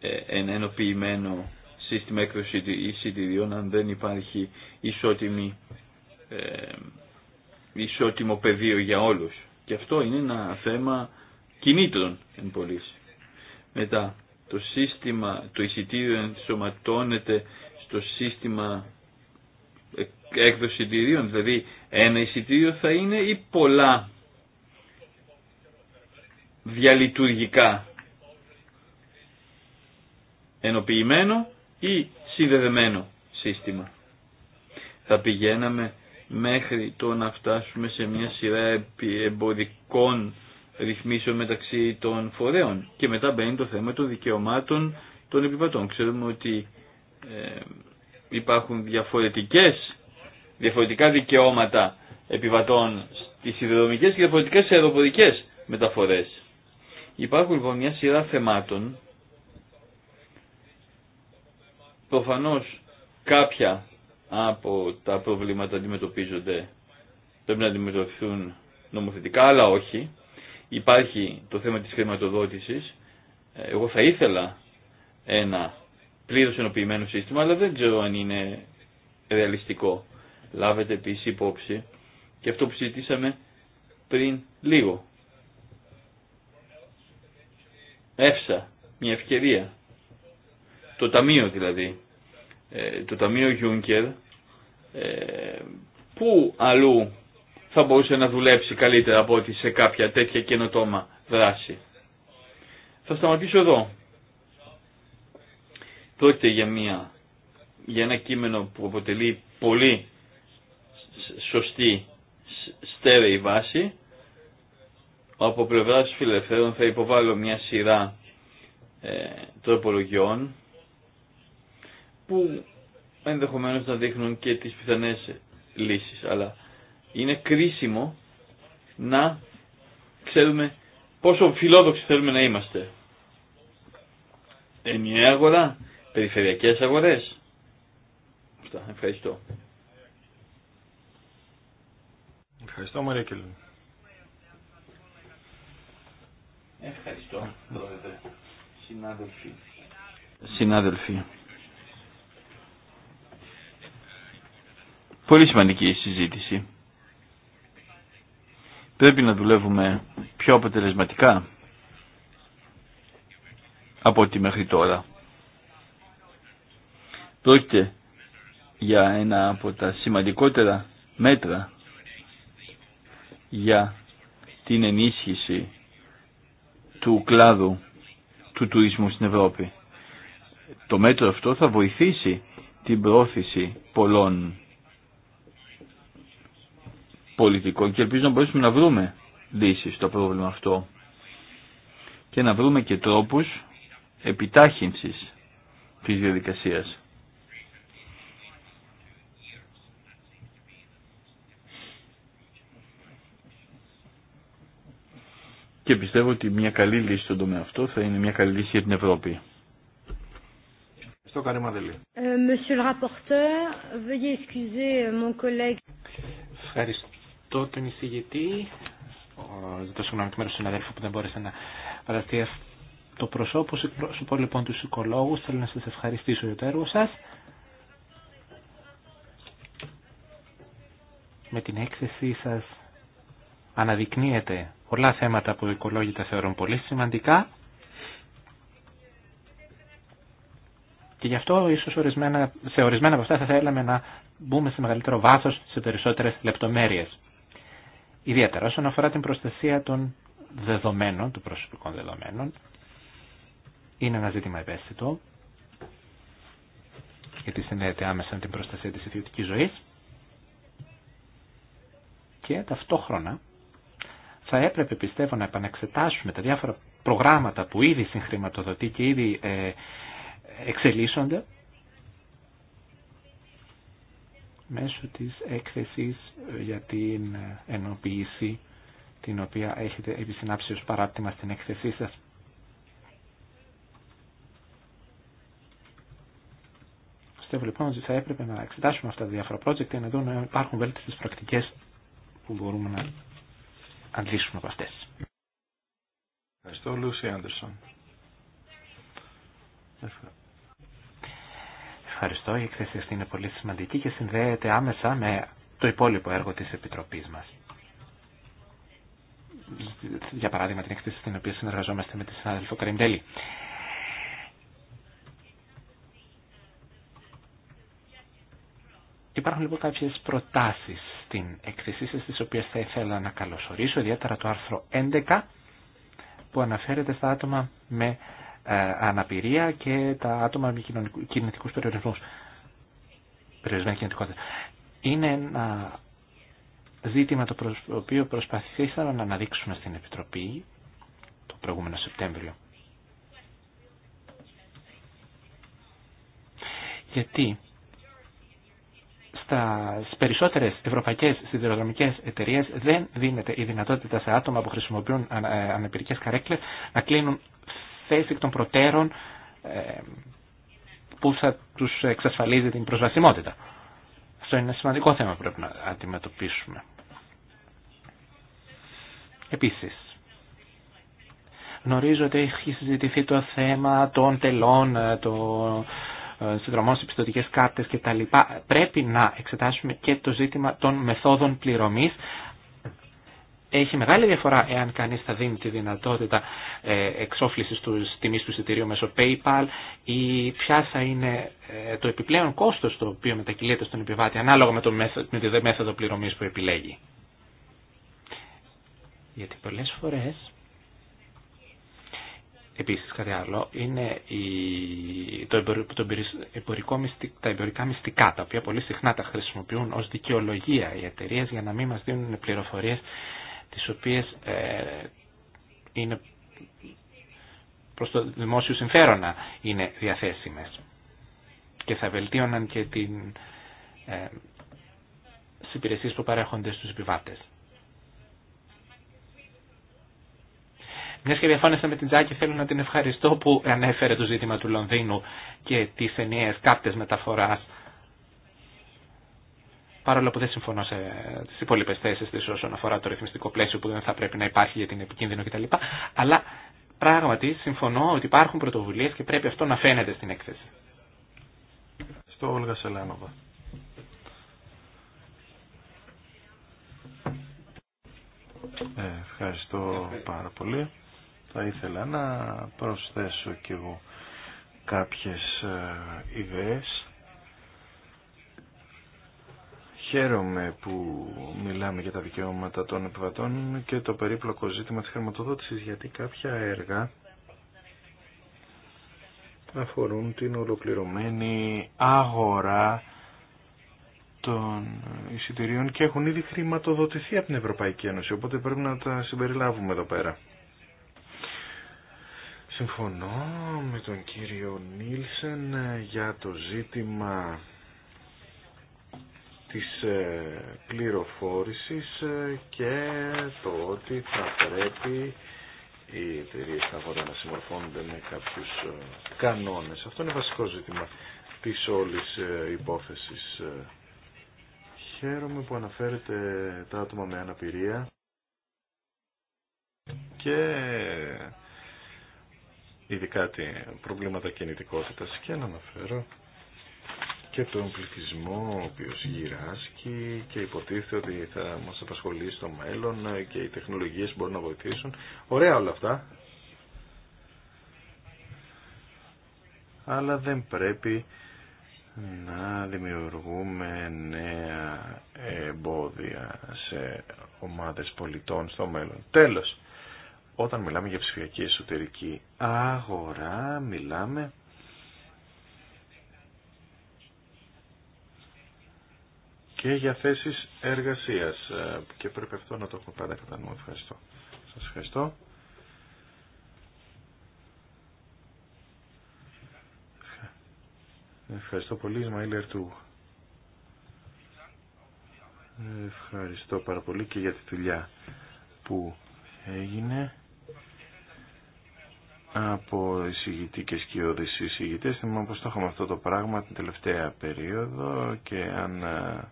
ε, ένα ενοποιημένο σύστημα έκδοση εισιτηρίων αν δεν υπάρχει ισότιμη, ε, ισότιμο πεδίο για όλους. Και αυτό είναι ένα θέμα κινήτρων εν πωλής. Μετά, το σύστημα, το εισιτήριο ενσωματώνεται στο σύστημα έκδοση εισιτηρίων, δηλαδή ένα εισιτήριο θα είναι ή πολλά διαλειτουργικά ενοποιημένο ή συνδεδεμένο σύστημα. Θα πηγαίναμε μέχρι το να φτάσουμε σε μια σειρά εμποδικών ρυθμίσεων μεταξύ των φορέων και μετά μπαίνει το θέμα των δικαιωμάτων των επιβατών. Ξέρουμε ότι ε, υπάρχουν διαφορετικές, διαφορετικά δικαιώματα επιβατών στις ιδεοδομικές και διαφορετικές αεροπορικές μεταφορές. Υπάρχουν λοιπόν μια σειρά θεμάτων. Προφανώς κάποια από τα προβλήματα αντιμετωπίζονται, πρέπει να αντιμετωπιστούν νομοθετικά, αλλά όχι. Υπάρχει το θέμα της χρηματοδότησης. Εγώ θα ήθελα ένα πλήρως ενοποιημένο σύστημα, αλλά δεν ξέρω αν είναι ρεαλιστικό. Λάβετε επίσης υπόψη και αυτό που συζητήσαμε πριν λίγο. Έύσα μια ευκαιρία. Το ταμείο δηλαδή. Ε, το ταμείο Γιούνκερ πού αλλού θα μπορούσε να δουλέψει καλύτερα από ότι σε κάποια τέτοια καινοτόμα δράση. Θα σταματήσω εδώ. Πρόκειται για, μια, για ένα κείμενο που αποτελεί πολύ σωστή στέρεη βάση από πλευράς φιλελευθέρων θα υποβάλω μια σειρά ε, τροπολογιών που ενδεχομένως να δείχνουν και τις πιθανές λύσεις. Αλλά είναι κρίσιμο να ξέρουμε πόσο φιλόδοξοι θέλουμε να είμαστε. Ενιαία αγορά, περιφερειακές αγορές. ευχαριστώ. Ευχαριστώ Μαρία Κελίνη. Ευχαριστώ, Πρόεδρε. Συνάδελφοι. Συνάδελφοι. Πολύ σημαντική η συζήτηση. Πρέπει να δουλεύουμε πιο αποτελεσματικά από ό,τι μέχρι τώρα. Πρόκειται για ένα από τα σημαντικότερα μέτρα για την ενίσχυση του κλάδου του τουρισμού στην Ευρώπη. Το μέτρο αυτό θα βοηθήσει την πρόθεση πολλών πολιτικών και ελπίζω να μπορέσουμε να βρούμε λύσεις στο πρόβλημα αυτό και να βρούμε και τρόπους επιτάχυνσης της διαδικασίας. και πιστεύω ότι μια καλή λύση στον τομέα αυτό θα είναι μια καλή λύση για την Ευρώπη. Στο ε, euh, Ευχαριστώ τον εισηγητή. Ζητώ συγγνώμη εκ μέρου του συναδέλφου που δεν μπόρεσε να παραστεί το προσώπο. πω λοιπόν του οικολόγου. Θέλω να σα ευχαριστήσω για το έργο σα. Με την έκθεσή σας αναδεικνύεται πολλά θέματα που οι οικολόγοι τα θεωρούν πολύ σημαντικά και γι' αυτό ίσως ορισμένα, σε ορισμένα από αυτά θα θέλαμε να μπούμε σε μεγαλύτερο βάθος, σε περισσότερες λεπτομέρειες. Ιδιαίτερα όσον αφορά την προστασία των δεδομένων, των προσωπικών δεδομένων, είναι ένα ζήτημα ευαίσθητο, γιατί συνδέεται άμεσα με την προστασία της ιδιωτικής ζωής και ταυτόχρονα θα έπρεπε πιστεύω να επαναξετάσουμε τα διάφορα προγράμματα που ήδη συγχρηματοδοτεί και ήδη ε, εξελίσσονται μέσω της έκθεσης για την ενοποίηση την οποία έχετε επισυνάψει ως παράπτυμα στην έκθεσή σας. Πιστεύω λοιπόν ότι θα έπρεπε να εξετάσουμε αυτά τα διάφορα project και να δούμε αν υπάρχουν βέλτιστες πρακτικές που μπορούμε να λύσουμε από αυτές. Ευχαριστώ, Λούση Άντερσον. Ευχαριστώ. Η εκθέση αυτή είναι πολύ σημαντική και συνδέεται άμεσα με το υπόλοιπο έργο της Επιτροπής μας. Για παράδειγμα την εκθέση στην οποία συνεργαζόμαστε με τη συνάδελφο Καριμπέλη. Υπάρχουν λοιπόν κάποιες προτάσεις την έκθεσή σας, τις οποίες θα ήθελα να καλωσορίσω, ιδιαίτερα το άρθρο 11, που αναφέρεται στα άτομα με ε, αναπηρία και τα άτομα με κινητικούς περιορισμούς. Περιορισμένη κινητικότητα. Είναι ένα ζήτημα το οποίο προσπαθήσαμε να αναδείξουμε στην Επιτροπή το προηγούμενο Σεπτέμβριο. Γιατί στις περισσότερες ευρωπαϊκές σιδηροδρομικές εταιρείες δεν δίνεται η δυνατότητα σε άτομα που χρησιμοποιούν ε, ανεπιρκές καρέκλες να κλείνουν θέση των προτέρων ε, που θα τους εξασφαλίζει την προσβασιμότητα. Αυτό είναι ένα σημαντικό θέμα που πρέπει να αντιμετωπίσουμε. Επίσης, γνωρίζω ότι έχει συζητηθεί το θέμα των τελών, ε, των ε, συνδρομών πιστωτικές κάρτες κτλ. Πρέπει να εξετάσουμε και το ζήτημα των μεθόδων πληρωμής. Έχει μεγάλη διαφορά εάν κανείς θα δίνει τη δυνατότητα ε, εξόφλησης του τιμή του εισιτηρίου μέσω PayPal ή ποια θα είναι ε, το επιπλέον κόστος το οποίο μετακυλείται στον επιβάτη ανάλογα με, το μέθοδο, με τη μέθοδο πληρωμής που επιλέγει. Γιατί πολλέ φορές Επίσης κάτι άλλο είναι το, το, εμπορικό τα εμπορικά μυστικά τα οποία πολύ συχνά τα χρησιμοποιούν ως δικαιολογία οι εταιρείε για να μην μας δίνουν πληροφορίες τις οποίες ε, είναι προς το δημόσιο συμφέρον είναι διαθέσιμες και θα βελτίωναν και την, ε, τις που παρέχονται στους επιβάτες. Μια και διαφώνησα με την Τζάκη, θέλω να την ευχαριστώ που ανέφερε το ζήτημα του Λονδίνου και τι ενιαίε κάρτε μεταφορά. Παρόλο που δεν συμφωνώ σε τι υπόλοιπε θέσει τη όσον αφορά το ρυθμιστικό πλαίσιο που δεν θα πρέπει να υπάρχει για την επικίνδυνο κτλ. Αλλά πράγματι συμφωνώ ότι υπάρχουν πρωτοβουλίε και πρέπει αυτό να φαίνεται στην έκθεση. Στο Όλγα Σελένοβα. Ε, ευχαριστώ πάρα πολύ. Θα ήθελα να προσθέσω κι εγώ κάποιες ε, ιδέες. Χαίρομαι που μιλάμε για τα δικαιώματα των επιβατών και το περίπλοκο ζήτημα της χρηματοδότησης γιατί κάποια έργα αφορούν την ολοκληρωμένη αγορά των εισιτηρίων και έχουν ήδη χρηματοδοτηθεί από την Ευρωπαϊκή Ένωση, οπότε πρέπει να τα συμπεριλάβουμε εδώ πέρα. Συμφωνώ με τον κύριο Νίλσεν ε, για το ζήτημα της ε, πληροφόρησης ε, και το ότι θα πρέπει οι εταιρείε να να συμμορφώνονται με κάποιους κανόνες. Αυτό είναι βασικό ζήτημα της όλης υπόθεσης. Χαίρομαι που αναφέρετε τα άτομα με αναπηρία και ειδικά προβλήματα κινητικότητας και να αναφέρω και τον πληθυσμό ο οποίος γυράσκει και υποτίθεται ότι θα μας απασχολεί στο μέλλον και οι τεχνολογίες μπορούν να βοηθήσουν. Ωραία όλα αυτά. Αλλά δεν πρέπει να δημιουργούμε νέα εμπόδια σε ομάδες πολιτών στο μέλλον. Τέλος. Όταν μιλάμε για ψηφιακή εσωτερική αγορά, μιλάμε και για θέσεις εργασίας ε, και πρέπει αυτό να το έχουμε πάντα κατά νου. Ευχαριστώ. Σας ευχαριστώ. Ευχαριστώ πολύ, Ισμαήλ Ερτού. Ευχαριστώ πάρα πολύ και για τη δουλειά που έγινε από εισηγητή και σκιώδης εισηγητές. Θυμάμαι πως το είχαμε αυτό το πράγμα την τελευταία περίοδο και αν ε,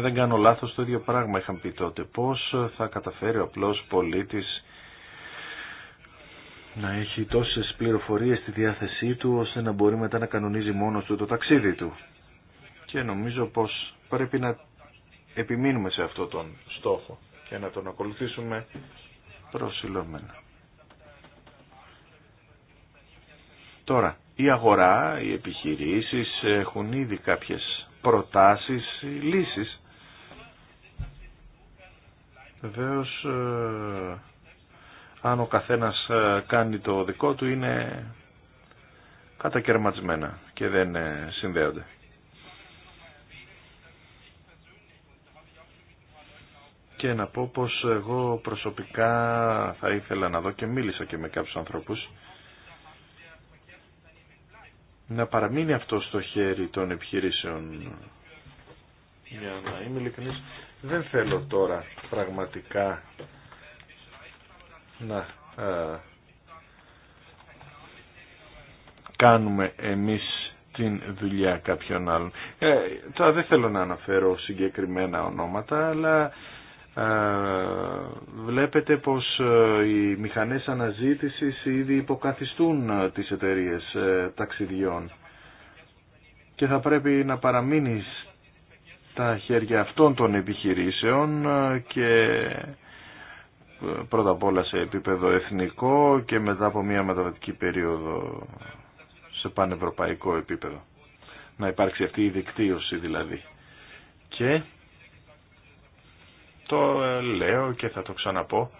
δεν κάνω λάθος το ίδιο πράγμα είχαν πει τότε. Πώς θα καταφέρει ο απλός πολίτης να έχει τόσες πληροφορίες στη διάθεσή του ώστε να μπορεί μετά να κανονίζει μόνος του το ταξίδι του. Και νομίζω πως πρέπει να επιμείνουμε σε αυτό τον στόχο και να τον ακολουθήσουμε προσιλωμένα. Τώρα, η αγορά, οι επιχειρήσεις έχουν ήδη κάποιες προτάσεις, λύσεις. Βεβαίω, ε, αν ο καθένας ε, κάνει το δικό του είναι κατακαιρματισμένα και δεν ε, συνδέονται. Και να πω πως εγώ προσωπικά θα ήθελα να δω και μίλησα και με κάποιους ανθρώπους να παραμείνει αυτό στο χέρι των επιχειρήσεων. Για να είμαι ειλικρινής, δεν θέλω τώρα πραγματικά να ε, κάνουμε εμείς την δουλειά κάποιων άλλων. Ε, τώρα δεν θέλω να αναφέρω συγκεκριμένα ονόματα, αλλά βλέπετε πως ε, οι μηχανές αναζήτησης ήδη υποκαθιστούν ε, τις εταιρείες ε, ταξιδιών και θα πρέπει να παραμείνει στα χέρια αυτών των επιχειρήσεων και πρώτα απ' όλα σε επίπεδο εθνικό και μετά από μια μεταβατική περίοδο σε πανευρωπαϊκό επίπεδο. Να υπάρξει αυτή η δικτύωση δηλαδή. Και το ε, λέω και θα το ξαναπώ.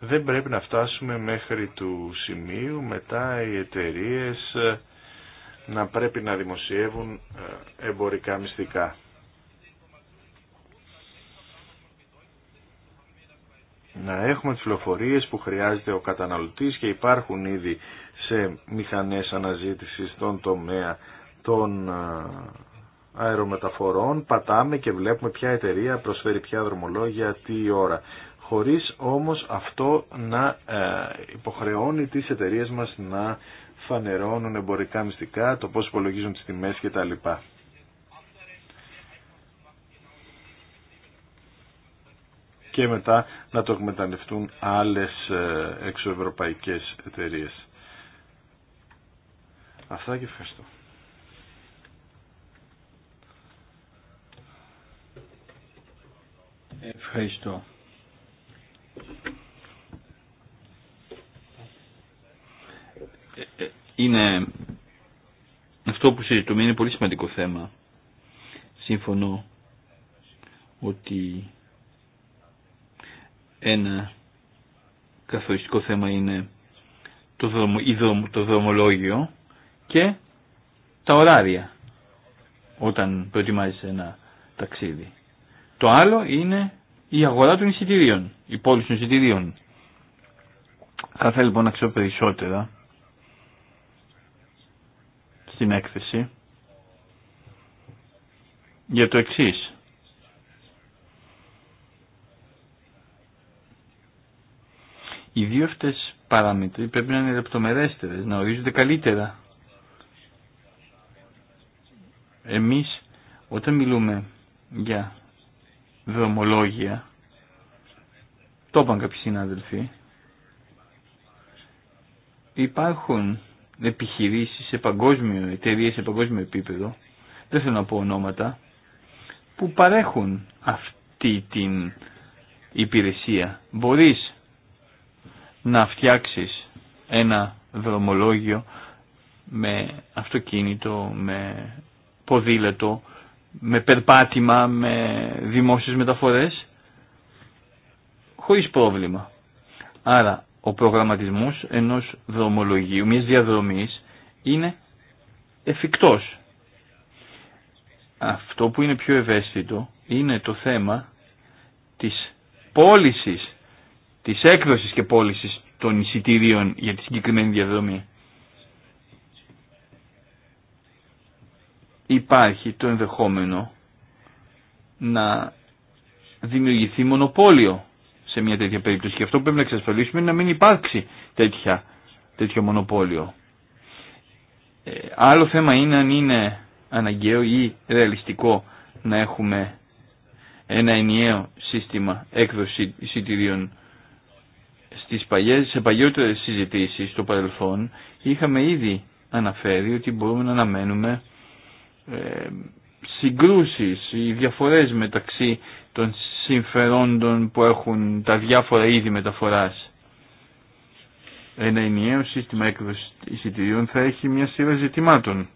Δεν πρέπει να φτάσουμε μέχρι του σημείου μετά οι εταιρείε ε, να πρέπει να δημοσιεύουν ε, εμπορικά μυστικά. να έχουμε τις φλοφορίες που χρειάζεται ο καταναλωτής και υπάρχουν ήδη σε μηχανές αναζήτησης στον τομέα των αερομεταφορών πατάμε και βλέπουμε ποια εταιρεία προσφέρει ποια δρομολόγια, τι ώρα. Χωρίς όμως αυτό να ε, υποχρεώνει τις εταιρείες μας να φανερώνουν εμπορικά μυστικά, το πώς υπολογίζουν τις τιμές κτλ. Και μετά να το εκμεταλλευτούν άλλες ε, εξωευρωπαϊκές εταιρείες. Αυτά και ευχαριστώ. Ευχαριστώ. Ε, ε, είναι αυτό που συζητούμε είναι πολύ σημαντικό θέμα. Σύμφωνο ότι ένα καθοριστικό θέμα είναι το, δρομο, το δρομολόγιο και τα ωράρια όταν προετοιμάζεις ένα ταξίδι. Το άλλο είναι η αγορά των εισιτηρίων, η πόλη των εισιτηρίων. Θα θέλω λοιπόν να ξέρω περισσότερα στην έκθεση για το εξή. Οι δύο αυτές παράμετροι πρέπει να είναι λεπτομερέστερες, να ορίζονται καλύτερα. Εμείς όταν μιλούμε για δρομολόγια. Το είπαν κάποιοι συνάδελφοι. Υπάρχουν επιχειρήσεις σε παγκόσμιο, εταιρείες σε παγκόσμιο επίπεδο, δεν θέλω να πω ονόματα, που παρέχουν αυτή την υπηρεσία. Μπορείς να φτιάξεις ένα δρομολόγιο με αυτοκίνητο, με ποδήλατο, με περπάτημα, με δημόσιες μεταφορές, χωρίς πρόβλημα. Άρα, ο προγραμματισμός ενός δρομολογίου, μιας διαδρομής, είναι εφικτός. Αυτό που είναι πιο ευαίσθητο είναι το θέμα της πώληση, της έκδοσης και πώληση των εισιτήριων για τη συγκεκριμένη διαδρομή. υπάρχει το ενδεχόμενο να δημιουργηθεί μονοπόλιο σε μια τέτοια περίπτωση. Και αυτό που πρέπει να εξασφαλίσουμε είναι να μην υπάρξει τέτοια, τέτοιο μονοπόλιο. Ε, άλλο θέμα είναι αν είναι αναγκαίο ή ρεαλιστικό να έχουμε ένα ενιαίο σύστημα έκδοση εισιτηρίων στις παλιές, σε παλιότερες συζητήσεις στο παρελθόν είχαμε ήδη αναφέρει ότι μπορούμε να αναμένουμε συγκρούσεις ή διαφορές μεταξύ των συμφερόντων που έχουν τα διάφορα είδη μεταφοράς. Ένα ενιαίο σύστημα έκδοση εισιτηρίων θα έχει μια σειρά ζητημάτων.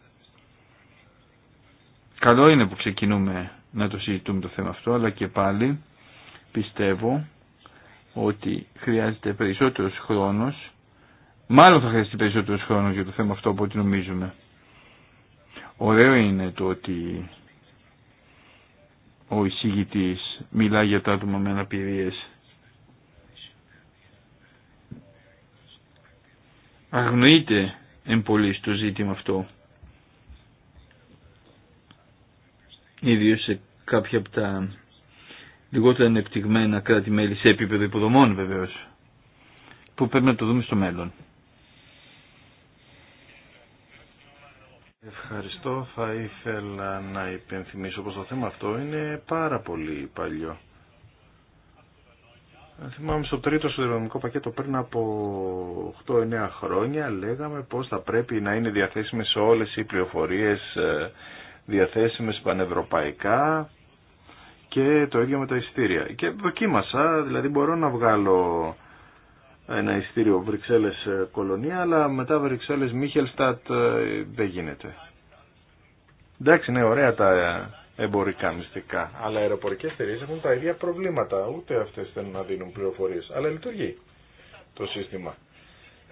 Καλό είναι που ξεκινούμε να το συζητούμε το θέμα αυτό, αλλά και πάλι πιστεύω ότι χρειάζεται περισσότερος χρόνος, μάλλον θα χρειαστεί περισσότερος χρόνος για το θέμα αυτό από ό,τι νομίζουμε. Ωραίο είναι το ότι ο εισηγητής μιλά για τα άτομα με αναπηρίες. Αγνοείται εν το ζήτημα αυτό. Ιδίως σε κάποια από τα λιγότερα ανεπτυγμένα κράτη-μέλη σε επίπεδο υποδομών βεβαίως, που πρέπει να το δούμε στο μέλλον. Ευχαριστώ. Θα ήθελα να υπενθυμίσω πως το θέμα αυτό είναι πάρα πολύ παλιό. Θυμάμαι στο τρίτο συνδρομικό πακέτο πριν από 8-9 χρόνια λέγαμε πως θα πρέπει να είναι διαθέσιμες όλες οι πληροφορίες ε, διαθέσιμες πανευρωπαϊκά και το ίδιο με τα ειστήρια. Και δοκίμασα, δηλαδή μπορώ να βγάλω ένα ειστήριο Βρυξέλλες ε, Κολονία αλλά μετά Βρυξέλλες Μίχελστατ ε, δεν γίνεται. Εντάξει, είναι ωραία τα εμπορικά μυστικά, αλλά οι αεροπορικέ εταιρείε έχουν τα ίδια προβλήματα. Ούτε αυτέ θέλουν να δίνουν πληροφορίε. Αλλά λειτουργεί το σύστημα.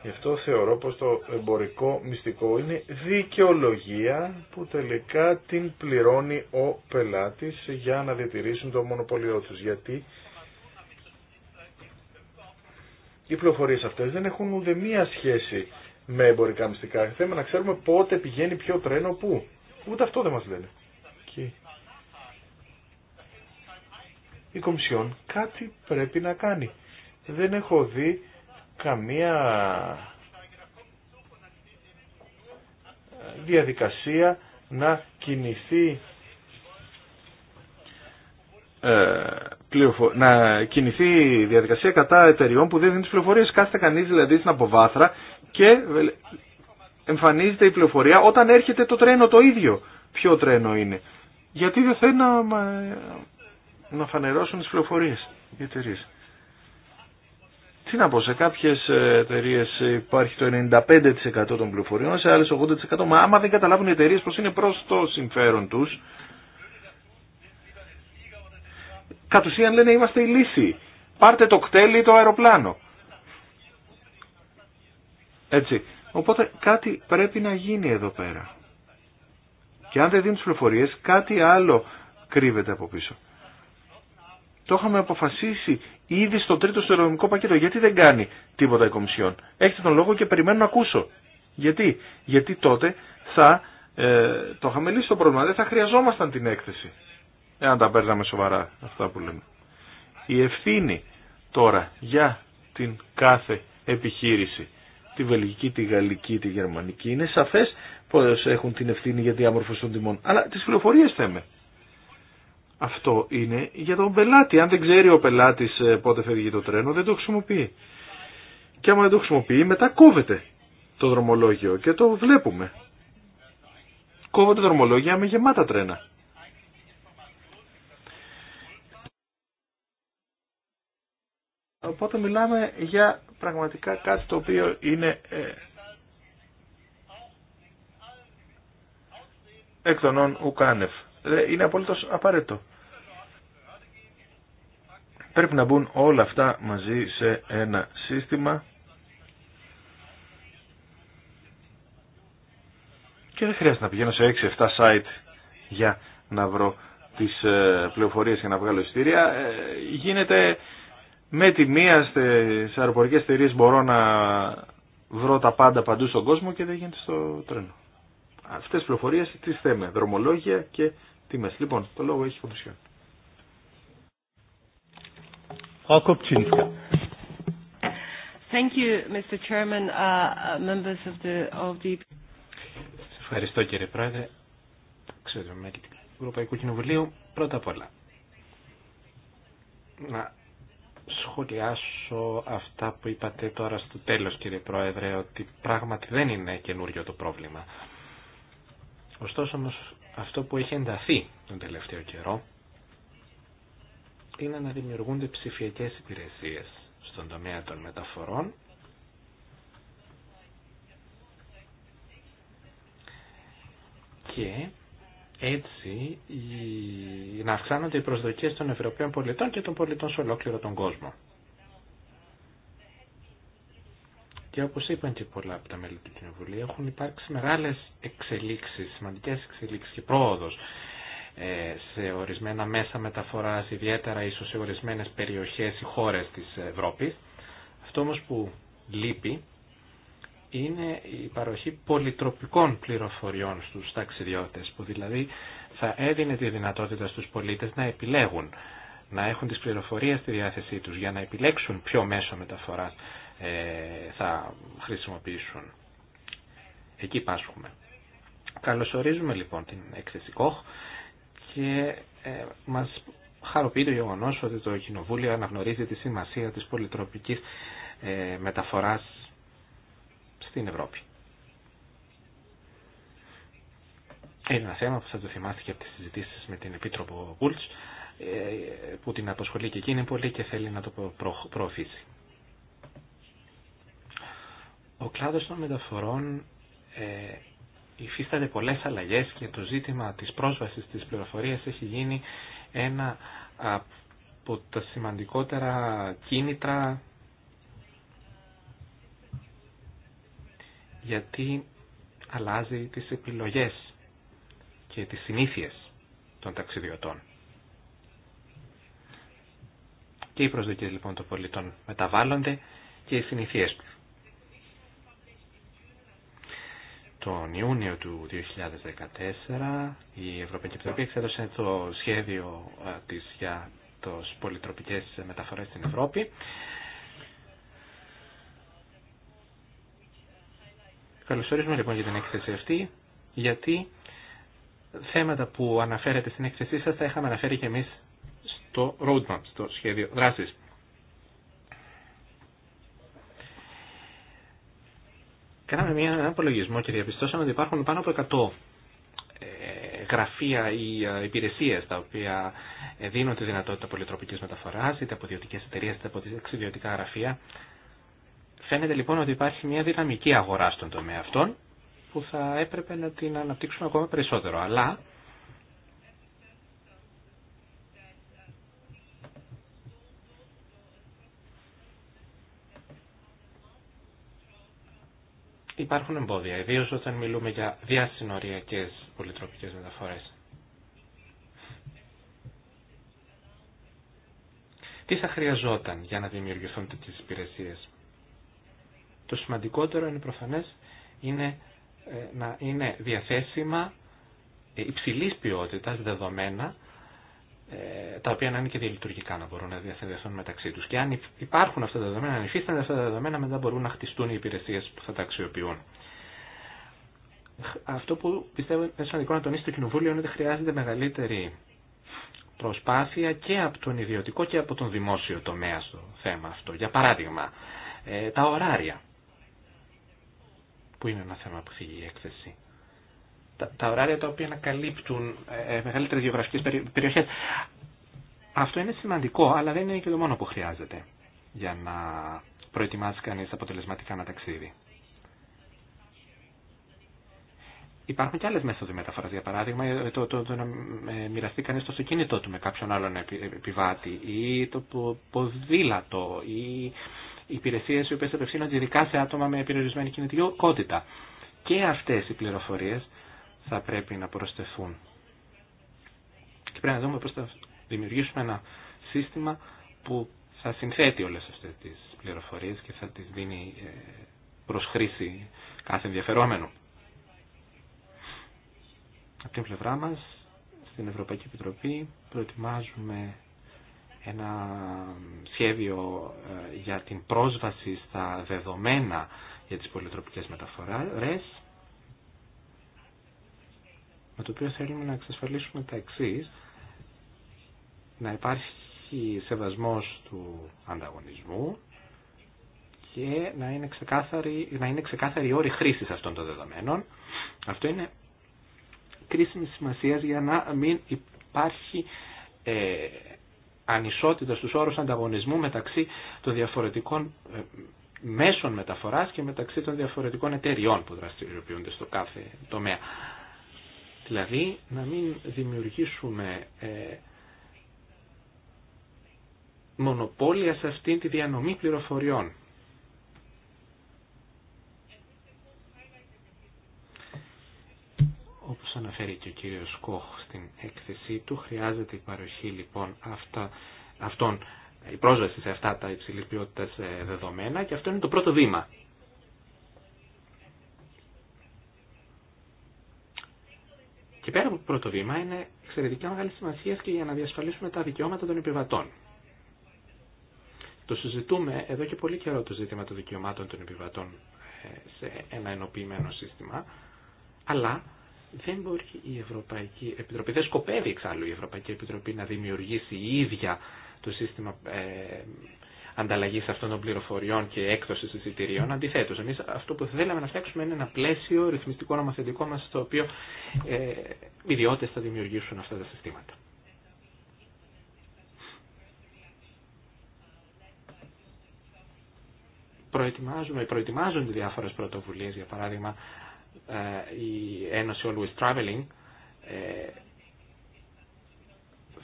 Γι' αυτό θεωρώ πως το εμπορικό μυστικό είναι δικαιολογία που τελικά την πληρώνει ο πελάτης για να διατηρήσουν το μονοπωλιό τους. Γιατί οι πληροφορίες αυτές δεν έχουν ούτε μία σχέση με εμπορικά μυστικά. Θέμα να ξέρουμε πότε πηγαίνει ποιο τρένο πού. Ούτε αυτό δεν μας λένε. Και η Κομισιόν κάτι πρέπει να κάνει. Δεν έχω δει καμία διαδικασία να κινηθεί ε, να κινηθεί διαδικασία κατά εταιριών που δεν δίνουν τις πληροφορίες. κάθε κανείς δηλαδή στην αποβάθρα και εμφανίζεται η πληροφορία όταν έρχεται το τρένο το ίδιο. Ποιο τρένο είναι. Γιατί δεν θέλουν να, να φανερώσουν τις πληροφορίες οι εταιρείε. Τι να πω, σε κάποιες ε, εταιρείε υπάρχει το 95% των πληροφοριών, σε άλλες 80%. Μα άμα δεν καταλάβουν οι εταιρείε πως είναι προς το συμφέρον τους, κατ' ουσίαν λένε είμαστε η λύση. Πάρτε το κτέλι ή το αεροπλάνο. Έτσι. Οπότε κάτι πρέπει να γίνει εδώ πέρα. Και αν δεν δίνουν τις πληροφορίες, κάτι άλλο κρύβεται από πίσω. Το είχαμε αποφασίσει ήδη στο τρίτο στερεοδομικό πακέτο. Γιατί δεν κάνει τίποτα η Κομισιόν. Έχετε τον λόγο και περιμένω να ακούσω. Γιατί, Γιατί τότε θα ε, το είχαμε λύσει το πρόβλημα. Δεν θα χρειαζόμασταν την έκθεση. Εάν τα παίρναμε σοβαρά αυτά που λέμε. Η ευθύνη τώρα για την κάθε επιχείρηση τη βελγική, τη γαλλική, τη γερμανική. Είναι σαφές πως έχουν την ευθύνη για διάμορφωση των τιμών. Αλλά τις πληροφορίε θέμε. Αυτό είναι για τον πελάτη. Αν δεν ξέρει ο πελάτης ε, πότε φεύγει το τρένο δεν το χρησιμοποιεί. Και άμα δεν το χρησιμοποιεί μετά κόβεται το δρομολόγιο και το βλέπουμε. Κόβονται δρομολόγια με γεμάτα τρένα. Οπότε μιλάμε για πραγματικά κάτι το οποίο είναι ε, εκ των όν ουκάνευ. Ε, είναι απολύτως απαραίτητο. Πρέπει να μπουν όλα αυτά μαζί σε ένα σύστημα και δεν χρειάζεται να πηγαίνω σε 6-7 site για να βρω τις ε, πληροφορίες για να βγάλω εισιτήρια. Γίνεται με τη μία στις αεροπορικές μπορώ να βρω τα πάντα παντού στον κόσμο και δεν γίνεται στο τρένο. Αυτές τις πληροφορίες τις θέμε, δρομολόγια και τιμές. Λοιπόν, το λόγο έχει η Κομισιόν. Ευχαριστώ κύριε Πρόεδρε. Ξέρω, με την Ευρωπαϊκού Κοινοβουλίου, πρώτα απ' όλα. Να σχολιάσω αυτά που είπατε τώρα στο τέλος κύριε Πρόεδρε ότι πράγματι δεν είναι καινούριο το πρόβλημα. Ωστόσο όμως αυτό που έχει ενταθεί τον τελευταίο καιρό είναι να δημιουργούνται ψηφιακές υπηρεσίες στον τομέα των μεταφορών και έτσι να αυξάνονται οι προσδοκίες των Ευρωπαίων πολιτών και των πολιτών σε ολόκληρο τον κόσμο. Και όπως είπαν και πολλά από τα μέλη του Κοινοβουλίου, έχουν υπάρξει μεγάλες εξελίξεις, σημαντικές εξελίξεις και πρόοδος ε, σε ορισμένα μέσα μεταφοράς, ιδιαίτερα ίσως σε ορισμένες περιοχές ή χώρες της Ευρώπης. Αυτό όμως που λείπει είναι η παροχή πολυτροπικών πληροφοριών στους ταξιδιώτες, που δηλαδή θα έδινε τη δυνατότητα στους πολίτες να επιλέγουν, να έχουν τις πληροφορίες στη διάθεσή τους για να επιλέξουν ποιο μέσο μεταφοράς ε, θα χρησιμοποιήσουν. Εκεί πάσχουμε. Καλωσορίζουμε λοιπόν την έκθεση ΚΟΧ και ε, μας χαροποιεί το γεγονός ότι το Κοινοβούλιο αναγνωρίζει τη σημασία της πολυτροπικής ε, μεταφοράς στην Ευρώπη. Ένα θέμα που θα το θυμάστε και από τις συζητήσεις με την Επίτροπο Γκούλτς, ε, που την απασχολεί και εκείνη πολύ και θέλει να το προωθήσει. Ο κλάδος των μεταφορών ε, υφίσταται πολλές αλλαγές και το ζήτημα της πρόσβασης της πληροφορίας έχει γίνει ένα από τα σημαντικότερα κίνητρα γιατί αλλάζει τις επιλογές και τις συνήθειες των ταξιδιωτών. Και οι προσδοκίες λοιπόν των πολιτών μεταβάλλονται και οι συνήθειές τους. Τον Ιούνιο του 2014 η Ευρωπαϊκή Επιτροπή εξέδωσε το σχέδιο ε, της για τις πολυτροπικές μεταφορές στην Ευρώπη Καλωσορίζουμε λοιπόν για την έκθεση αυτή, γιατί θέματα που αναφέρετε στην έκθεσή σας θα είχαμε αναφέρει και εμείς στο roadmap, στο σχέδιο δράσης. Κάναμε μια, ένα απολογισμό και διαπιστώσαμε ότι υπάρχουν πάνω από 100 ε, γραφεία ή ε, υπηρεσίες τα οποία ε, δίνουν τη δυνατότητα πολυτροπικής μεταφοράς είτε από ιδιωτικές εταιρείες είτε από εξιδιωτικά γραφεία Φαίνεται λοιπόν ότι υπάρχει μια δυναμική αγορά στον τομέα αυτών που θα έπρεπε να την αναπτύξουμε ακόμα περισσότερο. Αλλά υπάρχουν εμπόδια, ιδίω όταν μιλούμε για διασυνοριακές πολυτροπικέ μεταφορές. Τι θα χρειαζόταν για να δημιουργηθούν τέτοιες υπηρεσίες. Το σημαντικότερο είναι προφανές είναι ε, να είναι διαθέσιμα ε, υψηλής ποιότητας δεδομένα ε, τα οποία να είναι και διαλειτουργικά να μπορούν να διαθέσουν μεταξύ τους. Και αν υπάρχουν αυτά τα δεδομένα, αν υφίστανται αυτά τα δεδομένα, μετά μπορούν να χτιστούν οι υπηρεσίες που θα τα αξιοποιούν. Αυτό που πιστεύω είναι σημαντικό να τονίσει το Κοινοβούλιο είναι ότι χρειάζεται μεγαλύτερη προσπάθεια και από τον ιδιωτικό και από τον δημόσιο τομέα στο θέμα αυτό. Για παράδειγμα, τα ωράρια που είναι ένα θέμα που φυγει η έκθεση. Τα, τα ωράρια τα οποία ανακαλύπτουν μεγαλύτερε μεγαλύτερε μεγαλύτερες γεωγραφικές περιοχές. Αυτό είναι σημαντικό, αλλά δεν είναι και το μόνο που χρειάζεται για να προετοιμάσει κανεί αποτελεσματικά ένα ταξίδι. Υπάρχουν και άλλε μέθοδοι μεταφορά. Για παράδειγμα, ε, το, να ε, μοιραστεί κανεί το κίνητό του με κάποιον άλλον επιβάτη ή το ποδήλατο ή υπηρεσίε οι οποίε απευθύνονται ειδικά σε άτομα με περιορισμένη κινητικότητα. Και αυτέ οι πληροφορίε θα πρέπει να προσθεθούν. Και πρέπει να δούμε πώ θα δημιουργήσουμε ένα σύστημα που θα συνθέτει όλε αυτέ τι πληροφορίε και θα τι δίνει ε, προ χρήση κάθε ενδιαφερόμενο. Από την πλευρά μα, στην Ευρωπαϊκή Επιτροπή, προετοιμάζουμε ένα σχέδιο ε, για την πρόσβαση στα δεδομένα για τις πολυτροπικές μεταφορές, με το οποίο θέλουμε να εξασφαλίσουμε τα εξή να υπάρχει σεβασμός του ανταγωνισμού και να είναι ξεκάθαρη, να είναι ξεκάθαρη η όρη χρήσης αυτών των δεδομένων. Αυτό είναι κρίσιμη σημασία για να μην υπάρχει ε, ανισότητα στους όρους ανταγωνισμού μεταξύ των διαφορετικών ε, μέσων μεταφοράς και μεταξύ των διαφορετικών εταιριών που δραστηριοποιούνται στο κάθε τομέα. Δηλαδή να μην δημιουργήσουμε ε, μονοπόλια σε αυτή τη διανομή πληροφοριών Όπως αναφέρει και ο κύριος Κόχ στην έκθεσή του, χρειάζεται η παροχή λοιπόν αυτών, η πρόσβαση σε αυτά τα υψηλή ποιότητα ε, δεδομένα και αυτό είναι το πρώτο βήμα. Και πέρα από το πρώτο βήμα είναι εξαιρετικά μεγάλη σημασία και για να διασφαλίσουμε τα δικαιώματα των επιβατών. Το συζητούμε εδώ και πολύ καιρό το ζήτημα των δικαιωμάτων των επιβατών ε, σε ένα ενοποιημένο σύστημα, αλλά δεν μπορεί η Ευρωπαϊκή Επιτροπή, δεν σκοπεύει εξάλλου η Ευρωπαϊκή Επιτροπή να δημιουργήσει η ίδια το σύστημα ε, ανταλλαγής αυτών των πληροφοριών και έκδοσης εισιτηρίων. Αντιθέτως, εμείς αυτό που θέλαμε να φτιάξουμε είναι ένα πλαίσιο ρυθμιστικό νομοθετικό μας στο οποίο ε, ιδιώτες θα δημιουργήσουν αυτά τα συστήματα. Προετοιμάζουμε, προετοιμάζονται διάφορες πρωτοβουλίες, για παράδειγμα, ε, η Ένωση Always Traveling ε,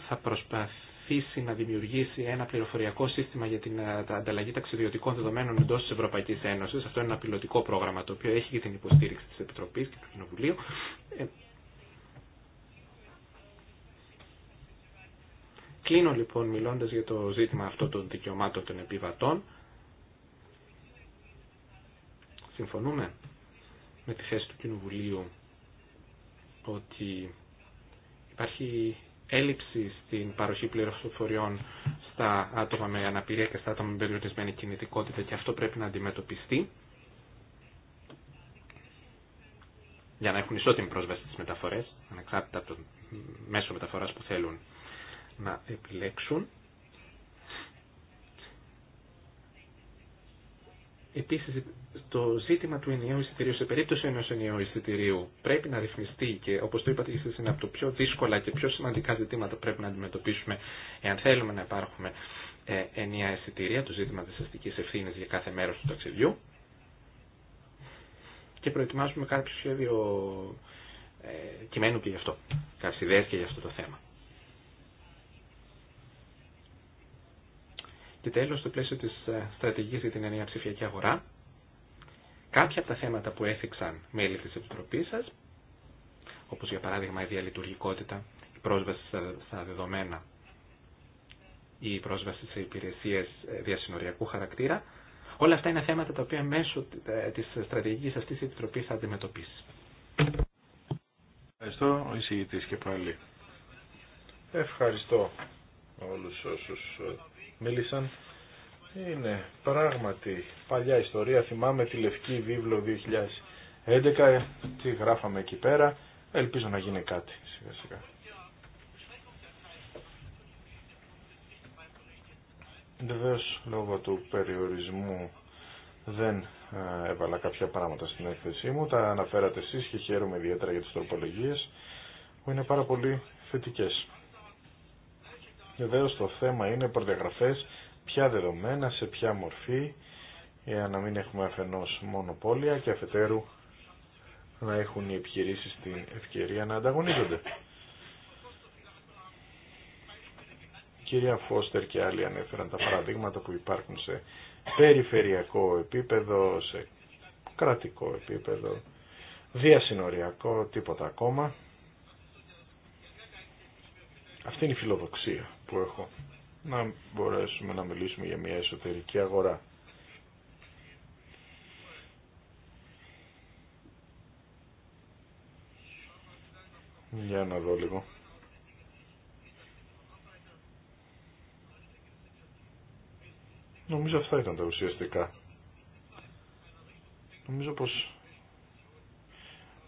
θα προσπαθήσει να δημιουργήσει ένα πληροφοριακό σύστημα για την ε, ανταλλαγή ταξιδιωτικών δεδομένων εντός της Ευρωπαϊκής Ένωσης. Αυτό είναι ένα πιλωτικό πρόγραμμα το οποίο έχει και την υποστήριξη της Επιτροπής και του Κοινοβουλίου. Κλείνω λοιπόν μιλώντας για το ζήτημα αυτό των δικαιωμάτων των επιβατών. Συμφωνούμε με τη θέση του Κοινοβουλίου ότι υπάρχει έλλειψη στην παροχή πληροφοριών στα άτομα με αναπηρία και στα άτομα με περιορισμένη κινητικότητα και αυτό πρέπει να αντιμετωπιστεί για να έχουν ισότιμη πρόσβαση στις μεταφορές, ανεξάρτητα από το μέσο μεταφοράς που θέλουν να επιλέξουν. Επίση, το ζήτημα του ενιαίου εισιτηρίου, σε περίπτωση ενό ενιαίου εισιτηρίου, πρέπει να ρυθμιστεί και, όπως το είπατε εσεί, είναι από το πιο δύσκολα και πιο σημαντικά ζητήματα που πρέπει να αντιμετωπίσουμε εάν θέλουμε να υπάρχουμε ε, ενιαία εισιτηρία, το ζήτημα τη αστική ευθύνη για κάθε μέρο του ταξιδιού. Και προετοιμάζουμε κάποιο σχέδιο ε, κειμένου και γι' αυτό, Κάποιε ιδέε και γι' αυτό το θέμα. Και τέλος, στο πλαίσιο της ε, στρατηγικής για την ενιαία ψηφιακή αγορά, κάποια από τα θέματα που έθιξαν μέλη της Επιτροπής σας, όπως για παράδειγμα η διαλειτουργικότητα, η πρόσβαση στα δεδομένα ή η πρόσβαση σε υπηρεσίες ε, διασυνοριακού χαρακτήρα, όλα αυτά είναι θέματα τα οποία μέσω ε, της στρατηγικής αυτής προσβαση σε υπηρεσιες διασυνοριακου χαρακτηρα ολα αυτα ειναι θεματα τα οποια μεσω της στρατηγικης αυτης της επιτροπη θα αντιμετωπίσει. Ευχαριστώ, ο εισηγητής και πάλι. Ευχαριστώ όλους όσους μίλησαν είναι πράγματι παλιά ιστορία. Θυμάμαι τη Λευκή Βίβλο 2011, ε, τι γράφαμε εκεί πέρα. Ελπίζω να γίνει κάτι σιγά σιγά. Βεβαίω λόγω του περιορισμού δεν ε, έβαλα κάποια πράγματα στην έκθεσή μου. Τα αναφέρατε εσείς και χαίρομαι ιδιαίτερα για τις τροπολογίες που είναι πάρα πολύ θετικές. Βεβαίω το θέμα είναι προδιαγραφές, ποια δεδομένα, σε ποια μορφή, για να μην έχουμε αφενός μονοπόλια και αφετέρου να έχουν οι επιχειρήσεις την ευκαιρία να ανταγωνίζονται. κυρία Φώστερ και άλλοι ανέφεραν τα παραδείγματα που υπάρχουν σε περιφερειακό επίπεδο, σε κρατικό επίπεδο, διασυνοριακό, τίποτα ακόμα. Αυτή είναι η φιλοδοξία που έχω. Να μπορέσουμε να μιλήσουμε για μια εσωτερική αγορά. Για να δω λίγο. Νομίζω αυτά ήταν τα ουσιαστικά. Νομίζω πως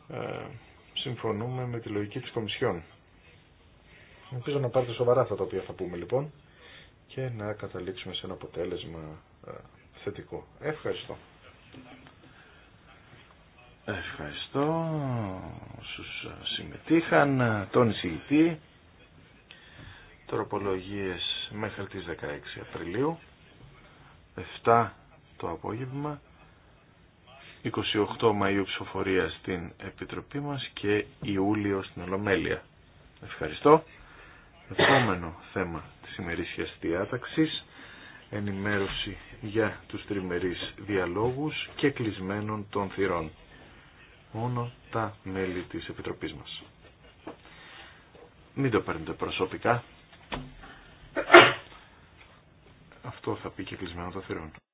ε, συμφωνούμε με τη λογική της Κομισιόν. Ελπίζω να πάρετε σοβαρά αυτά τα οποία θα πούμε λοιπόν και να καταλήξουμε σε ένα αποτέλεσμα ε, θετικό. Ευχαριστώ. Ευχαριστώ όσους ε, συμμετείχαν, ε, τον εισηγητή, τροπολογίες μέχρι τις 16 Απριλίου, 7 το απόγευμα, 28 Μαΐου ψηφοφορία στην Επιτροπή μας και Ιούλιο στην Ολομέλεια. Ευχαριστώ επόμενο θέμα της ημερήσιας διάταξης ενημέρωση για τους τριμερείς διαλόγους και κλεισμένων των θυρών. Μόνο τα μέλη της Επιτροπής μας. Μην το παίρνετε προσωπικά. Αυτό θα πει και κλεισμένο των θυρών.